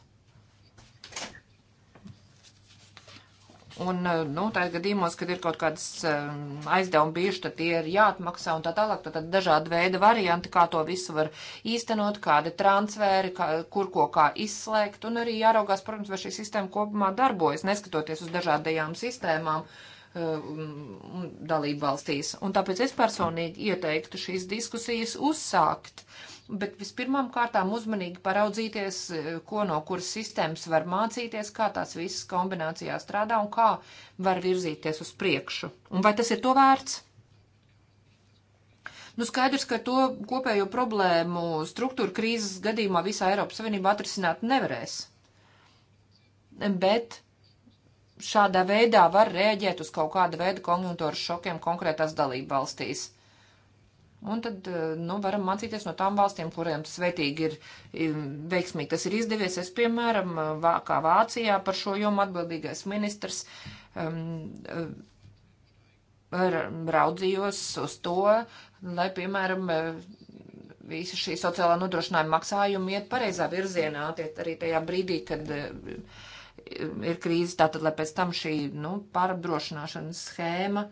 Un, eh, nu, tā gadījumos, kad ir kaut kādas eh, aizdevumi bijuši, tad tie ir jāatmaksā un tā tālāk. Tad, tad dažādi veidi varianti, kā to visu var īstenot, kādi transferi, kā, kur ko kā izslēgt. Un arī jāraugās, protams, vai šī sistēma kopumā darbojas, neskatoties uz dažādajām sistēmām eh, dalību valstīs. Un tāpēc es personīgi ieteiktu šīs diskusijas uzsākt. Uh, bet vispirmām kārtām uzmanīgi paraudzīties, e, ko no kuras sistēmas var mācīties, kā tās visas kombinācijā strādā un kā var virzīties uz priekšu. Un vai tas ir to vērts? Nu, skaidrs, ka to kopējo problēmu struktūra krīzes gadījumā visā Eiropas Savienībā atrisināt nevarēs. Bet šādā veidā var rēģēt uz kaut kāda veida konjunktūras šokiem konkrētās dalību valstīs. Un tad, eh, nu, varam mācīties no tām valstīm, kuriem svetīgi ir, ir veiksmīgi tas ir izdevies. Es, piemēram, vā, kā Vācijā par šo jomu atbildīgais ministrs um, raudzījos uz to, lai, piemēram, eh, visa šī sociālā nodrošinājuma maksājuma iet pareizā virzienā, tiek arī tajā brīdī, kad ir krīze, tātad, lai pēc tam šī, nu, pārapdrošināšanas schēma,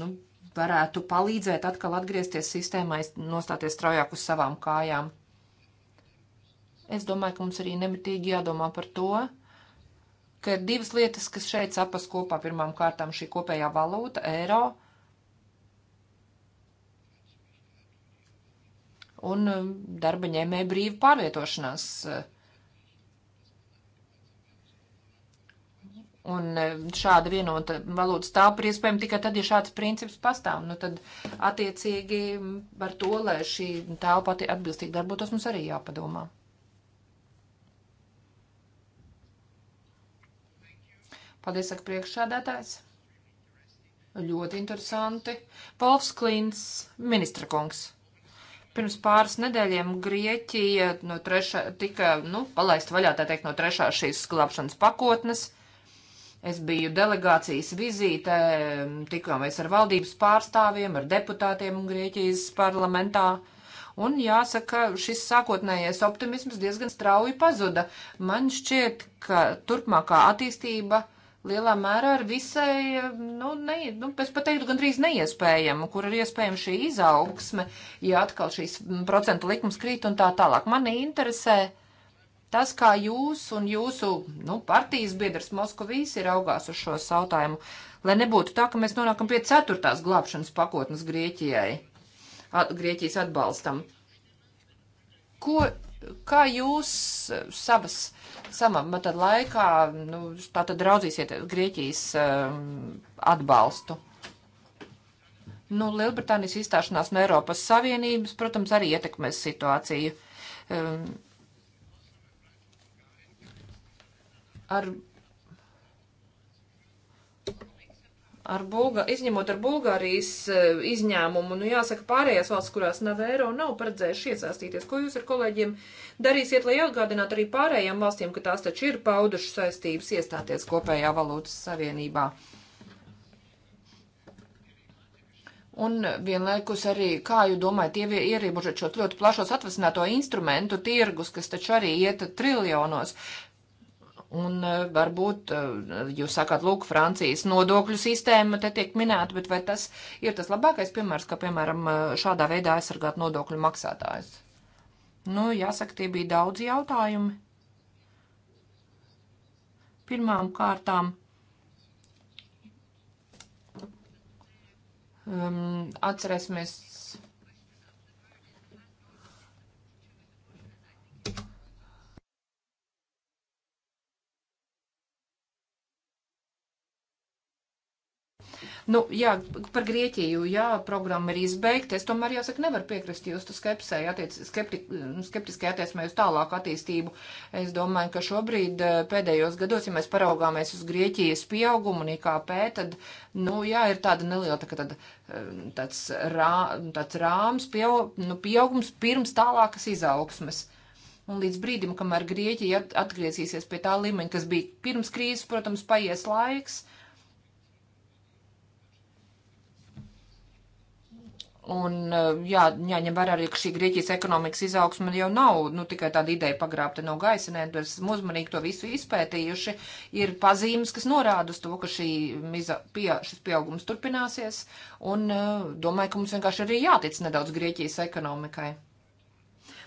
nu, varētu palīdzēt atkal atgriezties sistēmai, nostāties straujāk uz savām kājām. Es domāju, ka mums arī nemitīgi jādomā par to, ka ir divas lietas, kas šeit sapas kopā. Pirmām kārtām šī kopējā valūta, eiro, un um, darba ņēmē brīva pārvietošanās. Uh, Un e, šāda vienota valūta stāv par iespējami tikai tad, ja šāds princips pastāv. Nu, tad attiecīgi par to, lai šī telpa atbilstīgi darbotos, mums arī jāpadomā. Paldies, saka priekšsādātājs. Ļoti interesanti. Polfs Klīns, ministra kungs. Pirms pāris nedēļiem Grieķija no trešā, tika, nu, palaista vaļā, tā teikt, no trešās šīs glābšanas pakotnes Es biju delegācijas vizītē, tikāmies ar valdības pārstāvjiem, ar deputātiem Grieķijas parlamentā. Un jāsaka, šis sākotnējais optimisms diezgan strauji pazuda. Man šķiet, ka turpmākā attīstība lielā mērā ir visai, nu, ne, nu es pat teiktu, gandrīz neiespējama, kur ir iespējama šī izaugsme, ja atkal šīs procentu likums krīt un tā tālāk. Mani interesē. Uh, Tas, kā jūs un jūsu nu, partijas biedrs Moskavīs ir augās uz šo jautājumu, lai nebūtu tā, ka mēs nonākam pie ceturtās glābšanas pakotnes Grieķijai, at, Grieķijas atbalstam. Ko, kā jūs savas samamata nu, laikā, nu, tā tad raudzīsiet Grieķijas um, atbalstu? Nu, Lielbritānijas izstāšanās no Eiropas Savienības, protams, arī ietekmēs situāciju. Um, ar, ar Bulga, izņemot ar Bulgārijas e, izņēmumu, nu jāsaka, pārējās valsts, kurās nav eiro, nav paredzējuši iesaistīties. Ko jūs ar kolēģiem darīsiet, lai atgādinātu arī pārējām valstīm, ka tās taču ir pauduši saistības iestāties kopējā valūtas savienībā? Un vienlaikus arī, kā jūs domājat, ierībužot šo ļoti plašos atvasināto instrumentu tirgus, kas taču arī iet triljonos, Un e, varbūt e, jūs sakāt, lūk, Francijas nodokļu sistēma te tiek minēta, bet vai tas ir tas labākais piemērs, kā piemēram e, šādā veidā aizsargāt nodokļu maksātājs? Nu, jāsaka, tie bija daudzi jautājumi. Pirmām kārtām um, atcerēsimies Nu, jā, par Grieķiju, jā, programma ir izbeigta. Es tomēr jāsaka, nevar piekrist jūsu skepsē, attiec, skepti, skeptiskai attieksmē uz tālāku attīstību. Es domāju, ka šobrīd eh, pēdējos gados, ja mēs paraugāmies uz Grieķijas pieaugumu un IKP, tad, nu, jā, ir tāda neliela, tā, tāda, eh, tāds, rā, tāds rāms, pieaug, nu, pieaugums pirms tālākas izaugsmes. Un līdz brīdim, kamēr Grieķija atgriezīsies pie tā līmeņa, kas bija pirms krīzes, protams, paies laiks. Uh, Un eh, jā, jāņem vērā arī, ka šī Grieķijas ekonomikas izaugsme jau nav nu, tikai tāda ideja pagrābta no gaisa, nē, tur esam uzmanīgi to visu izpētījuši. Ir pazīmes, kas norāda uz to, ka šī, pie, šis pieaugums turpināsies, un eh, domāju, ka mums vienkārši arī jātic nedaudz Grieķijas ekonomikai.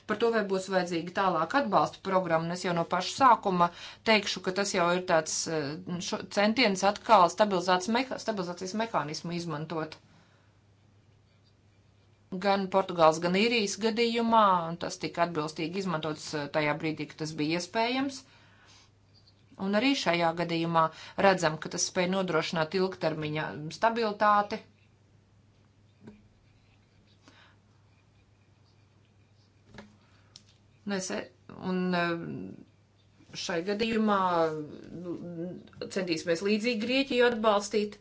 Par to, vai būs vajadzīga tālāk atbalsta programma, nu, es jau no paša sākuma teikšu, ka tas jau ir tāds eh, šo, centiens atkal stabilizācijas, meha, stabilizācijas mehānismu izmantot gan Portugāls, gan Īrijas gadījumā, un tas tika atbilstīgi izmantots eh, tajā brīdī, kad tas bija iespējams. Un arī šajā gadījumā redzam, ka tas spēja nodrošināt ilgtermiņa stabilitāti. Nes, un eh, šai gadījumā mm, centīsimies līdzīgi Grieķiju atbalstīt.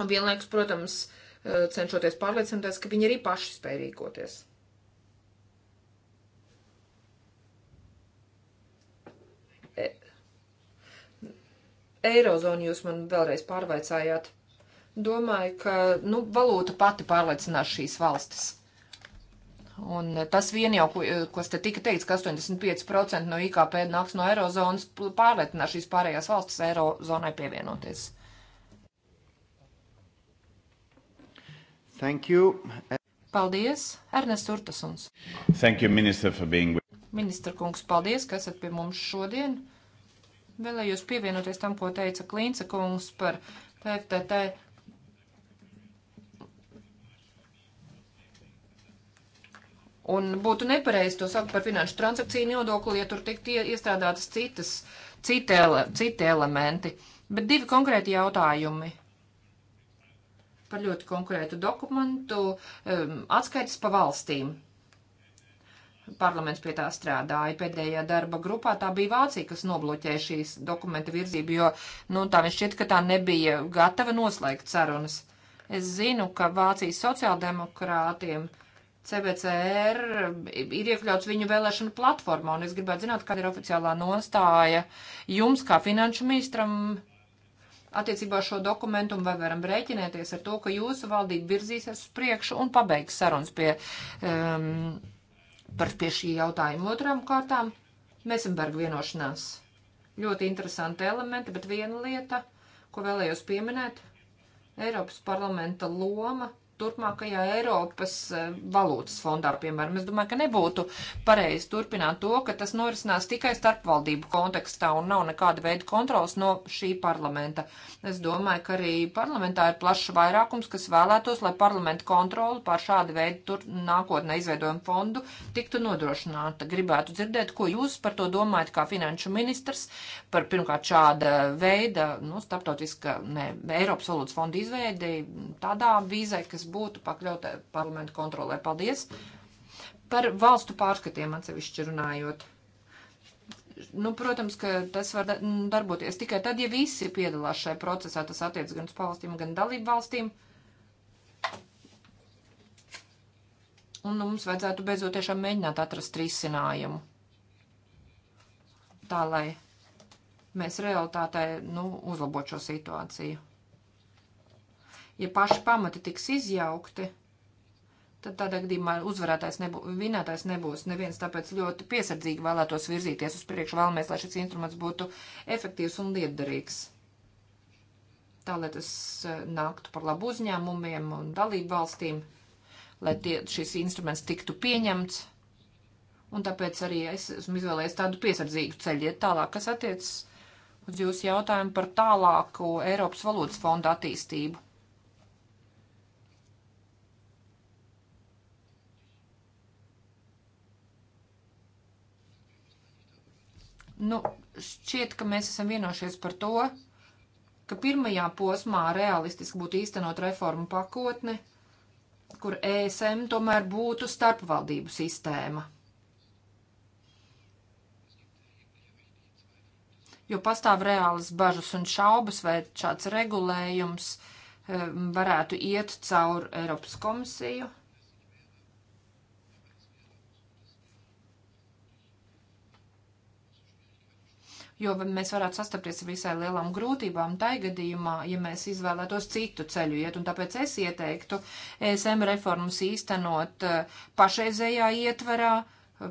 Un vienlaikus, protams, uh, Eh, cenšoties pārliecināties, ka viņi arī paši spēj rīkoties. E Eirozonu jūs man vēlreiz pārveicājāt. Domāju, ka nu, valūta pati pārliecinās šīs valstis. Un eh, tas vien jau, ko, eh, kas te tika teikts, ka 85% no IKP nāks no Eirozonas, pārliecinās šīs pārējās valstis Eirozonai pievienoties. Thank you. Paldies, Ernests Urtasuns. Thank you, minister, for being with. Ministra kungs, paldies, ka esat pie mums šodien. Vēlējos pievienoties tam, ko teica Klīnca kungs par PFTT Un būtu nepareizi to saukt par finanšu transakciju nodokli, ja tur tiktu iestrādātas citas, citi, ele, citi elementi. Bet divi konkrēti jautājumi par ļoti konkrētu dokumentu um, atskaitas pa valstīm. Parlaments pie tā strādāja. Pēdējā darba grupā tā bija Vācija, kas nobloķēja šīs dokumenta virzību, jo nu, tā viņš šķiet, ka tā nebija gatava noslēgt sarunas. Es zinu, ka Vācijas sociāldemokrātiem CBCR ir iekļauts viņu vēlēšanu platformā, un es gribētu zināt, kāda ir oficiālā nostāja jums kā finanšu ministram attiecībā ar šo dokumentu un vai varam rēķinēties ar to, ka jūsu valdība virzīsies uz priekšu un pabeigs sarunas pie, um, par, pie šī jautājuma otram kārtām. Mesenberga vienošanās. Ļoti interesanti elementi, bet viena lieta, ko vēlējos pieminēt, Eiropas parlamenta loma turpmākajā Eiropas eh, valūtas fondā, piemēram. Es domāju, ka nebūtu pareizi turpināt to, ka tas norisinās tikai starpvaldību kontekstā un nav nekāda veida kontrols no šī parlamenta. Es domāju, ka arī parlamentā ir plašs vairākums, kas vēlētos, lai parlamenta kontroli pār šādu veidu tur nākotnē izveidojumu fondu tiktu nodrošināta. Gribētu dzirdēt, ko jūs par to domājat kā finanšu ministrs, par pirmkārt šāda veida, nu, starptautiska, ne, Eiropas valūtas fonda izveidi tādā vīzē, kas būtu pakļauta eh, parlamentu kontrolē. Paldies! Par valstu pārskatiem atsevišķi runājot. Nu, protams, ka tas var darboties tikai tad, ja visi piedalās šajā procesā. Tas attiec gan uz valstīm, gan dalību valstīm. Un nu, mums vajadzētu beidzot tiešām mēģināt atrast risinājumu. Tā lai mēs realitātē nu, uzlabotu šo situāciju ja paši pamati tiks izjaukti, tad tādā gadījumā uzvarētājs nebūs, vinētājs nebūs neviens, tāpēc ļoti piesardzīgi vēlētos virzīties uz priekšu, vēlamies, lai šis instruments būtu efektīvs un lietderīgs. Tā, lai tas eh, nāktu par labu uzņēmumiem un dalību valstīm, lai tie, šis instruments tiktu pieņemts, un tāpēc arī es esmu izvēlējies tādu piesardzīgu ceļu, iet tālāk, kas attiecas uz jūsu jautājumu par tālāko Eiropas valodas fonda attīstību. Nu, šķiet, ka mēs esam vienojušies par to, ka pirmajā posmā realistiski būtu īstenot reformu pakotni, kur ESM tomēr būtu starpvaldību sistēma. Jo pastāv reālas bažas un šaubas, vai šāds regulējums eh, varētu iet cauri Eiropas komisiju. jo mēs varētu sastapties ar visai lielām grūtībām tai gadījumā, ja mēs izvēlētos citu ceļu iet, un tāpēc es ieteiktu ESM reformas īstenot eh, pašreizējā ietverā,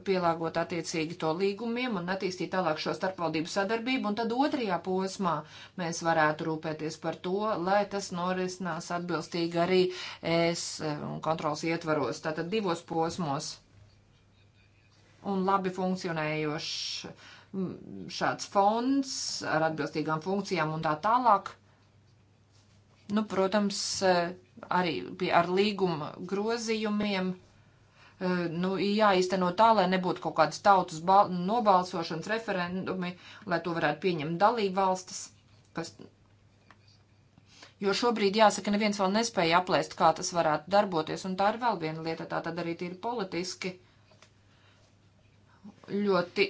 pielāgot attiecīgi to līgumiem un attīstīt tālāk šo starpvaldību sadarbību, un tad otrajā posmā mēs varētu rūpēties par to, lai tas norisinās atbilstīgi arī es eh, kontrols ietvaros, tātad divos posmos un labi funkcionējošs Mm, šāds fonds ar atbilstīgām funkcijām un tā tālāk. Nu, protams, eh, arī pie, ar līguma grozījumiem eh, nu, jāizteno tā, lai nebūtu kaut kādas tautas nobalsošanas referendumi, lai to varētu pieņemt dalību valstis. Kas, Jo šobrīd, jāsaka, neviens vēl nespēja aplēst, kā tas varētu darboties, un tā ir vēl viena lieta, tā tad arī ir politiski ļoti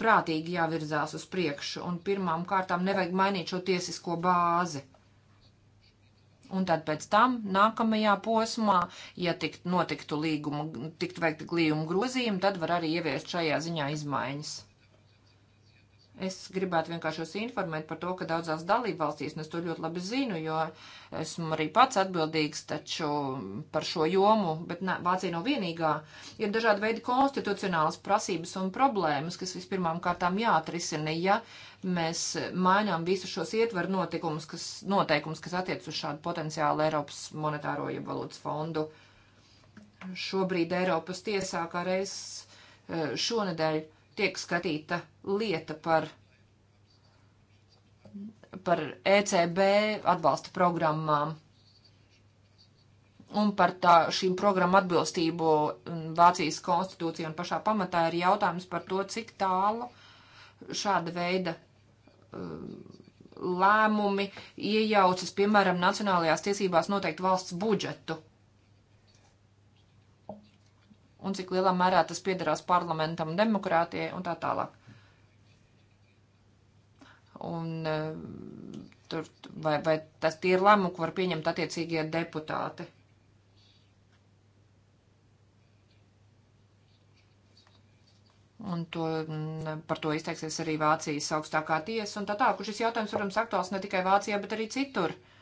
prātīgi jāvirzās uz priekšu, un pirmām kārtām nevajag mainīt šo tiesisko bāzi. Un tad pēc tam, nākamajā posmā, ja tikt, notiktu līguma, tiktu veikti līguma grozījumi, tad var arī ieviest šajā ziņā izmaiņas. Es gribētu vienkārši jūs informēt par to, ka daudzās dalībvalstīs, un es to ļoti labi zinu, jo esmu arī pats atbildīgs taču par šo jomu, bet ne, Vācija nav vienīgā. Ir dažādi veidi konstitucionālas prasības un problēmas, kas vispirmām kārtām jāatrisina, ja mēs mainām visu šos ietveru notikumus, kas, noteikums, kas attiec uz šādu potenciālu Eiropas monetāro ja valūtas fondu. Šobrīd Eiropas tiesā kā reiz eh, šonedēļ tiek skatīta lieta par, par ECB atbalsta programmām un par tā, šīm programmu atbilstību mm, Vācijas konstitūcijā un pašā pamatā ir jautājums par to, cik tālu šāda veida mm, lēmumi iejaucas, piemēram, nacionālajās tiesībās noteikt valsts budžetu un cik lielā mērā tas piederās parlamentam, demokrātijai un tā tālāk. Un eh, tur, vai, vai tas tie ir lēmumi, ko var pieņemt attiecīgie deputāti. Un to, mm, par to izteiksies arī Vācijas augstākā tiesa un tā tā, kur šis jautājums, protams, aktuāls ne tikai Vācijā, bet arī citur. Uh,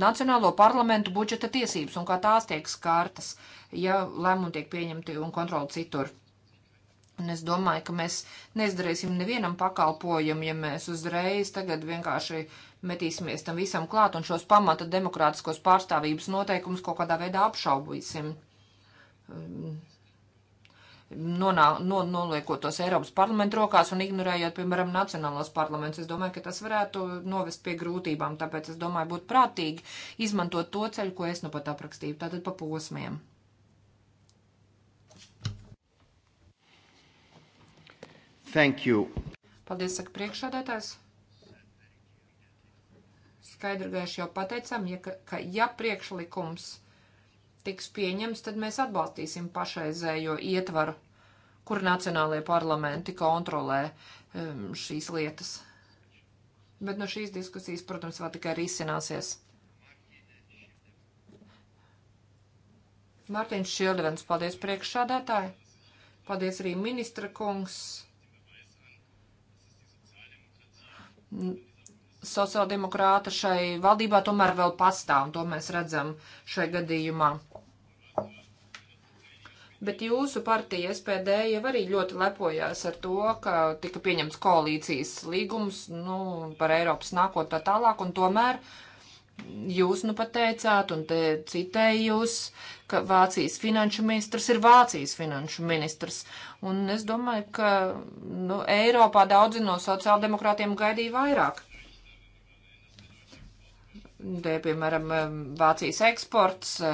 Nacionālo parlamentu budžeta tiesības un kā tās tiek skārtas, ja lēmumi tiek pieņemti un kontroli citur. Un es domāju, ka mēs neizdarīsim nevienam pakalpojumu, ja mēs uzreiz tagad vienkārši metīsimies tam visam klāt un šos pamata demokrātiskos pārstāvības noteikumus kaut kādā veidā apšaubīsim nonā, no, noliekot tos Eiropas parlamentu rokās un ignorējot, piemēram, nacionālos parlamentus. Es domāju, ka tas varētu novest pie grūtībām, tāpēc es domāju, būtu prātīgi izmantot to ceļu, ko es nu pat aprakstīju, tātad pa posmiem. Thank you. Paldies, saka priekšādētājs skaidri gaiši jau pateicām, ja, ka, ja priekšlikums tiks pieņemts, tad mēs atbalstīsim pašreizējo ietvaru, kur nacionālajie parlamenti kontrolē um, šīs lietas. Bet no šīs diskusijas, protams, vēl tikai risināsies. Mārtiņš Šildevens, paldies priekšsādātāji. Paldies arī ministra kungs. Sociāldemokrāta šai valdībā tomēr vēl pastāv, un to mēs redzam šai gadījumā bet jūsu partija SPD jau arī ļoti lepojās ar to, ka tika pieņemts koalīcijas līgums nu, par Eiropas nākotnē tā tālāk, un tomēr jūs nu pateicāt, un te citēju jūs, ka Vācijas finanšu ministrs ir Vācijas finanšu ministrs. Un es domāju, ka nu, Eiropā daudzi no sociāldemokrātiem gaidīja vairāk. Te, piemēram, um, Vācijas eksports uh,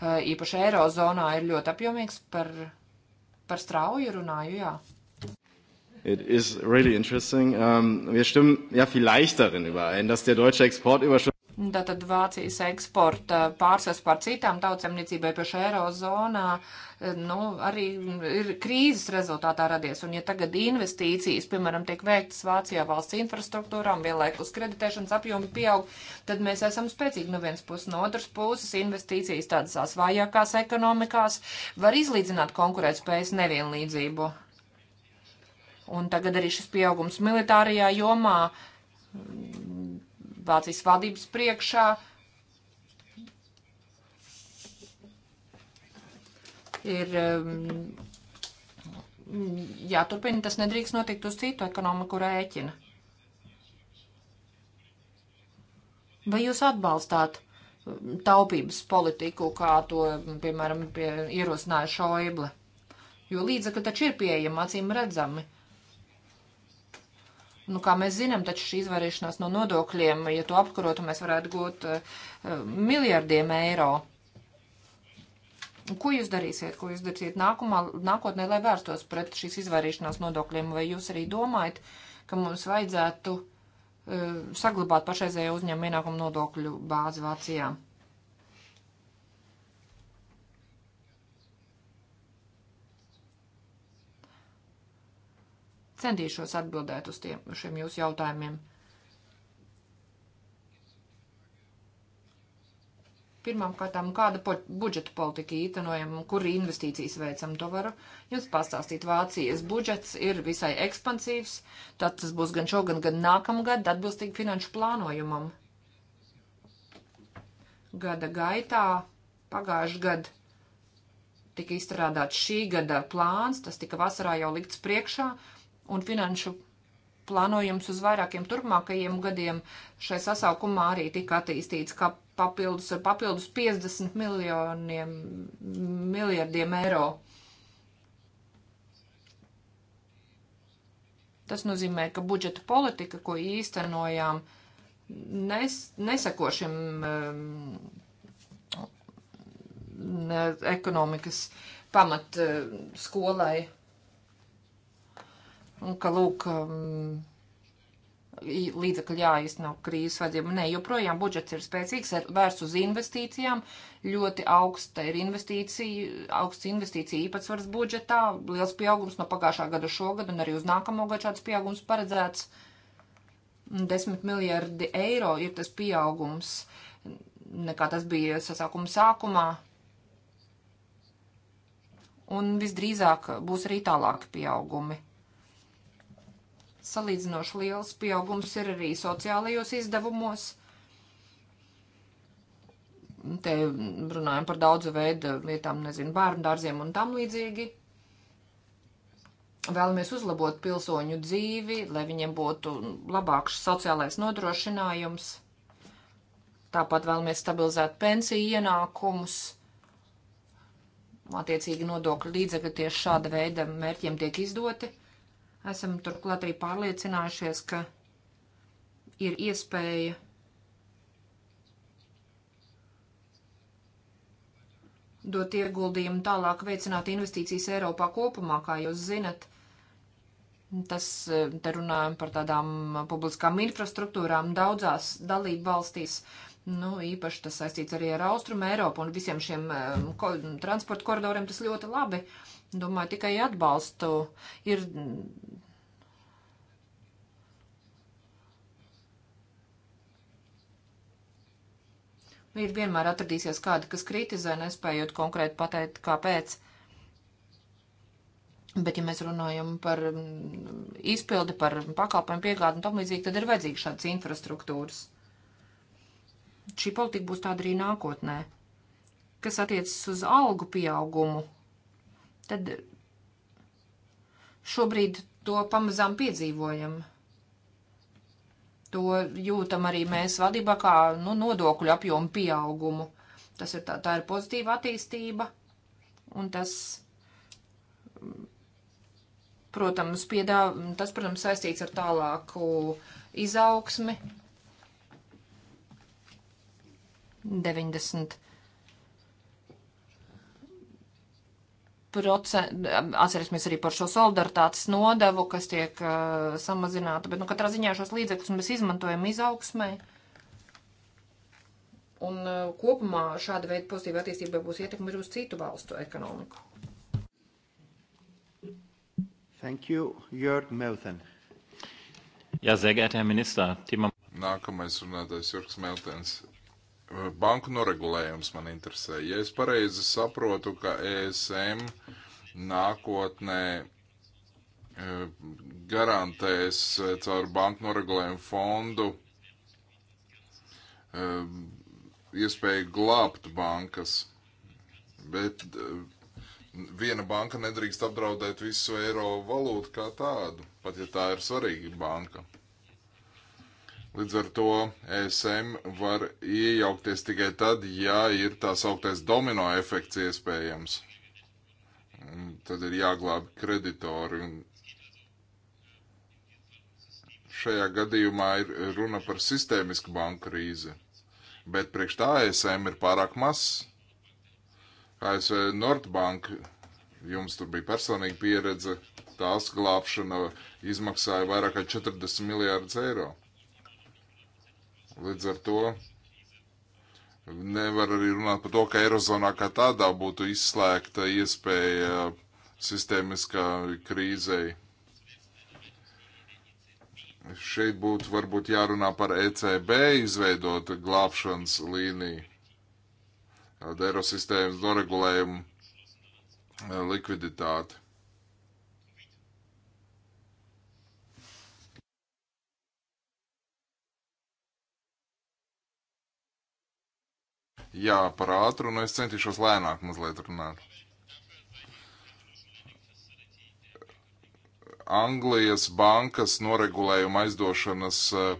uh, īpaši Eirozonā ir ļoti apjomīgs par, par strauju runāju, jā. It is really interesting. Um, wir stimmen ja vielleicht darin überein, dass der deutsche Exportüberschuss Tātad Vācijas eksporta pārsvars par citām tautsemniecībai pašā Eirozonā eh, nu, arī ir krīzes rezultātā radies. Un ja tagad investīcijas, piemēram, tiek veiktas Vācijā valsts infrastruktūrā un vienlaikus kreditēšanas apjomi pieaug, tad mēs esam spēcīgi no vienas puses, no otras puses investīcijas tādās vājākās ekonomikās var izlīdzināt konkurētspējas nevienlīdzību. Un tagad arī šis pieaugums militārajā jomā Vācijas vadības priekšā. Ir um, jāturpina, tas nedrīkst notikt uz citu ekonomiku rēķina. Vai jūs atbalstāt taupības politiku, kā to, piemēram, pie, ierosināja Šoible? Jo līdzekļi taču ir pieejami, acīm redzami. Uh, Nu, kā mēs zinām, taču šī izvairīšanās no nodokļiem, ja to apkarotu, mēs varētu gūt uh, miljardiem eiro. Ko jūs darīsiet? Ko jūs darīsiet nākumā, nākotnē, lai vērstos pret šīs izvairīšanās nodokļiem? Vai jūs arī domājat, ka mums vajadzētu uh, saglabāt pašreizējo uzņēmumu ienākumu nodokļu bāzi Vācijā? Centīšos atbildēt uz tiem, uz šiem jūsu jautājumiem. Pirmām kārtām, kāda po budžeta politika īstenojam un kur investīcijas veicam, to varu jums pastāstīt. Vācijas budžets ir visai ekspansīvs, tad tas būs gan šogad, gan nākamgad, atbilstīgi finanšu plānojumam. Gada gaitā, pagājuši gadu tika izstrādāts šī gada plāns, tas tika vasarā jau likts priekšā, un finanšu plānojums uz vairākiem turpmākajiem gadiem šai sasaukumā arī tika attīstīts kā papildus ar papildus 50 miljoniem, miljardiem eiro. Tas nozīmē, ka budžeta politika, ko īstenojām, nes, neseko šim um, ekonomikas pamat uh, skolai un ka, lūk, um, līdzekļi jāizsno krīzes vajadzību. Nē, joprojām budžets ir spēcīgs, ir vērsts uz investīcijām, ļoti augsta ir investīcija, augsts investīcija īpatsvars budžetā, liels pieaugums no pagājušā gada šogad un arī uz nākamo gadu šāds pieaugums paredzēts. 10 miljardi eiro ir tas pieaugums, nekā tas bija sasākuma sākumā. Un visdrīzāk būs arī tālāki pieaugumi. Salīdzinoši liels pieaugums ir arī sociālajos izdevumos. Te runājam par daudzu veidu lietām, nezinu, bērnu dārziem un tam līdzīgi. Vēlamies uzlabot pilsoņu dzīvi, lai viņiem būtu labāks sociālais nodrošinājums. Tāpat vēlamies stabilizēt pensiju ienākumus. Attiecīgi nodokļu līdzekļi tieši šāda veida mērķiem tiek izdoti. Esam turklāt arī pārliecinājušies, ka ir iespēja dot ieguldījumu tālāk veicināt investīcijas Eiropā kopumā, kā jūs zinat. Tas te runājam par tādām publiskām infrastruktūrām daudzās dalību valstīs. Nu, īpaši tas saistīts arī ar Austrumu Eiropu un visiem šiem eh, ko, transporta koridoriem tas ļoti labi. Uh, Domāju, tikai atbalstu ir ir vienmēr atradīsies kādi, kas kritizē, nespējot konkrēti pateikt, kāpēc. Bet, ja mēs runājam par mm, izpildi, par pakalpojumu piegādi un tam līdzīgi, tad ir vajadzīga šādas infrastruktūras. Šī politika būs tāda arī nākotnē. Kas attiecas uz algu pieaugumu, tad šobrīd to pamazām piedzīvojam. To jūtam arī mēs vadībā kā nu, nodokļu apjomu pieaugumu. Tas ir tā, tā ir pozitīva attīstība, un tas, protams, piedā, tas, protams, saistīts ar tālāku izaugsmi. 90 Atcerēsimies arī par šo solidaritātes nodevu, kas tiek uh, samazināta, bet, nu, katrā ziņā šos līdzekļus mēs izmantojam izaugsmai. Un uh, kopumā šāda veida pozitīva attīstība būs ietekme arī uz citu valstu ekonomiku. Thank you, Jörg Melten. Jā, sehr geehrter Herr Minister, Thema. Nākamais runātājs Jurgs Meltens. Banku noregulējums man interesē. Ja es pareizi saprotu, ka ESM nākotnē e, garantēs e, caur banku noregulējumu fondu e, iespēju glābt bankas, bet viena banka nedrīkst apdraudēt visu eiro valūtu kā tādu, pat ja tā ir svarīga banka. Līdz ar to ESM var iejaukties tikai tad, ja ir tā sauktais domino efekts iespējams. Un tad ir jāglābi kreditori. Un šajā gadījumā ir runa par sistēmisku banku krīzi. Bet priekš tā ESM ir pārāk mazs. ASV Nordbank, jums tur bija personīga pieredze, tās glābšana izmaksāja vairāk kā 40 miljārdus eiro. Līdz ar to nevar arī runāt par to, ka Eirozonā kā tādā būtu izslēgta iespēja sistēmiskā krīzei. Šeit būtu varbūt jārunā par ECB izveidot glābšanas līniju, tādu eirosistēmas noregulējumu eh, likviditāti. jā, par ātru, un nu, es centīšos lēnāk mazliet runāt. Anglijas bankas noregulējuma aizdošanas eh,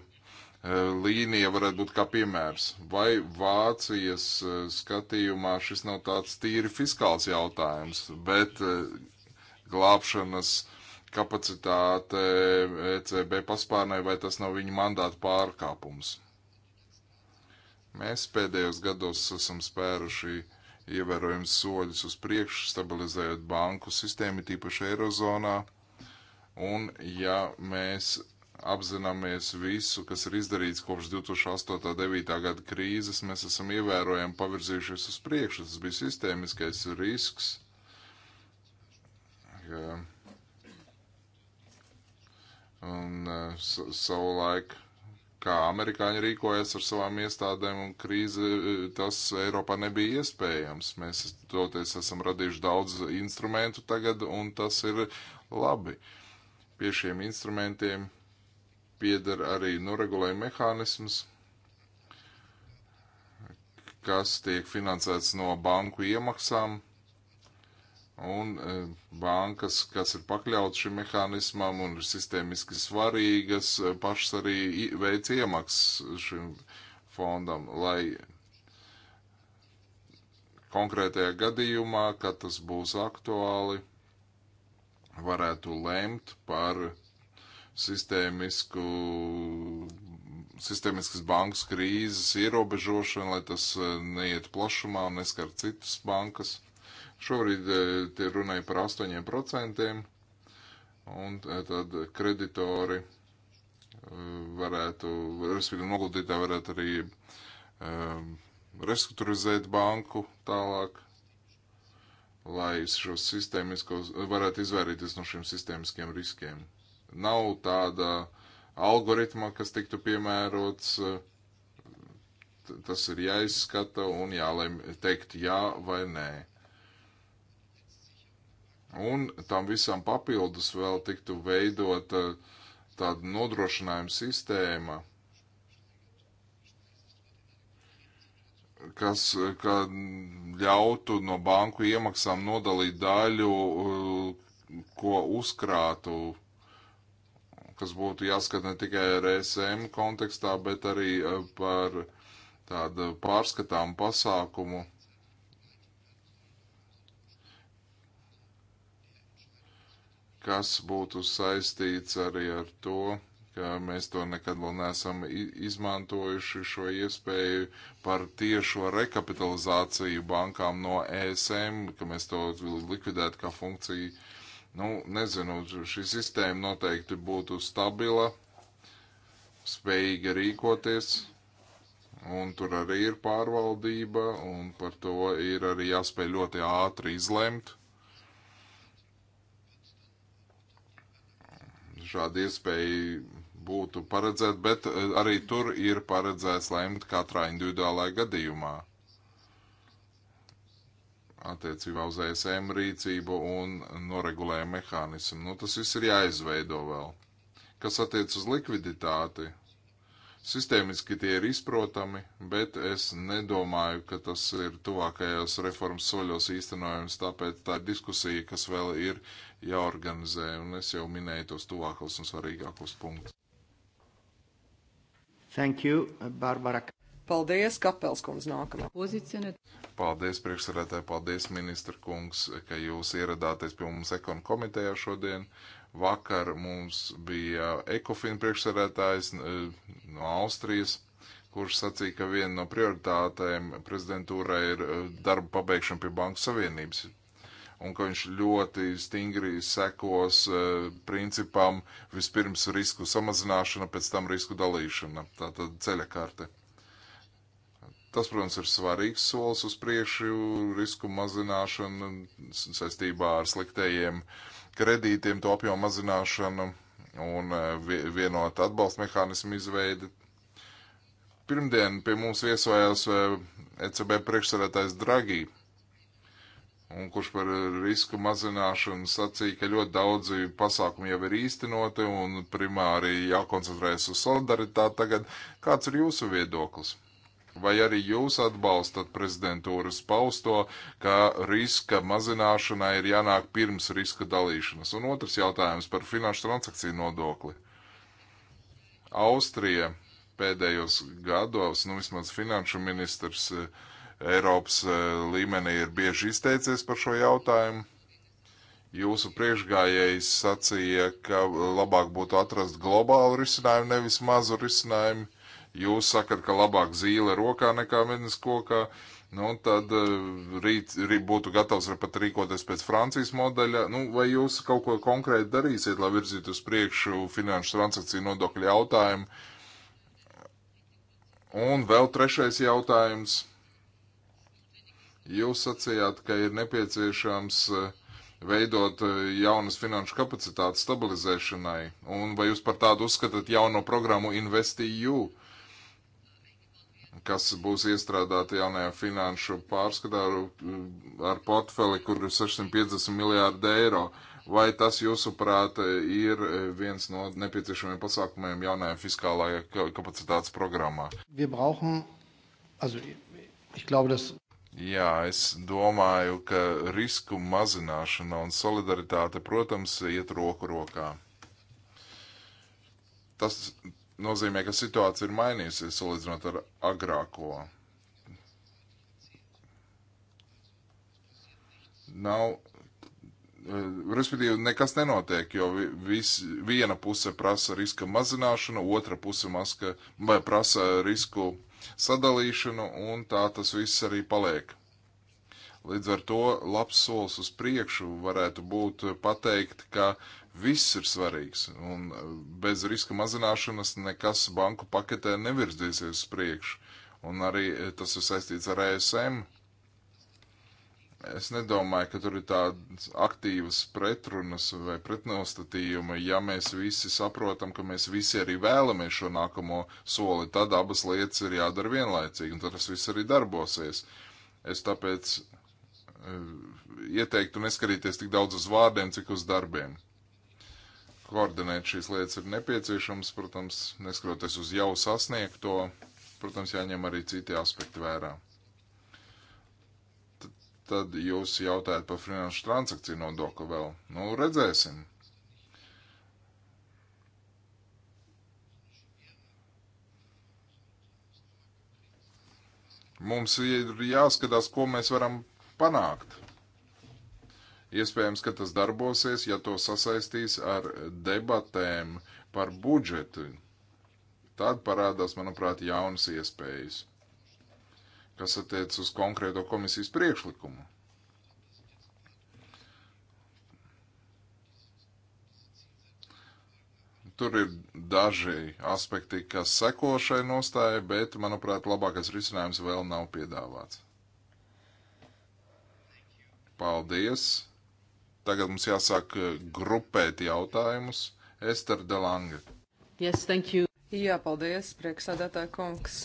līnija varētu būt kā piemērs. Vai Vācijas eh, skatījumā šis nav tāds tīri fiskāls jautājums, bet eh, glābšanas kapacitāte ECB paspārnē, vai tas nav viņa mandāta pārkāpums? Mēs pēdējos gados esam spēruši ievērojams soļus uz priekšu, stabilizējot banku sistēmu, tīpaši Eirozonā. Un ja mēs apzināmies visu, kas ir izdarīts kopš 2008. 9. gada krīzes, mēs esam ievērojami pavirzījušies uz priekšu. Tas bija sistēmiskais risks. Un eh, savulaik. So, so like, kā amerikāņi rīkojas ar savām iestādēm, un krīze tas Eiropā nebija iespējams. Mēs toties esam radījuši daudz instrumentu tagad, un tas ir labi. Pie šiem instrumentiem pieder arī noregulējuma mehānisms, kas tiek finansēts no banku iemaksām un e, bankas, kas ir pakļauts šim mehānismam un ir sistēmiski svarīgas, e, pašas arī veic iemaksas šim fondam, lai konkrētajā gadījumā, kad tas būs aktuāli, varētu lemt par sistēmisku, sistēmiskas bankas krīzes ierobežošanu, lai tas e, neiet plašumā un neskar citas bankas Šobrīd e, tie runāja par 8%, un e, tad kreditori e, varētu, respektīvi noguldītāji varētu arī um, restruktūrizēt banku tālāk, lai šos sistēmiskos, varētu izvairīties no šiem sistēmiskiem riskiem. Nav tāda algoritma, kas tiktu piemērots, tas ir jāizskata un jālēm teikt jā vai nē. Un tam visam papildus vēl tiktu veidot eh, tāda nodrošinājuma sistēma, kas eh, ka ļautu no banku iemaksām nodalīt daļu, eh, ko uzkrātu, kas būtu jāskata ne tikai ar ESM kontekstā, bet arī par tādu pārskatāmu pasākumu kas būtu saistīts arī ar to, ka mēs to nekad vēl neesam izmantojuši šo iespēju par tiešo rekapitalizāciju bankām no ESM, ka mēs to likvidētu kā funkciju. Nu, nezinu, šī sistēma noteikti būtu stabila, spējīga rīkoties, un tur arī ir pārvaldība, un par to ir arī jāspēj ļoti ātri izlemt šāda iespēja būtu paredzēta, bet eh, arī tur ir paredzēts lemt katrā individuālā gadījumā attiecībā uz ESM rīcību un noregulējumu mehānismu. Nu, tas viss ir jāizveido vēl. Kas attiec uz likviditāti, Sistēmiski tie ir izprotami, bet es nedomāju, ka tas ir tuvākajos reformas soļos īstenojams, tāpēc tā ir diskusija, kas vēl ir jāorganizē, un es jau minēju tos tuvākos un svarīgākos punktus. Thank you, Barbara. Paldies, Kapelskundze, nākamā. Pozicionēt. Paldies, priekšsarētāji, paldies, ministra kungs, ka jūs ieradāties pie mums ekonu komitejā šodien. Uh, Vakar mums bija Ekofin priekšsarētājs e, no Austrijas, kurš sacīja, ka viena no prioritātēm prezidentūrai ir e, darba pabeigšana pie Banku Savienības un ka viņš ļoti stingri sekos uh, principam vispirms risku samazināšana, pēc tam risku dalīšana. Tā tad ceļa kārte. Tas, protams, ir svarīgs solis uz priekšu risku mazināšanu saistībā ar sliktējiem uh, kredītiem, to apjomu mazināšanu un e, vienotu atbalsta mehānismu izveidi. Pirmdien pie mums viesojās ECB e priekšsarētājs Dragī, un kurš par risku mazināšanu sacīja, ka ļoti daudzi pasākumi jau ir īstenoti un primāri jākoncentrējas uz solidaritāti. Tagad kāds ir jūsu viedoklis? vai arī jūs atbalstat prezidentūras pausto, ka riska mazināšanai ir jānāk pirms riska dalīšanas? Un otrs jautājums par finanšu transakciju nodokli. Austrija pēdējos gados, nu vismaz finanšu ministrs eh, Eiropas eh, līmenī ir bieži izteicies par šo jautājumu. Jūsu priekšgājējs sacīja, ka labāk būtu atrast globālu risinājumu, nevis mazu risinājumu. Jūs sakat, ka labāk zīle rokā nekā mednes kokā. Nu, tad eh, rīt, rīt būtu gatavs pat rīkoties pēc Francijas modeļa. Nu, vai jūs kaut ko konkrēti darīsiet, lai virzītu uz priekšu finanšu transakciju nodokļu jautājumu? Un vēl trešais jautājums. Jūs sacījāt, ka ir nepieciešams eh, veidot eh, jaunas finanšu kapacitātes stabilizēšanai, un vai jūs par tādu uzskatāt jauno programmu InvestEU? Uh, kas būs iestrādāti jaunajā finanšu pārskatā ar, ar portfeli, kur ir 650 miljārdi eiro. Vai tas, jūsuprāt, ir viens no nepieciešamiem pasākumiem jaunajā fiskālajā kapacitātes programmā? Brauchen, also, glaube, das... Jā, es domāju, ka risku mazināšana un solidaritāte, protams, iet roku rokā. Tas nozīmē, ka situācija ir mainījusies salīdzinot ar agrāko. Nav, eh, respektīvi, nekas nenotiek, jo vis, viena puse prasa riska mazināšanu, otra puse maska, vai prasa risku sadalīšanu, un tā tas viss arī paliek. Līdz ar to labs solis uz priekšu varētu būt pateikt, ka viss ir svarīgs un bez riska mazināšanas nekas banku paketē nevirzīsies uz priekšu. Un arī tas ir saistīts ar ESM. Es nedomāju, ka tur ir tādas aktīvas pretrunas vai pretnostatījuma. Ja mēs visi saprotam, ka mēs visi arī vēlamies šo nākamo soli, tad abas lietas ir jādara vienlaicīgi, un tad tas viss arī darbosies. Es tāpēc Eh, ieteiktu neskarīties tik daudz uz vārdiem, cik uz darbiem. Koordinēt šīs lietas ir nepieciešams, protams, neskatoties uz jau sasniegto, protams, jāņem arī citi aspekti vērā. T tad jūs jautājat par finanšu transakciju nodokli vēl. Nu, redzēsim. Mums ir jāskatās, ko mēs varam panākt. Iespējams, ka tas darbosies, ja to sasaistīs ar debatēm par budžetu. Tad parādās, manuprāt, jaunas iespējas, kas attiec uz konkrēto komisijas priekšlikumu. tur ir daži aspekti, kas seko šai nostāja, bet, manuprāt, labākais risinājums vēl nav piedāvāts. Paldies! Tagad mums jāsāk eh, grupēt jautājumus. Ester Delange. Yes, thank you. Jā, paldies, prieksādātāja kungs.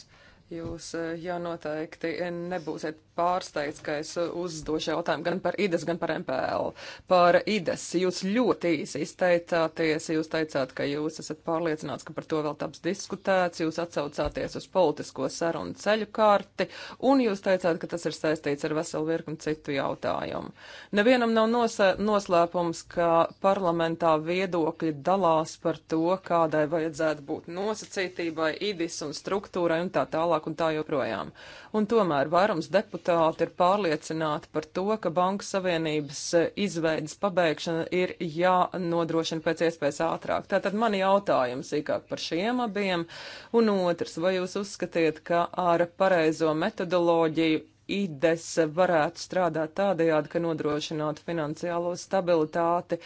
Jūs eh, jau noteikti nebūsiet pārsteigts, ka es uh, uzdošu jautājumu gan par IDES, gan par MPL. Par IDES jūs ļoti īsi izteicāties, jūs teicāt, ka jūs esat pārliecināts, ka par to vēl taps diskutēts, jūs atsaucāties uz politisko sarunu ceļu karti, un jūs teicāt, ka tas ir saistīts ar veselu virkni citu jautājumu. Nevienam nav noslēpums, ka parlamentā viedokļi dalās par to, kādai vajadzētu būt nosacītībai, IDES un struktūrai un tā tālāk un tā joprojām. Un tomēr vairums deputātu deputāti ir pārliecināti par to, ka Banku Savienības e, izveidas pabeigšana ir jānodrošina pēc iespējas ātrāk. Tātad mani jautājums īkāk par šiem abiem. Un otrs, vai jūs uzskatiet, ka ar pareizo metodoloģiju IDES varētu strādāt tādējādi, ka nodrošinātu finansiālo stabilitāti,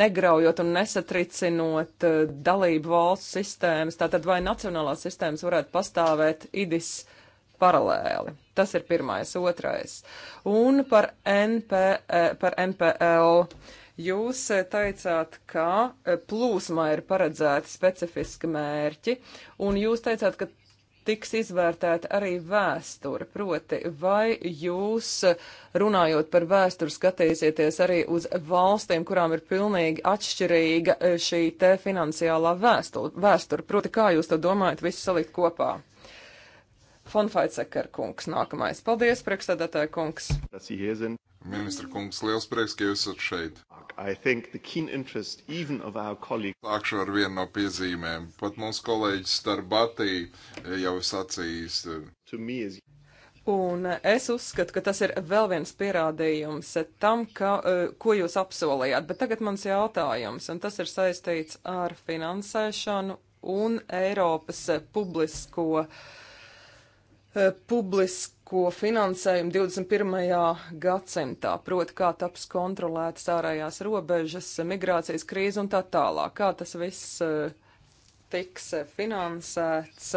negraujot un nesatricinot e, dalību valsts sistēmas, tātad vai nacionālās sistēmas varētu pastāvēt IDIS paralēli. Tas ir pirmais. Otrais. Un par, NP, e, par NPL. Jūs teicāt, ka plūsmā ir paredzēti specifiski mērķi, un jūs teicāt, ka tiks izvērtēta arī vēsture, proti, vai jūs, runājot par vēsturi, skatīsieties arī uz valstīm, kurām ir pilnīgi atšķirīga eh, šī te finansiālā vēsture, proti, kā jūs to domājat visu salikt kopā? Fonfaitsekar kungs nākamais. Paldies, priekšstādātāja kungs. Ministra kungs, liels prieks, ka jūs esat šeit. Sākšu ar vienu no piezīmēm. Pat mūsu kolēģis Starbatī jau sacījis. Eh, un es uzskatu, ka tas ir vēl viens pierādījums tam, ka, eh, ko jūs apsolījāt. Bet tagad mans jautājums, un tas ir saistīts ar finansēšanu un Eiropas publisko uh, Eh, publisko finansējumu 21. gadsimtā, proti kā taps kontrolētas ārējās robežas, eh, migrācijas krīze un tā tālāk. Kā tas viss eh, tiks finansēts,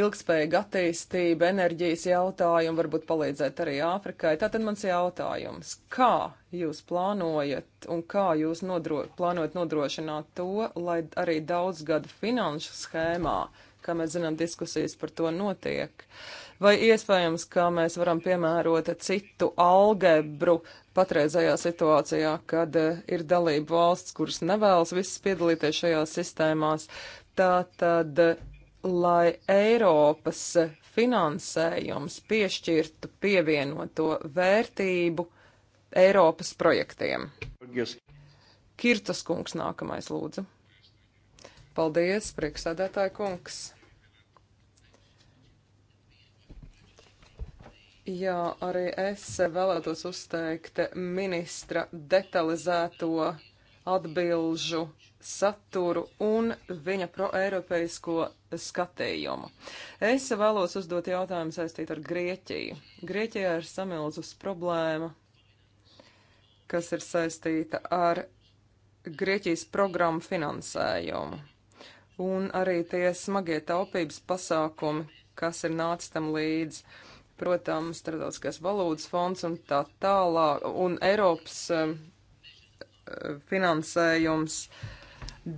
ilgspējīga attīstība, enerģijas jautājumi, varbūt palīdzēt arī Āfrikai. Tātad mans jautājums, kā jūs plānojat un kā jūs nodro, plānojat nodrošināt to, lai arī daudzgadu finanšu schēmā kā mēs zinām, diskusijas par to notiek. Vai iespējams, ka mēs varam piemērot citu algebru patreizajā situācijā, kad eh, ir dalība valsts, kuras nevēlas visas piedalīties šajās sistēmās, tā tad, lai Eiropas finansējums piešķirtu pievienoto vērtību Eiropas projektiem. Kirtas kungs nākamais lūdzu. Paldies, priekšsēdētāja kungs. Jā, arī es vēlētos uzteikt ministra detalizēto atbilžu saturu un viņa proeiropeisko skatījumu. Es vēlos uzdot jautājumu saistīt ar Grieķiju. Grieķijā ir samilzus problēma, kas ir saistīta ar Grieķijas programmu finansējumu un arī tie smagie taupības pasākumi, kas ir nācis tam līdzi. Protams, starptautiskais valūtas fonds un tā tālāk, un Eiropas um, finansējums,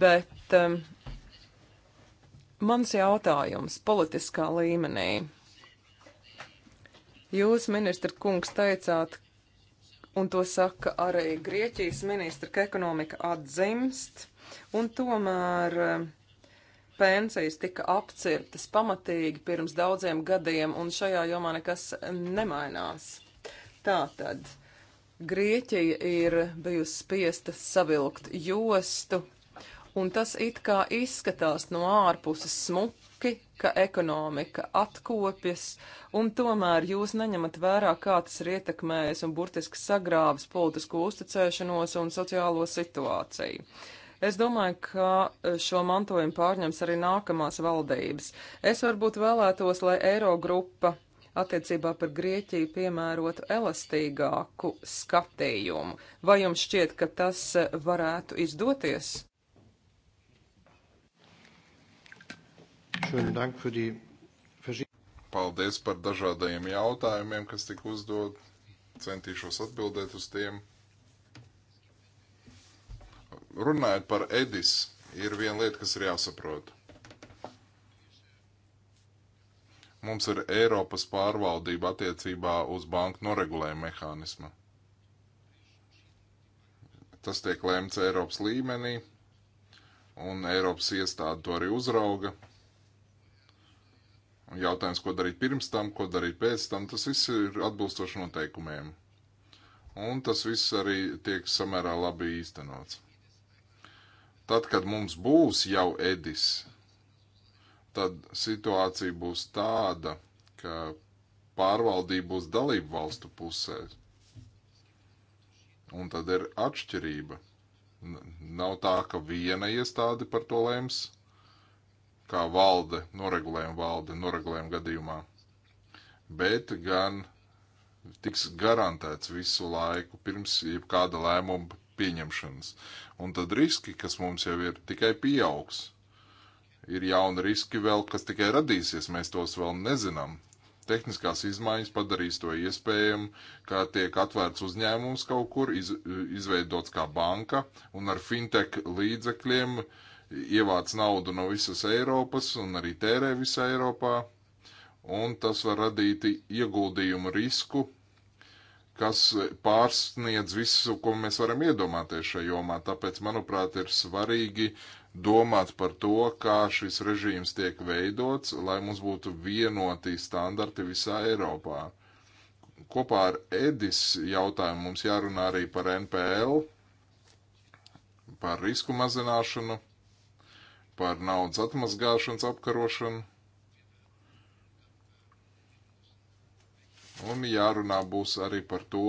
bet um, mans jautājums politiskā līmenī. Jūs, ministra kungs, teicāt, un to saka arī Grieķijas ministra, ka ekonomika atzimst, un tomēr um, pensijas tika apcirtas pamatīgi pirms daudziem gadiem, un šajā jomā nekas nemainās. Tātad Grieķija ir bijusi spiesta savilkt jostu, un tas it kā izskatās no ārpuses smuki, ka ekonomika atkopjas, un tomēr jūs neņemat vērā, kā tas ir ietekmējis un burtiski sagrāvis politisko uzticēšanos un sociālo situāciju. Es domāju, ka eh, šo mantojumu pārņems arī nākamās valdības. Es varbūt vēlētos, lai Eirogrupa attiecībā par Grieķiju piemērotu elastīgāku skatījumu. Vai jums šķiet, ka tas eh, varētu izdoties? Paldies par dažādajiem jautājumiem, kas tika uzdot. Centīšos atbildēt uz tiem runājot par Edis, ir viena lieta, kas ir jāsaprot. Mums ir Eiropas pārvaldība attiecībā uz banku noregulējumu mehānismu. Tas tiek lēmts Eiropas līmenī, un Eiropas iestāde to arī uzrauga. Jautājums, ko darīt pirms tam, ko darīt pēc tam, tas viss ir atbilstoši noteikumiem. Un tas viss arī tiek samērā labi īstenots. Tad, kad mums būs jau Edis, tad situācija būs tāda, ka pārvaldība būs dalību valstu pusē. Un tad ir atšķirība. Nav tā, ka viena iestāde par to lems, kā valde, noregulējuma valde, noregulējuma gadījumā, bet gan tiks garantēts visu laiku pirms jebkāda lēmuma pieņemšanas. Un tad riski, kas mums jau ir, tikai pieaugs. Ir jauni riski vēl, kas tikai radīsies, mēs tos vēl nezinām. Tehniskās izmaiņas padarīs to iespējamu, kā tiek atvērts uzņēmums kaut kur, iz, izveidots kā banka un ar fintech līdzekļiem ievāc naudu no visas Eiropas un arī tērē visā Eiropā. Un tas var radīt ieguldījumu risku kas pārsniedz visu, ko mēs varam iedomāties šajā jomā. Tāpēc, manuprāt, ir svarīgi domāt par to, kā šis režīms tiek veidots, lai mums būtu vienoti standarti visā Eiropā. Kopā ar Edis jautājumu mums jārunā arī par NPL, par risku mazināšanu, par naudas atmazgāšanas apkarošanu Un jārunā būs arī par to,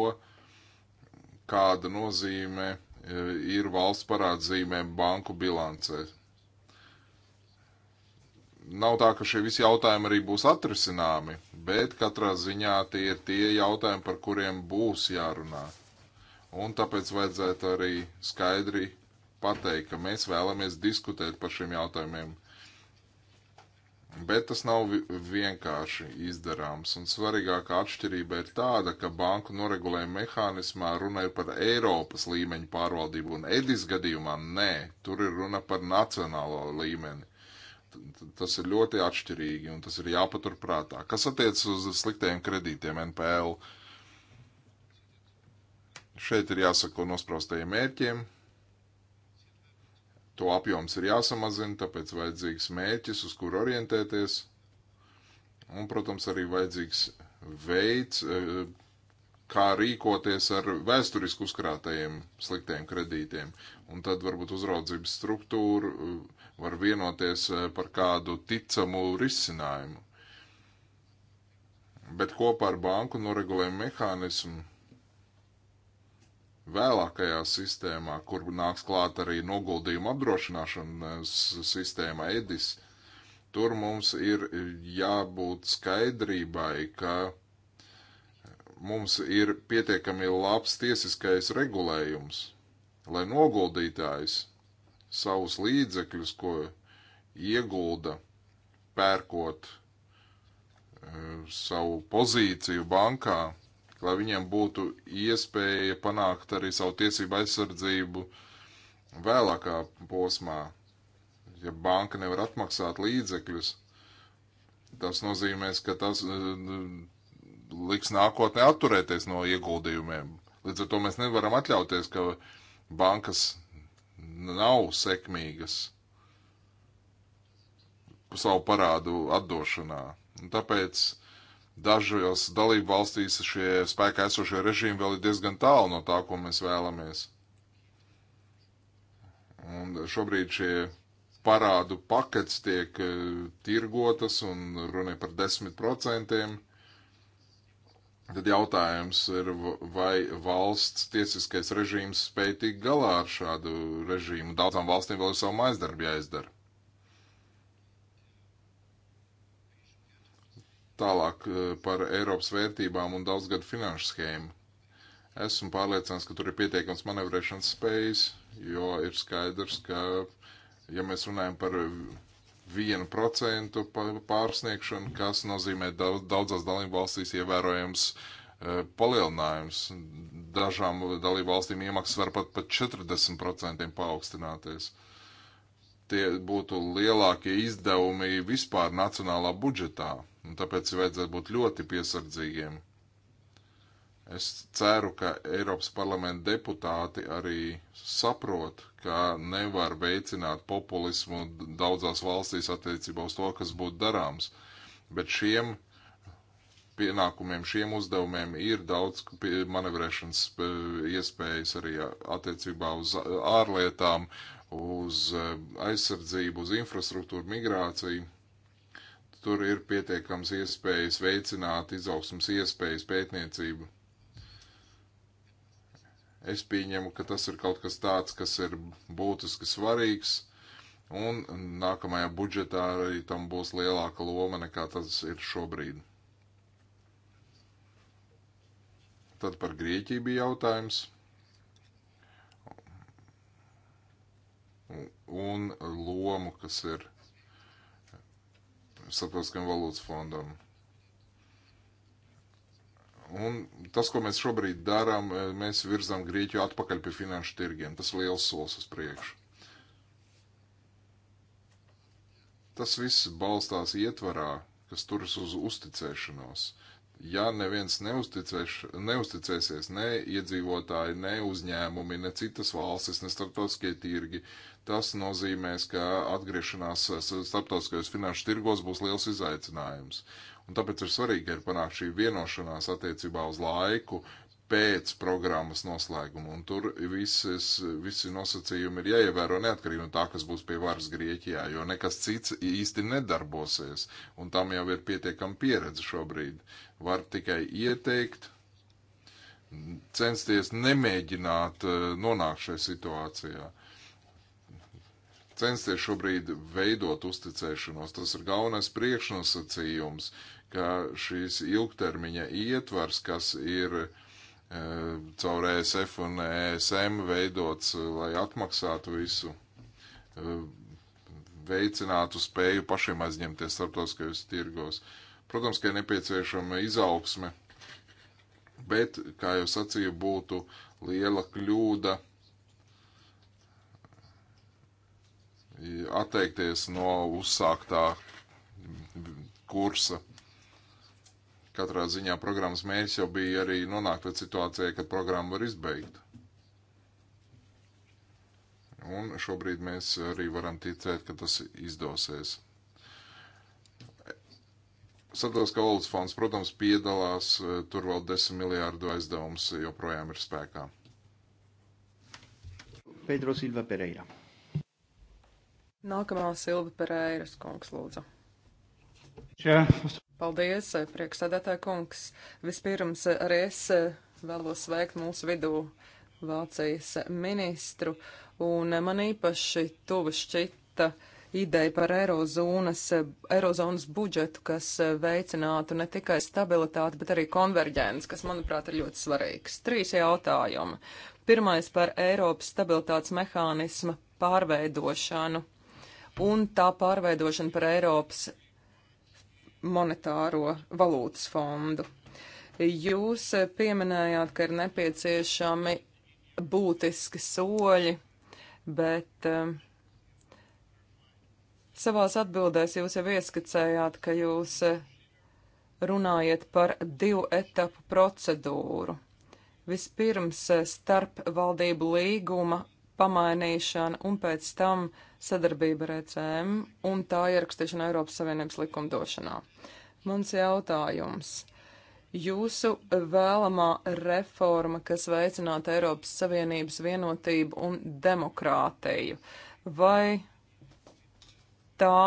kāda nozīme e, ir valsts parādzīmēm banku bilancē. Nav tā, ka šie visi jautājumi arī būs atrisināmi, bet katrā ziņā tie ir tie jautājumi, par kuriem būs jārunā. Un tāpēc vajadzētu arī skaidri pateikt, ka mēs vēlamies diskutēt par šiem jautājumiem bet tas nav vienkārši izdarāms. Un svarīgākā atšķirība ir tāda, ka banku noregulējuma mehānismā runa ir par Eiropas līmeņu pārvaldību, un Edis gadījumā nē, tur ir runa par nacionālo līmeni. Tas ir ļoti atšķirīgi, un tas ir jāpaturprātā. Kas attiecas uz sliktiem kredītiem NPL? Šeit ir jāsako nospraustajiem mērķiem, To apjoms ir jāsamazina, tāpēc vajadzīgs mērķis, uz kuru orientēties. Un, protams, arī vajadzīgs veids, eh, kā rīkoties ar vēsturiski uzkrātajiem sliktiem kredītiem. Un tad varbūt uzraudzības struktūra eh, var vienoties eh, par kādu ticamu risinājumu. Bet kopā ar banku noregulējumu mehānismu vēlākajā sistēmā, kur nāks klāt arī noguldījuma apdrošināšanas sistēma EDIS, tur mums ir jābūt skaidrībai, ka mums ir pietiekami labs tiesiskais regulējums, lai noguldītājs savus līdzekļus, ko iegulda pērkot eh, savu pozīciju bankā, lai viņiem būtu iespēja panākt arī savu tiesību aizsardzību vēlākā posmā. Ja banka nevar atmaksāt līdzekļus, tas nozīmēs, ka tas e, liks nākotnē atturēties no ieguldījumiem. Līdz ar to mēs nevaram atļauties, ka bankas nav sekmīgas savu parādu atdošanā. Un tāpēc Dažos dalību valstīs šie spēkā esošie režīmi vēl ir diezgan tālu no tā, ko mēs vēlamies. Un šobrīd šie parādu pakets tiek e, tirgotas un runē par 10%. Tad jautājums ir, vai valsts tiesiskais režīms spēj tikt galā ar šādu režīmu. Daudzām valstīm vēl ir savu maizdarbu jāizdara. Tālāk eh, par Eiropas vērtībām un daudzgadu finanšu schēmu. Esmu pārliecināts, ka tur ir pietiekams manevrēšanas spējas, jo ir skaidrs, ka, ja mēs runājam par vienu procentu pārsniegšanu, kas nozīmē daudz, daudzās dalībvalstīs ievērojams eh, palielinājums. Dažām dalībvalstīm iemaksas var pat par 40% paaugstināties. Uh, tie būtu lielākie izdevumi vispār nacionālā budžetā, un tāpēc vajadzētu būt ļoti piesardzīgiem. Es ceru, ka Eiropas parlamenta deputāti arī saprot, ka nevar veicināt populismu daudzās valstīs attiecībā uz to, kas būtu darāms, bet šiem pienākumiem, šiem uzdevumiem ir daudz manevrēšanas e, iespējas arī attiecībā uz ārlietām, uh, uz eh, aizsardzību, uz infrastruktūru, migrāciju. Tur ir pietiekams iespējas veicināt izaugsmas iespējas pētniecību. Es pieņemu, ka tas ir kaut kas tāds, kas ir būtiski svarīgs, un nākamajā budžetā arī tam būs lielāka loma nekā tas ir šobrīd. Tad par Grieķiju bija jautājums. un lomu, kas ir starptautiskam valūtas fondam. Un tas, ko mēs šobrīd darām, e, mēs virzām Grieķiju atpakaļ pie finanšu tirgiem. Tas ir liels solis uz priekšu. Tas viss balstās ietvarā, kas turas uz uzticēšanos. Uh, ja neviens neusticēsies, ne iedzīvotāji, ne uzņēmumi, ne citas valstis, ne starptautiskie tirgi, tas nozīmēs, ka atgriešanās starptautiskajos finanšu tirgos būs liels izaicinājums. Un tāpēc ir svarīgi, ka ir panākt šī vienošanās attiecībā uz laiku, pēc programmas noslēguma, un tur visas, visi nosacījumi ir jāievēro neatkarīgi no tā, kas būs pie varas Grieķijā, jo nekas cits īsti nedarbosies, un tam jau ir pietiekama pieredze šobrīd. Var tikai ieteikt, censties nemēģināt eh, nonākt šajā situācijā. Censties šobrīd veidot uzticēšanos, tas ir galvenais priekšnosacījums, ka šīs ilgtermiņa ietvars, kas ir uh, caur ESF un ESM veidots, lai atmaksātu visu, veicinātu spēju pašiem aizņemties starptautiskajos tirgos. Protams, ka ir nepieciešama izaugsme, bet, kā jau sacīju, būtu liela kļūda atteikties no uzsāktā kursa. Katrā ziņā programmas mērķis jau bija arī nonākt līdz situācijai, kad programmu var izbeigt. Un šobrīd mēs arī varam ticēt, ka tas izdosies. Sadalās Kaulas fonds, protams, piedalās, e, tur vēl 10 miljārdu aizdevums joprojām ir spēkā. Pedro Silva Pereira. Nākamā Silva Pereiras kungs lūdzu. Čā. Paldies, eh, priekšsēdētāja kungs. Vispirms eh, arī es eh, vēlos sveikt mūsu vidū Vācijas ministru, un man īpaši tuva šķita ideja par Eirozonas, Eirozonas budžetu, kas veicinātu ne tikai stabilitāti, bet arī konverģents, kas, manuprāt, ir ļoti svarīgs. Trīs jautājumi. Pirmais par Eiropas stabilitātes mehānisma pārveidošanu un tā pārveidošana par Eiropas monetāro valūtas fondu. Jūs pieminējāt, ka ir nepieciešami būtiski soļi, bet um, savās atbildēs jūs jau ieskicējāt, ka jūs uh, runājat par divu etapu procedūru. Vispirms uh, starp valdību līguma pamainīšana un pēc tam sadarbība ar ECM un tā ierakstīšana Eiropas Savienības likumdošanā. Mans jautājums. Jūsu vēlamā reforma, kas veicinātu Eiropas Savienības vienotību un demokrātiju, vai tā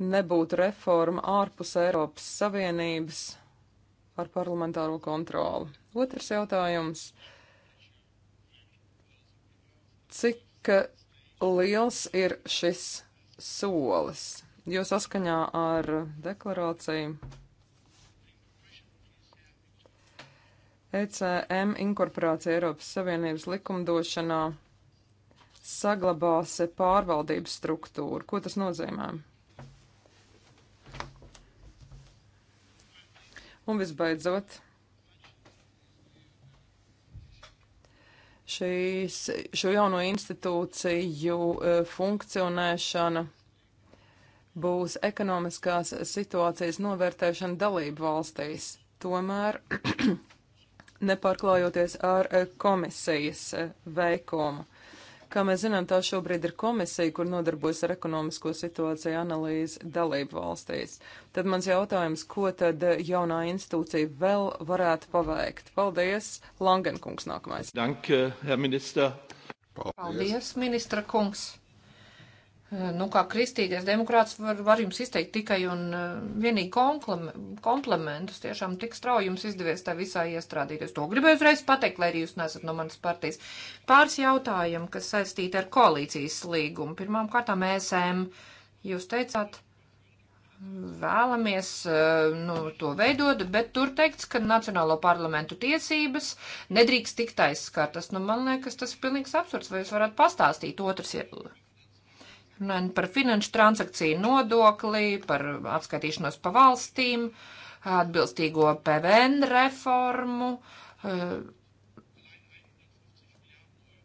nebūtu reforma ārpus Eiropas Savienības ar parlamentāro kontroli? Otrs jautājums. Uh, cik uh, liels ir šis solis, jo saskaņā ar deklarāciju ECM inkorporācija Eiropas Savienības likumdošanā saglabās pārvaldības struktūru. Ko tas nozīmē? Un visbeidzot, šīs, šo jauno institūciju e, funkcionēšana būs ekonomiskās situācijas novērtēšana dalību valstīs, tomēr nepārklājoties ar e, komisijas e, veikumu. Kā mēs zinām, tā šobrīd ir komisija, kur nodarbojas ar ekonomisko situāciju analīzi dalību valstīs. Tad mans jautājums, ko tad jaunā institūcija vēl varētu paveikt? Paldies, Langenkungs nākamais. Danke, Herr Minister. Paldies, Paldies ministra kungs. Eh, nu, kā kristīgais demokrāts var, var jums izteikt tikai un eh, vienīgi komplementus. Tiešām tik strauji jums izdevies tā visā iestrādīties. To gribēju uzreiz pateikt, lai arī jūs nesat no manas partijas. Pāris jautājumu, kas saistīti ar koalīcijas līgumu. Pirmām kārtām ESM. Jūs teicāt, vēlamies eh, nu, to veidot, bet tur teikts, ka Nacionālo parlamentu tiesības nedrīkst tikt aizskartas. Nu, man liekas, tas ir pilnīgs absurds. Vai jūs varat pastāstīt otrs iemesls? runājot par finanšu transakciju nodokli, par atskaitīšanos pa valstīm, atbilstīgo PVN reformu. Eh,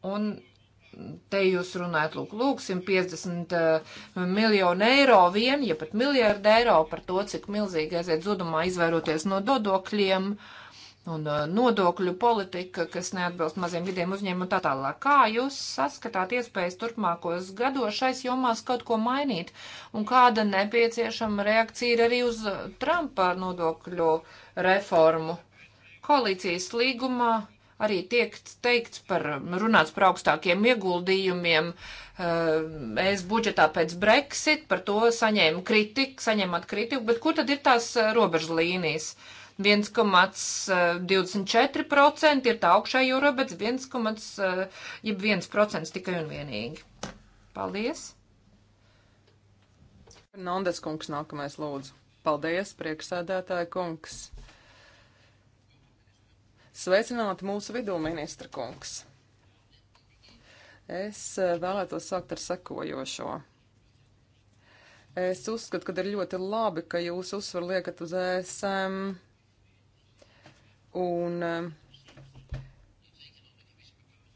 un te jūs runājat, lūk, lūk 150 eh, miljonu eiro vien, ja pat miljārdu eiro par to, cik milzīgi aiziet zudumā izvairoties no dodokļiem. Uh, un uh, nodokļu politika, kas neatbilst maziem vidiem uzņēmumiem un tā tālāk. Kā jūs saskatāt iespējas turpmākos gados šais jomās kaut ko mainīt un kāda nepieciešama reakcija ir arī uz uh, Trumpa nodokļu reformu? Koalīcijas līgumā arī tiek teikts par, um, runāts par augstākiem ieguldījumiem uh, es budžetā pēc Brexit, par to saņēmu kritiku, saņemat kritiku, bet kur tad ir tās robežlīnijas? līnijas? 1,24% eh, ir tā augšējo robeca, 1,1% tikai un vienīgi. Paldies! Fernandes kungs nākamais lūdzu. Paldies, prieksēdētāja kungs! Sveicināti mūsu vidū, ministra kungs! Es eh, vēlētos sākt ar sekojošo. Es uzskatu, ka ir ļoti labi, ka jūs uzsver liekat uz ESM. Um, Un eh,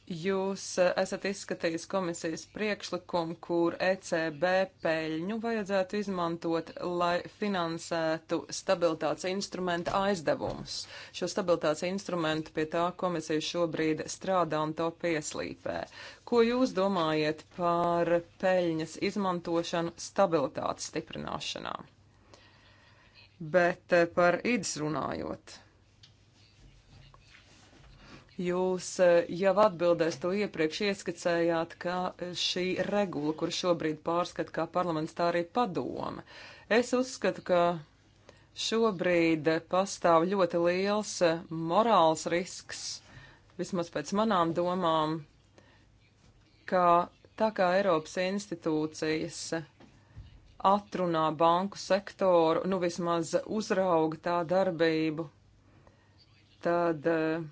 jūs eh, esat izskatījis komisijas priekšlikumu, kur ECB peļņu vajadzētu izmantot, lai finansētu stabilitātes instrumenta aizdevumus. Šo stabilitātes instrumentu pie tā komisija šobrīd strādā un to pieslīpē. Ko jūs domājat par peļņas izmantošanu stabilitātes stiprināšanā? Bet eh, par īdus runājot. Jūs e, jau atbildēs to iepriekš ieskicējāt, ka e, šī regula, kur šobrīd pārskat kā parlamentārī padome, es uzskatu, ka šobrīd pastāv ļoti liels e, morāls risks, vismaz pēc manām domām, ka tā kā Eiropas institūcijas atrunā banku sektoru, nu vismaz uzrauga tā darbību, tad uh,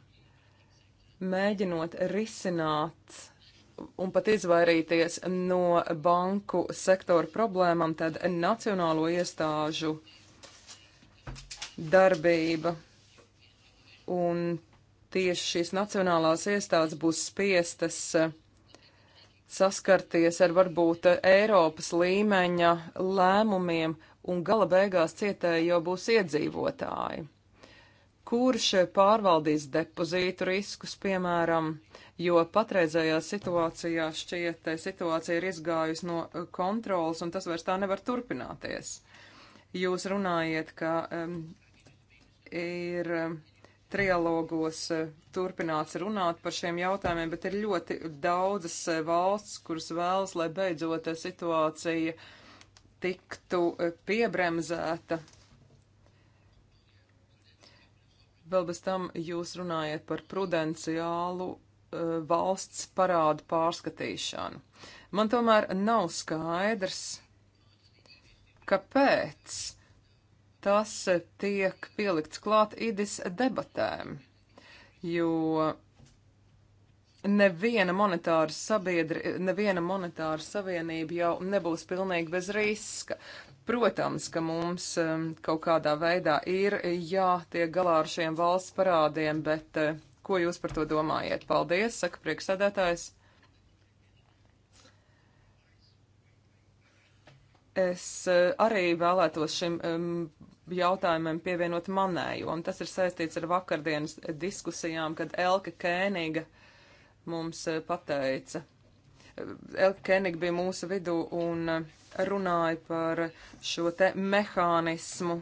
mēģinot risināt un pat izvairīties no banku sektora problēmām, tad nacionālo iestāžu darbība un tieši šīs nacionālās iestādes būs spiestas saskarties ar varbūt Eiropas līmeņa lēmumiem, un gala beigās cietēji jau būs iedzīvotāji kurš pārvaldīs depozītu riskus, piemēram, jo patreizējā situācijā šķiet situācija ir izgājusi no eh, kontrolas un tas vairs tā nevar turpināties. Jūs runājiet, ka um, ir um, trialogos uh, turpināts runāt par šiem jautājumiem, bet ir ļoti daudzas eh, valsts, kuras vēlas, lai beidzot situācija tiktu uh, piebremzēta vēl bez tam jūs runājat par prudenciālu uh, valsts parādu pārskatīšanu. Man tomēr nav skaidrs, kāpēc tas tiek pielikts klāt idis debatēm, jo neviena monetāra sabiedri, neviena monetāra savienība jau nebūs pilnīgi bez riska. Protams, ka mums um, kaut kādā veidā ir jātiek galā ar šiem valsts parādiem, bet uh, ko jūs par to domājat? Paldies, saka priekšsēdētājs. Es uh, arī vēlētos šim um, jautājumam pievienot manējo, un tas ir saistīts ar vakardienas diskusijām, kad Elka Kēniga mums uh, pateica, Elke Kenig bija mūsu vidū un eh, runāja par šo te mehānismu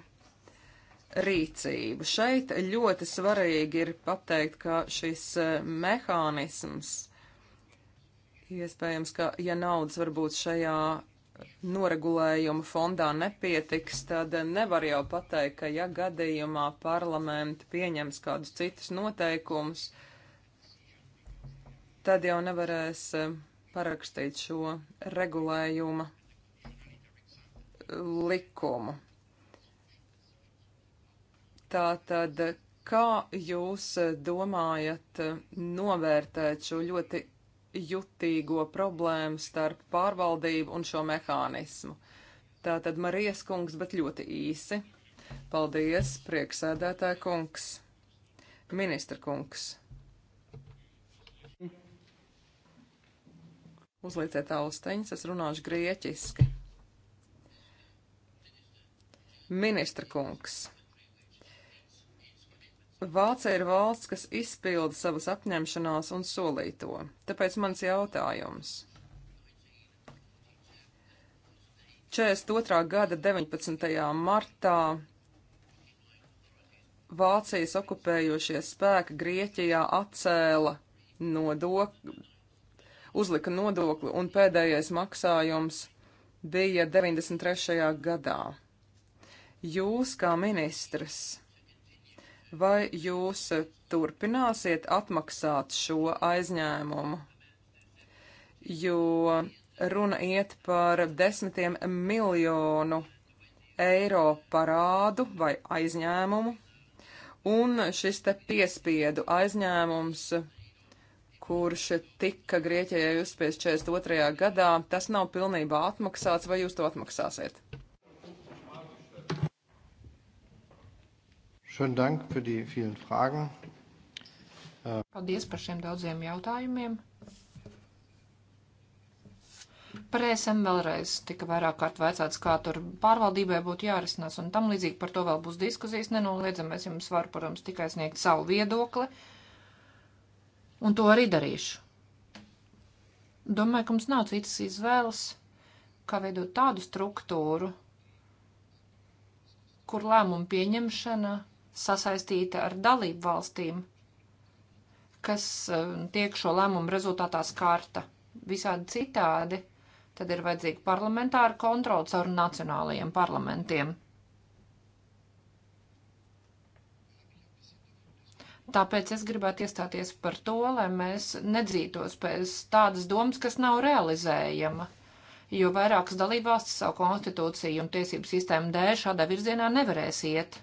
rīcību. Šeit ļoti svarīgi ir pateikt, ka šis eh, mehānisms, iespējams, ka ja naudas varbūt šajā noregulējuma fondā nepietiks, tad nevar jau pateikt, ka ja gadījumā parlamenti pieņems kādus citus noteikumus, tad jau nevarēs uh, parakstīt šo regulējuma likumu. Tātad, kā jūs domājat novērtēt šo ļoti jutīgo problēmu starp pārvaldību un šo mehānismu? Tātad Marijas kungs, bet ļoti īsi. Paldies, prieksēdētāja kungs, ministra kungs. uzlieciet austiņas, es runāšu grieķiski. Ministra kungs. Vācija ir valsts, kas izpilda savas apņemšanās un solīto. Tāpēc mans jautājums. 42. gada 19. martā Vācijas okupējošie spēki Grieķijā atcēla nodokļu uzlika nodokli, un pēdējais maksājums bija 93. gadā. Jūs, kā ministrs, vai jūs turpināsiet atmaksāt šo aizņēmumu? Jo runa iet par desmitiem miljonu eiro parādu vai aizņēmumu, un šis te piespiedu aizņēmums kurš tika Grieķijai uzspies 42. gadā, tas nav pilnībā atmaksāts, vai jūs to atmaksāsiet? Paldies par šiem daudziem jautājumiem. Par ESM vēlreiz tika vairāk kārt vaicāts, kā tur pārvaldībai būtu jārisinās, un tam līdzīgi par to vēl būs diskusijas nenoliedzami. Es jums varu, protams, tikai sniegt savu viedokli. Uh, un to arī darīšu. Domāju, ka mums nav citas izvēles, kā veidot tādu struktūru, kur lēmumu pieņemšana sasaistīta ar dalību valstīm, kas um, tiek šo lēmumu rezultātā skārta. Visādi citādi, tad ir vajadzīga parlamentāra kontrola caur nacionālajiem parlamentiem. Tāpēc es gribētu iestāties par to, lai mēs nedzītos pēc tādas domas, kas nav realizējama. Jo vairākas dalībvalstis savu konstitūciju un tiesību sistēmu dēļ šādā virzienā nevarēs iet.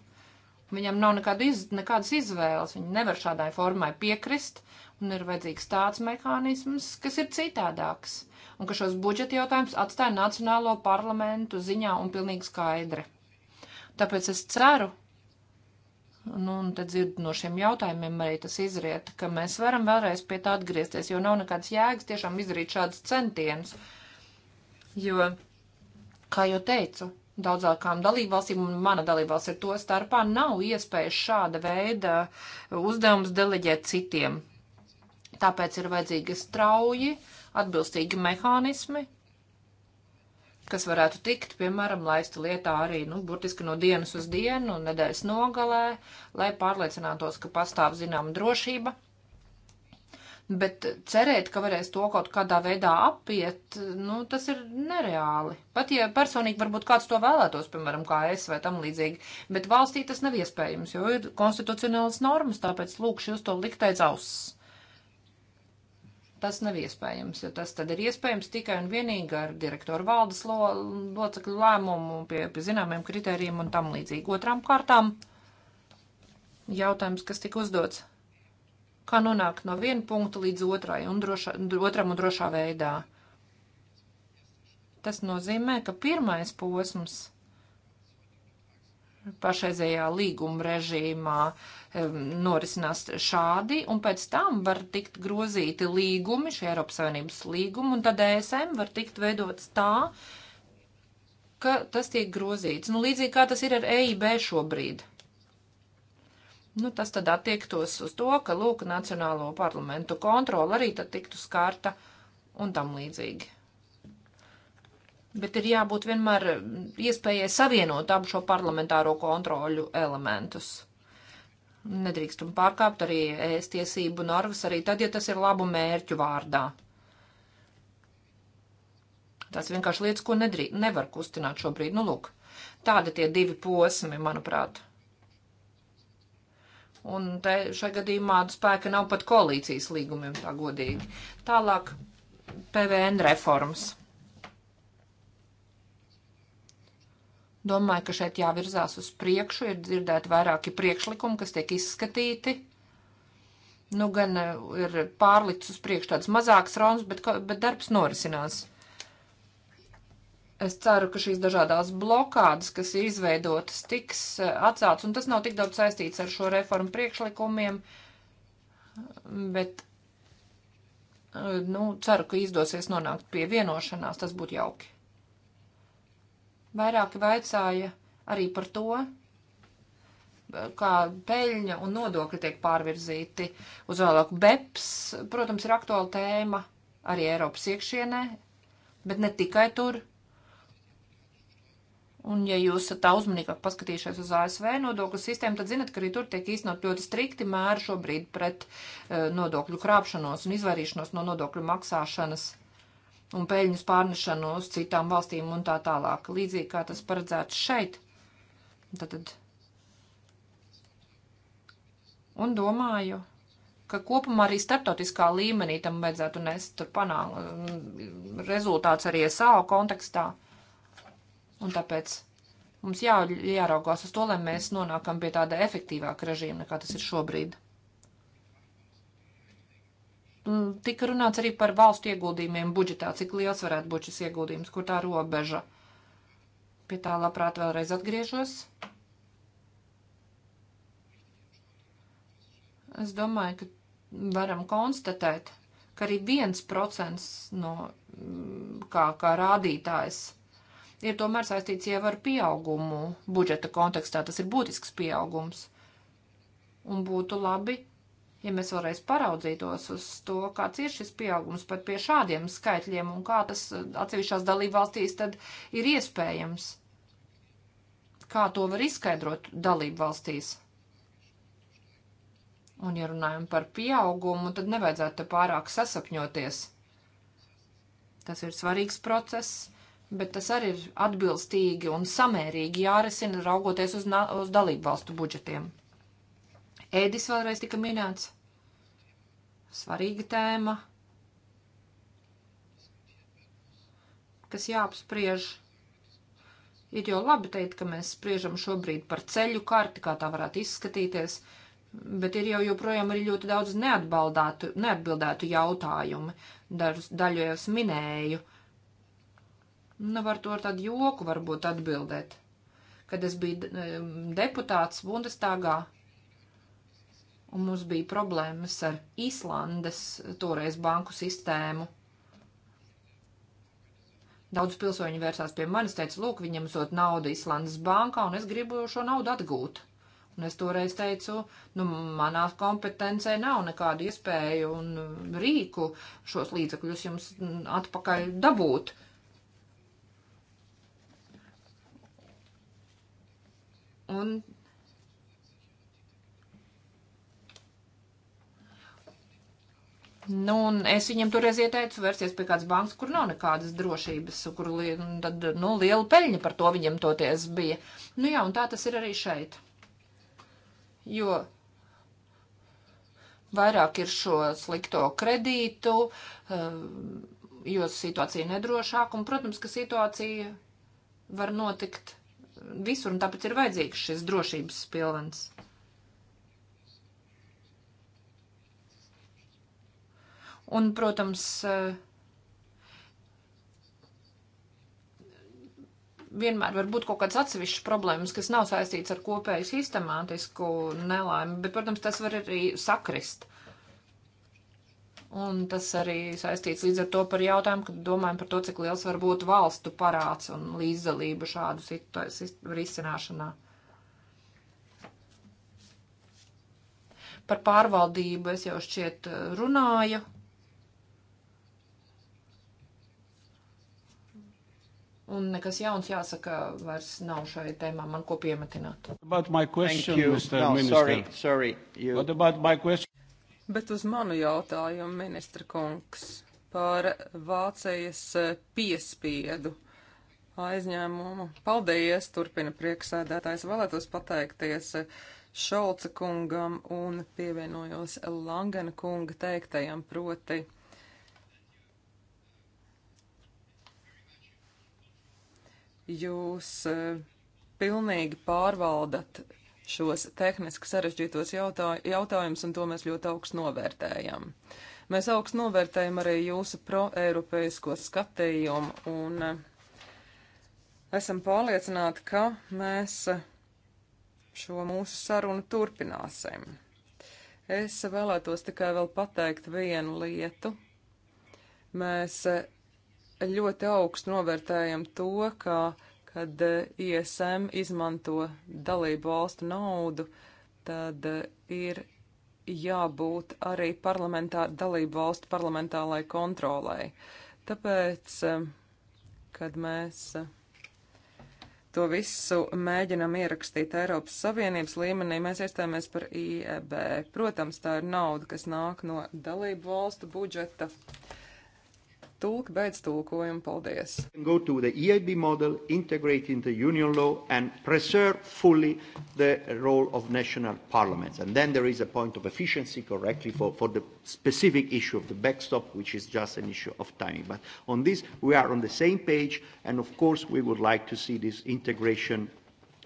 Viņam nav nekādu iz, nekādas izvēles, viņi nevar šādai formai piekrist, un ir vajadzīgs tāds mehānisms, kas ir citādāks, un ka šos budžeta jautājumus atstāja Nacionālo parlamentu ziņā un pilnīgi skaidri. Tāpēc es ceru, Nu, un tad dzird no šiem jautājumiem arī tas izriet, ka mēs varam vēlreiz pie tā atgriezties, jo nav nekāds jēgas tiešām izdarīt šādus centienus. Jo, kā jau teicu, daudzākām dalībvalstīm, un mana dalībvalsts ir to starpā, nav iespējas šāda veida uzdevums deleģēt citiem. Tāpēc ir vajadzīgi strauji, atbilstīgi mehānismi, kas varētu tikt, piemēram, laista lietā arī, nu, burtiski no dienas uz dienu, nedēļas nogalē, lai pārliecinātos, ka pastāv zināma drošība. Bet cerēt, ka varēs to kaut kādā veidā apiet, nu, tas ir nereāli. Pat ja personīgi varbūt kāds to vēlētos, piemēram, kā es vai tam līdzīgi, bet valstī tas nav iespējams, jo ir konstitucionālas normas, tāpēc lūkšu jūs to likt aiz auss tas nav iespējams, jo tas tad ir iespējams tikai un vienīgi ar direktoru valdes lo, locekļu lēmumu pie, pie zināmiem kritērijiem un tam līdzīgi. Otrām kārtām jautājums, kas tika uzdots, kā nonākt no viena punkta līdz otrai un drošā, otram un drošā veidā. Tas nozīmē, ka pirmais posms pašreizējā līguma režīmā norisinās šādi, un pēc tam var tikt grozīti līgumi, šie Eiropas Savienības līgumi, un tad ESM var tikt veidots tā, ka tas tiek grozīts. Nu, līdzīgi kā tas ir ar EIB šobrīd. Nu, tas tad attiektos uz to, ka, lūk, Nacionālo parlamentu kontrola arī tad tiktu skārta un tam līdzīgi bet ir jābūt vienmēr mm, iespējai savienot abu šo parlamentāro kontroļu elementus. Nedrīkstam pārkāpt arī ēstiesību normas, arī tad, ja tas ir labu mērķu vārdā. Tas vienkārši lietas, ko nedrī, nevar kustināt šobrīd. Nu, lūk, tādi tie divi posmi, manuprāt. Un te šajā gadījumā spēka nav pat koalīcijas līgumiem, tā godīgi. Tālāk PVN reformas. Domāju, ka šeit jāvirzās uz priekšu, ir dzirdēti vairāki priekšlikumi, kas tiek izskatīti. Nu, gan eh, ir pārlikts uz priekšu tāds mazāks rauns, bet, bet darbs norisinās. Es ceru, ka šīs dažādās blokādes, kas ir izveidotas, tiks eh, atcelts, un tas nav tik daudz saistīts ar šo reformu priekšlikumiem, bet, eh, nu, ceru, ka izdosies nonākt pie vienošanās, tas būtu jauki. Vairāki vaicāja arī par to, kā peļņa un nodokļi tiek pārvirzīti uz vēlāku. BEPS, protams, ir aktuāla tēma arī Eiropas iekšienē, bet ne tikai tur. Un, ja jūs tā uzmanīgāk paskatījušies uz ASV nodokļu sistēmu, tad zinat, ka arī tur tiek īstenot ļoti strikti mēri šobrīd pret uh, nodokļu krāpšanos un izvairīšanos no nodokļu maksāšanas. Uh, un peļņas pārnešanu uz citām valstīm un tā tālāk. Līdzīgi kā tas paredzēts šeit. Tad, un domāju, ka kopumā arī starptautiskā līmenī tam vajadzētu nest tur panākt mm, rezultāts arī SAO kontekstā. Un tāpēc mums jā, jāraugās uz to, lai mēs nonākam pie tāda efektīvāka režīma, nekā tas ir šobrīd. Mm, tika runāts arī par valstu ieguldījumiem budžetā, cik liels varētu būt šis ieguldījums, kur tā robeža. Pie tā labprāt vēlreiz atgriežos. Es domāju, ka varam konstatēt, ka arī viens procents no, mm, kā, kā rādītājs ir tomēr saistīts jau ar pieaugumu budžeta kontekstā. Tas ir būtisks pieaugums. Un būtu labi, Ja mēs vēlreiz paraudzītos uz to, kāds ir šis pieaugums pat pie šādiem skaitļiem un kā tas eh, atsevišķās dalībvalstīs tad ir iespējams, kā to var izskaidrot dalībvalstīs. Un, ja runājam par pieaugumu, tad nevajadzētu pārāk sasapņoties. Tas ir svarīgs process, bet tas arī ir atbilstīgi un samērīgi jārisina raugoties uz, uz dalībvalstu budžetiem. Ēdis vēlreiz tika minēts. Svarīga tēma, kas jāapspriež. Ir jau labi teikt, ka mēs spriežam šobrīd par ceļu karti, kā tā varētu izskatīties, bet ir jau joprojām arī ļoti daudz neatbildētu jautājumu, daļu jau es minēju. Nu, var to ar tādu joku varbūt atbildēt. Kad es biju deputāts Bundestāgā, un mums bija problēmas ar Īslandes toreiz banku sistēmu. Daudz pilsoņi vērsās pie manis, teica, lūk, viņam sot naudu Īslandes bankā, un es gribu šo naudu atgūt. Un es toreiz teicu, nu, manā kompetencē nav nekādu iespēju un rīku šos līdzekļus jums atpakaļ dabūt. Un Nu, un es viņam toreiz ieteicu vērsties pie kādas bankas, kur nav nekādas drošības, kur li tad, nu, liela peļņa par to viņam toties bija. Nu jā, un tā tas ir arī šeit. Jo vairāk ir šo slikto kredītu, eh, jo situācija nedrošāka, un, protams, ka situācija var notikt visur, un tāpēc ir vajadzīgs šis drošības pilvens. Un, protams, eh, vienmēr var būt kaut kādas atsevišķas problēmas, kas nav saistīts ar kopēju sistemātisku nelaimi, bet, protams, tas var arī sakrist. Un tas arī saistīts līdz ar to par jautājumu, kad domājam par to, cik liels var būt valstu parāds un līdzdalība šādu risināšanā. Par pārvaldību es jau šķiet eh, runāju. Un nekas jauns jāsaka vairs nav šai tēmā man ko piemetināt. Question, no, sorry, sorry, Bet uz manu jautājumu, ministra kungs, par Vācijas eh, piespiedu aizņēmumu. Paldies, turpina prieksēdētājs. Vēlētos pateikties eh, Šolca kungam un pievienojos Langena kunga teiktajam proti jūs e, pilnīgi pārvaldat šos tehniski sarežģītos jautā, jautājumus, un to mēs ļoti augstu novērtējam. Mēs augstu novērtējam arī jūsu pro-eiropeisko skatījumu, un e, esam pārliecināti, ka mēs šo mūsu sarunu turpināsim. Es vēlētos tikai vēl pateikt vienu lietu. Mēs e, ļoti augstu novērtējam to, ka, kad eh, ISM izmanto dalību valstu naudu, tad eh, ir jābūt arī dalību valstu parlamentālai kontrolai. Tāpēc, eh, kad mēs to visu mēģinam ierakstīt Eiropas Savienības līmenī, mēs iestājāmies par IEB. Protams, tā ir nauda, kas nāk no dalību valstu budžeta. Tūlk beidz tulkojumu. Paldies! Go to the EIB model, integrate into union law and preserve fully the role of national parliaments. And then there is a point of efficiency correctly for, for the specific issue of the backstop, which is just an issue of timing. But on this, we are on the same page. And of course, we would like to see this integration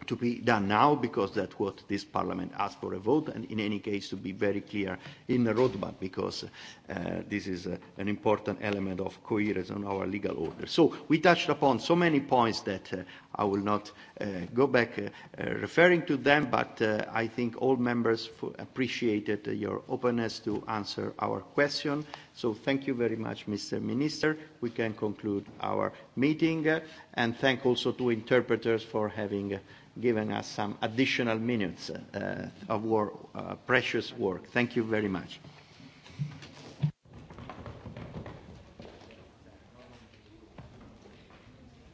to be done now because that's what this parliament asked for a vote and in any case to be very clear in the roadmap because uh, this is a, uh, an important element of coherence on our legal order. So we touched upon so many points that uh, I will not uh, go back uh, uh, referring to them but uh, I think all members f appreciated uh, your openness to answer our question. Uh, So thank you very much, Mr. Minister. We can conclude our meeting uh, and thank also to interpreters for having uh, given us some additional minutes uh, of war, uh, precious work. Thank you very much.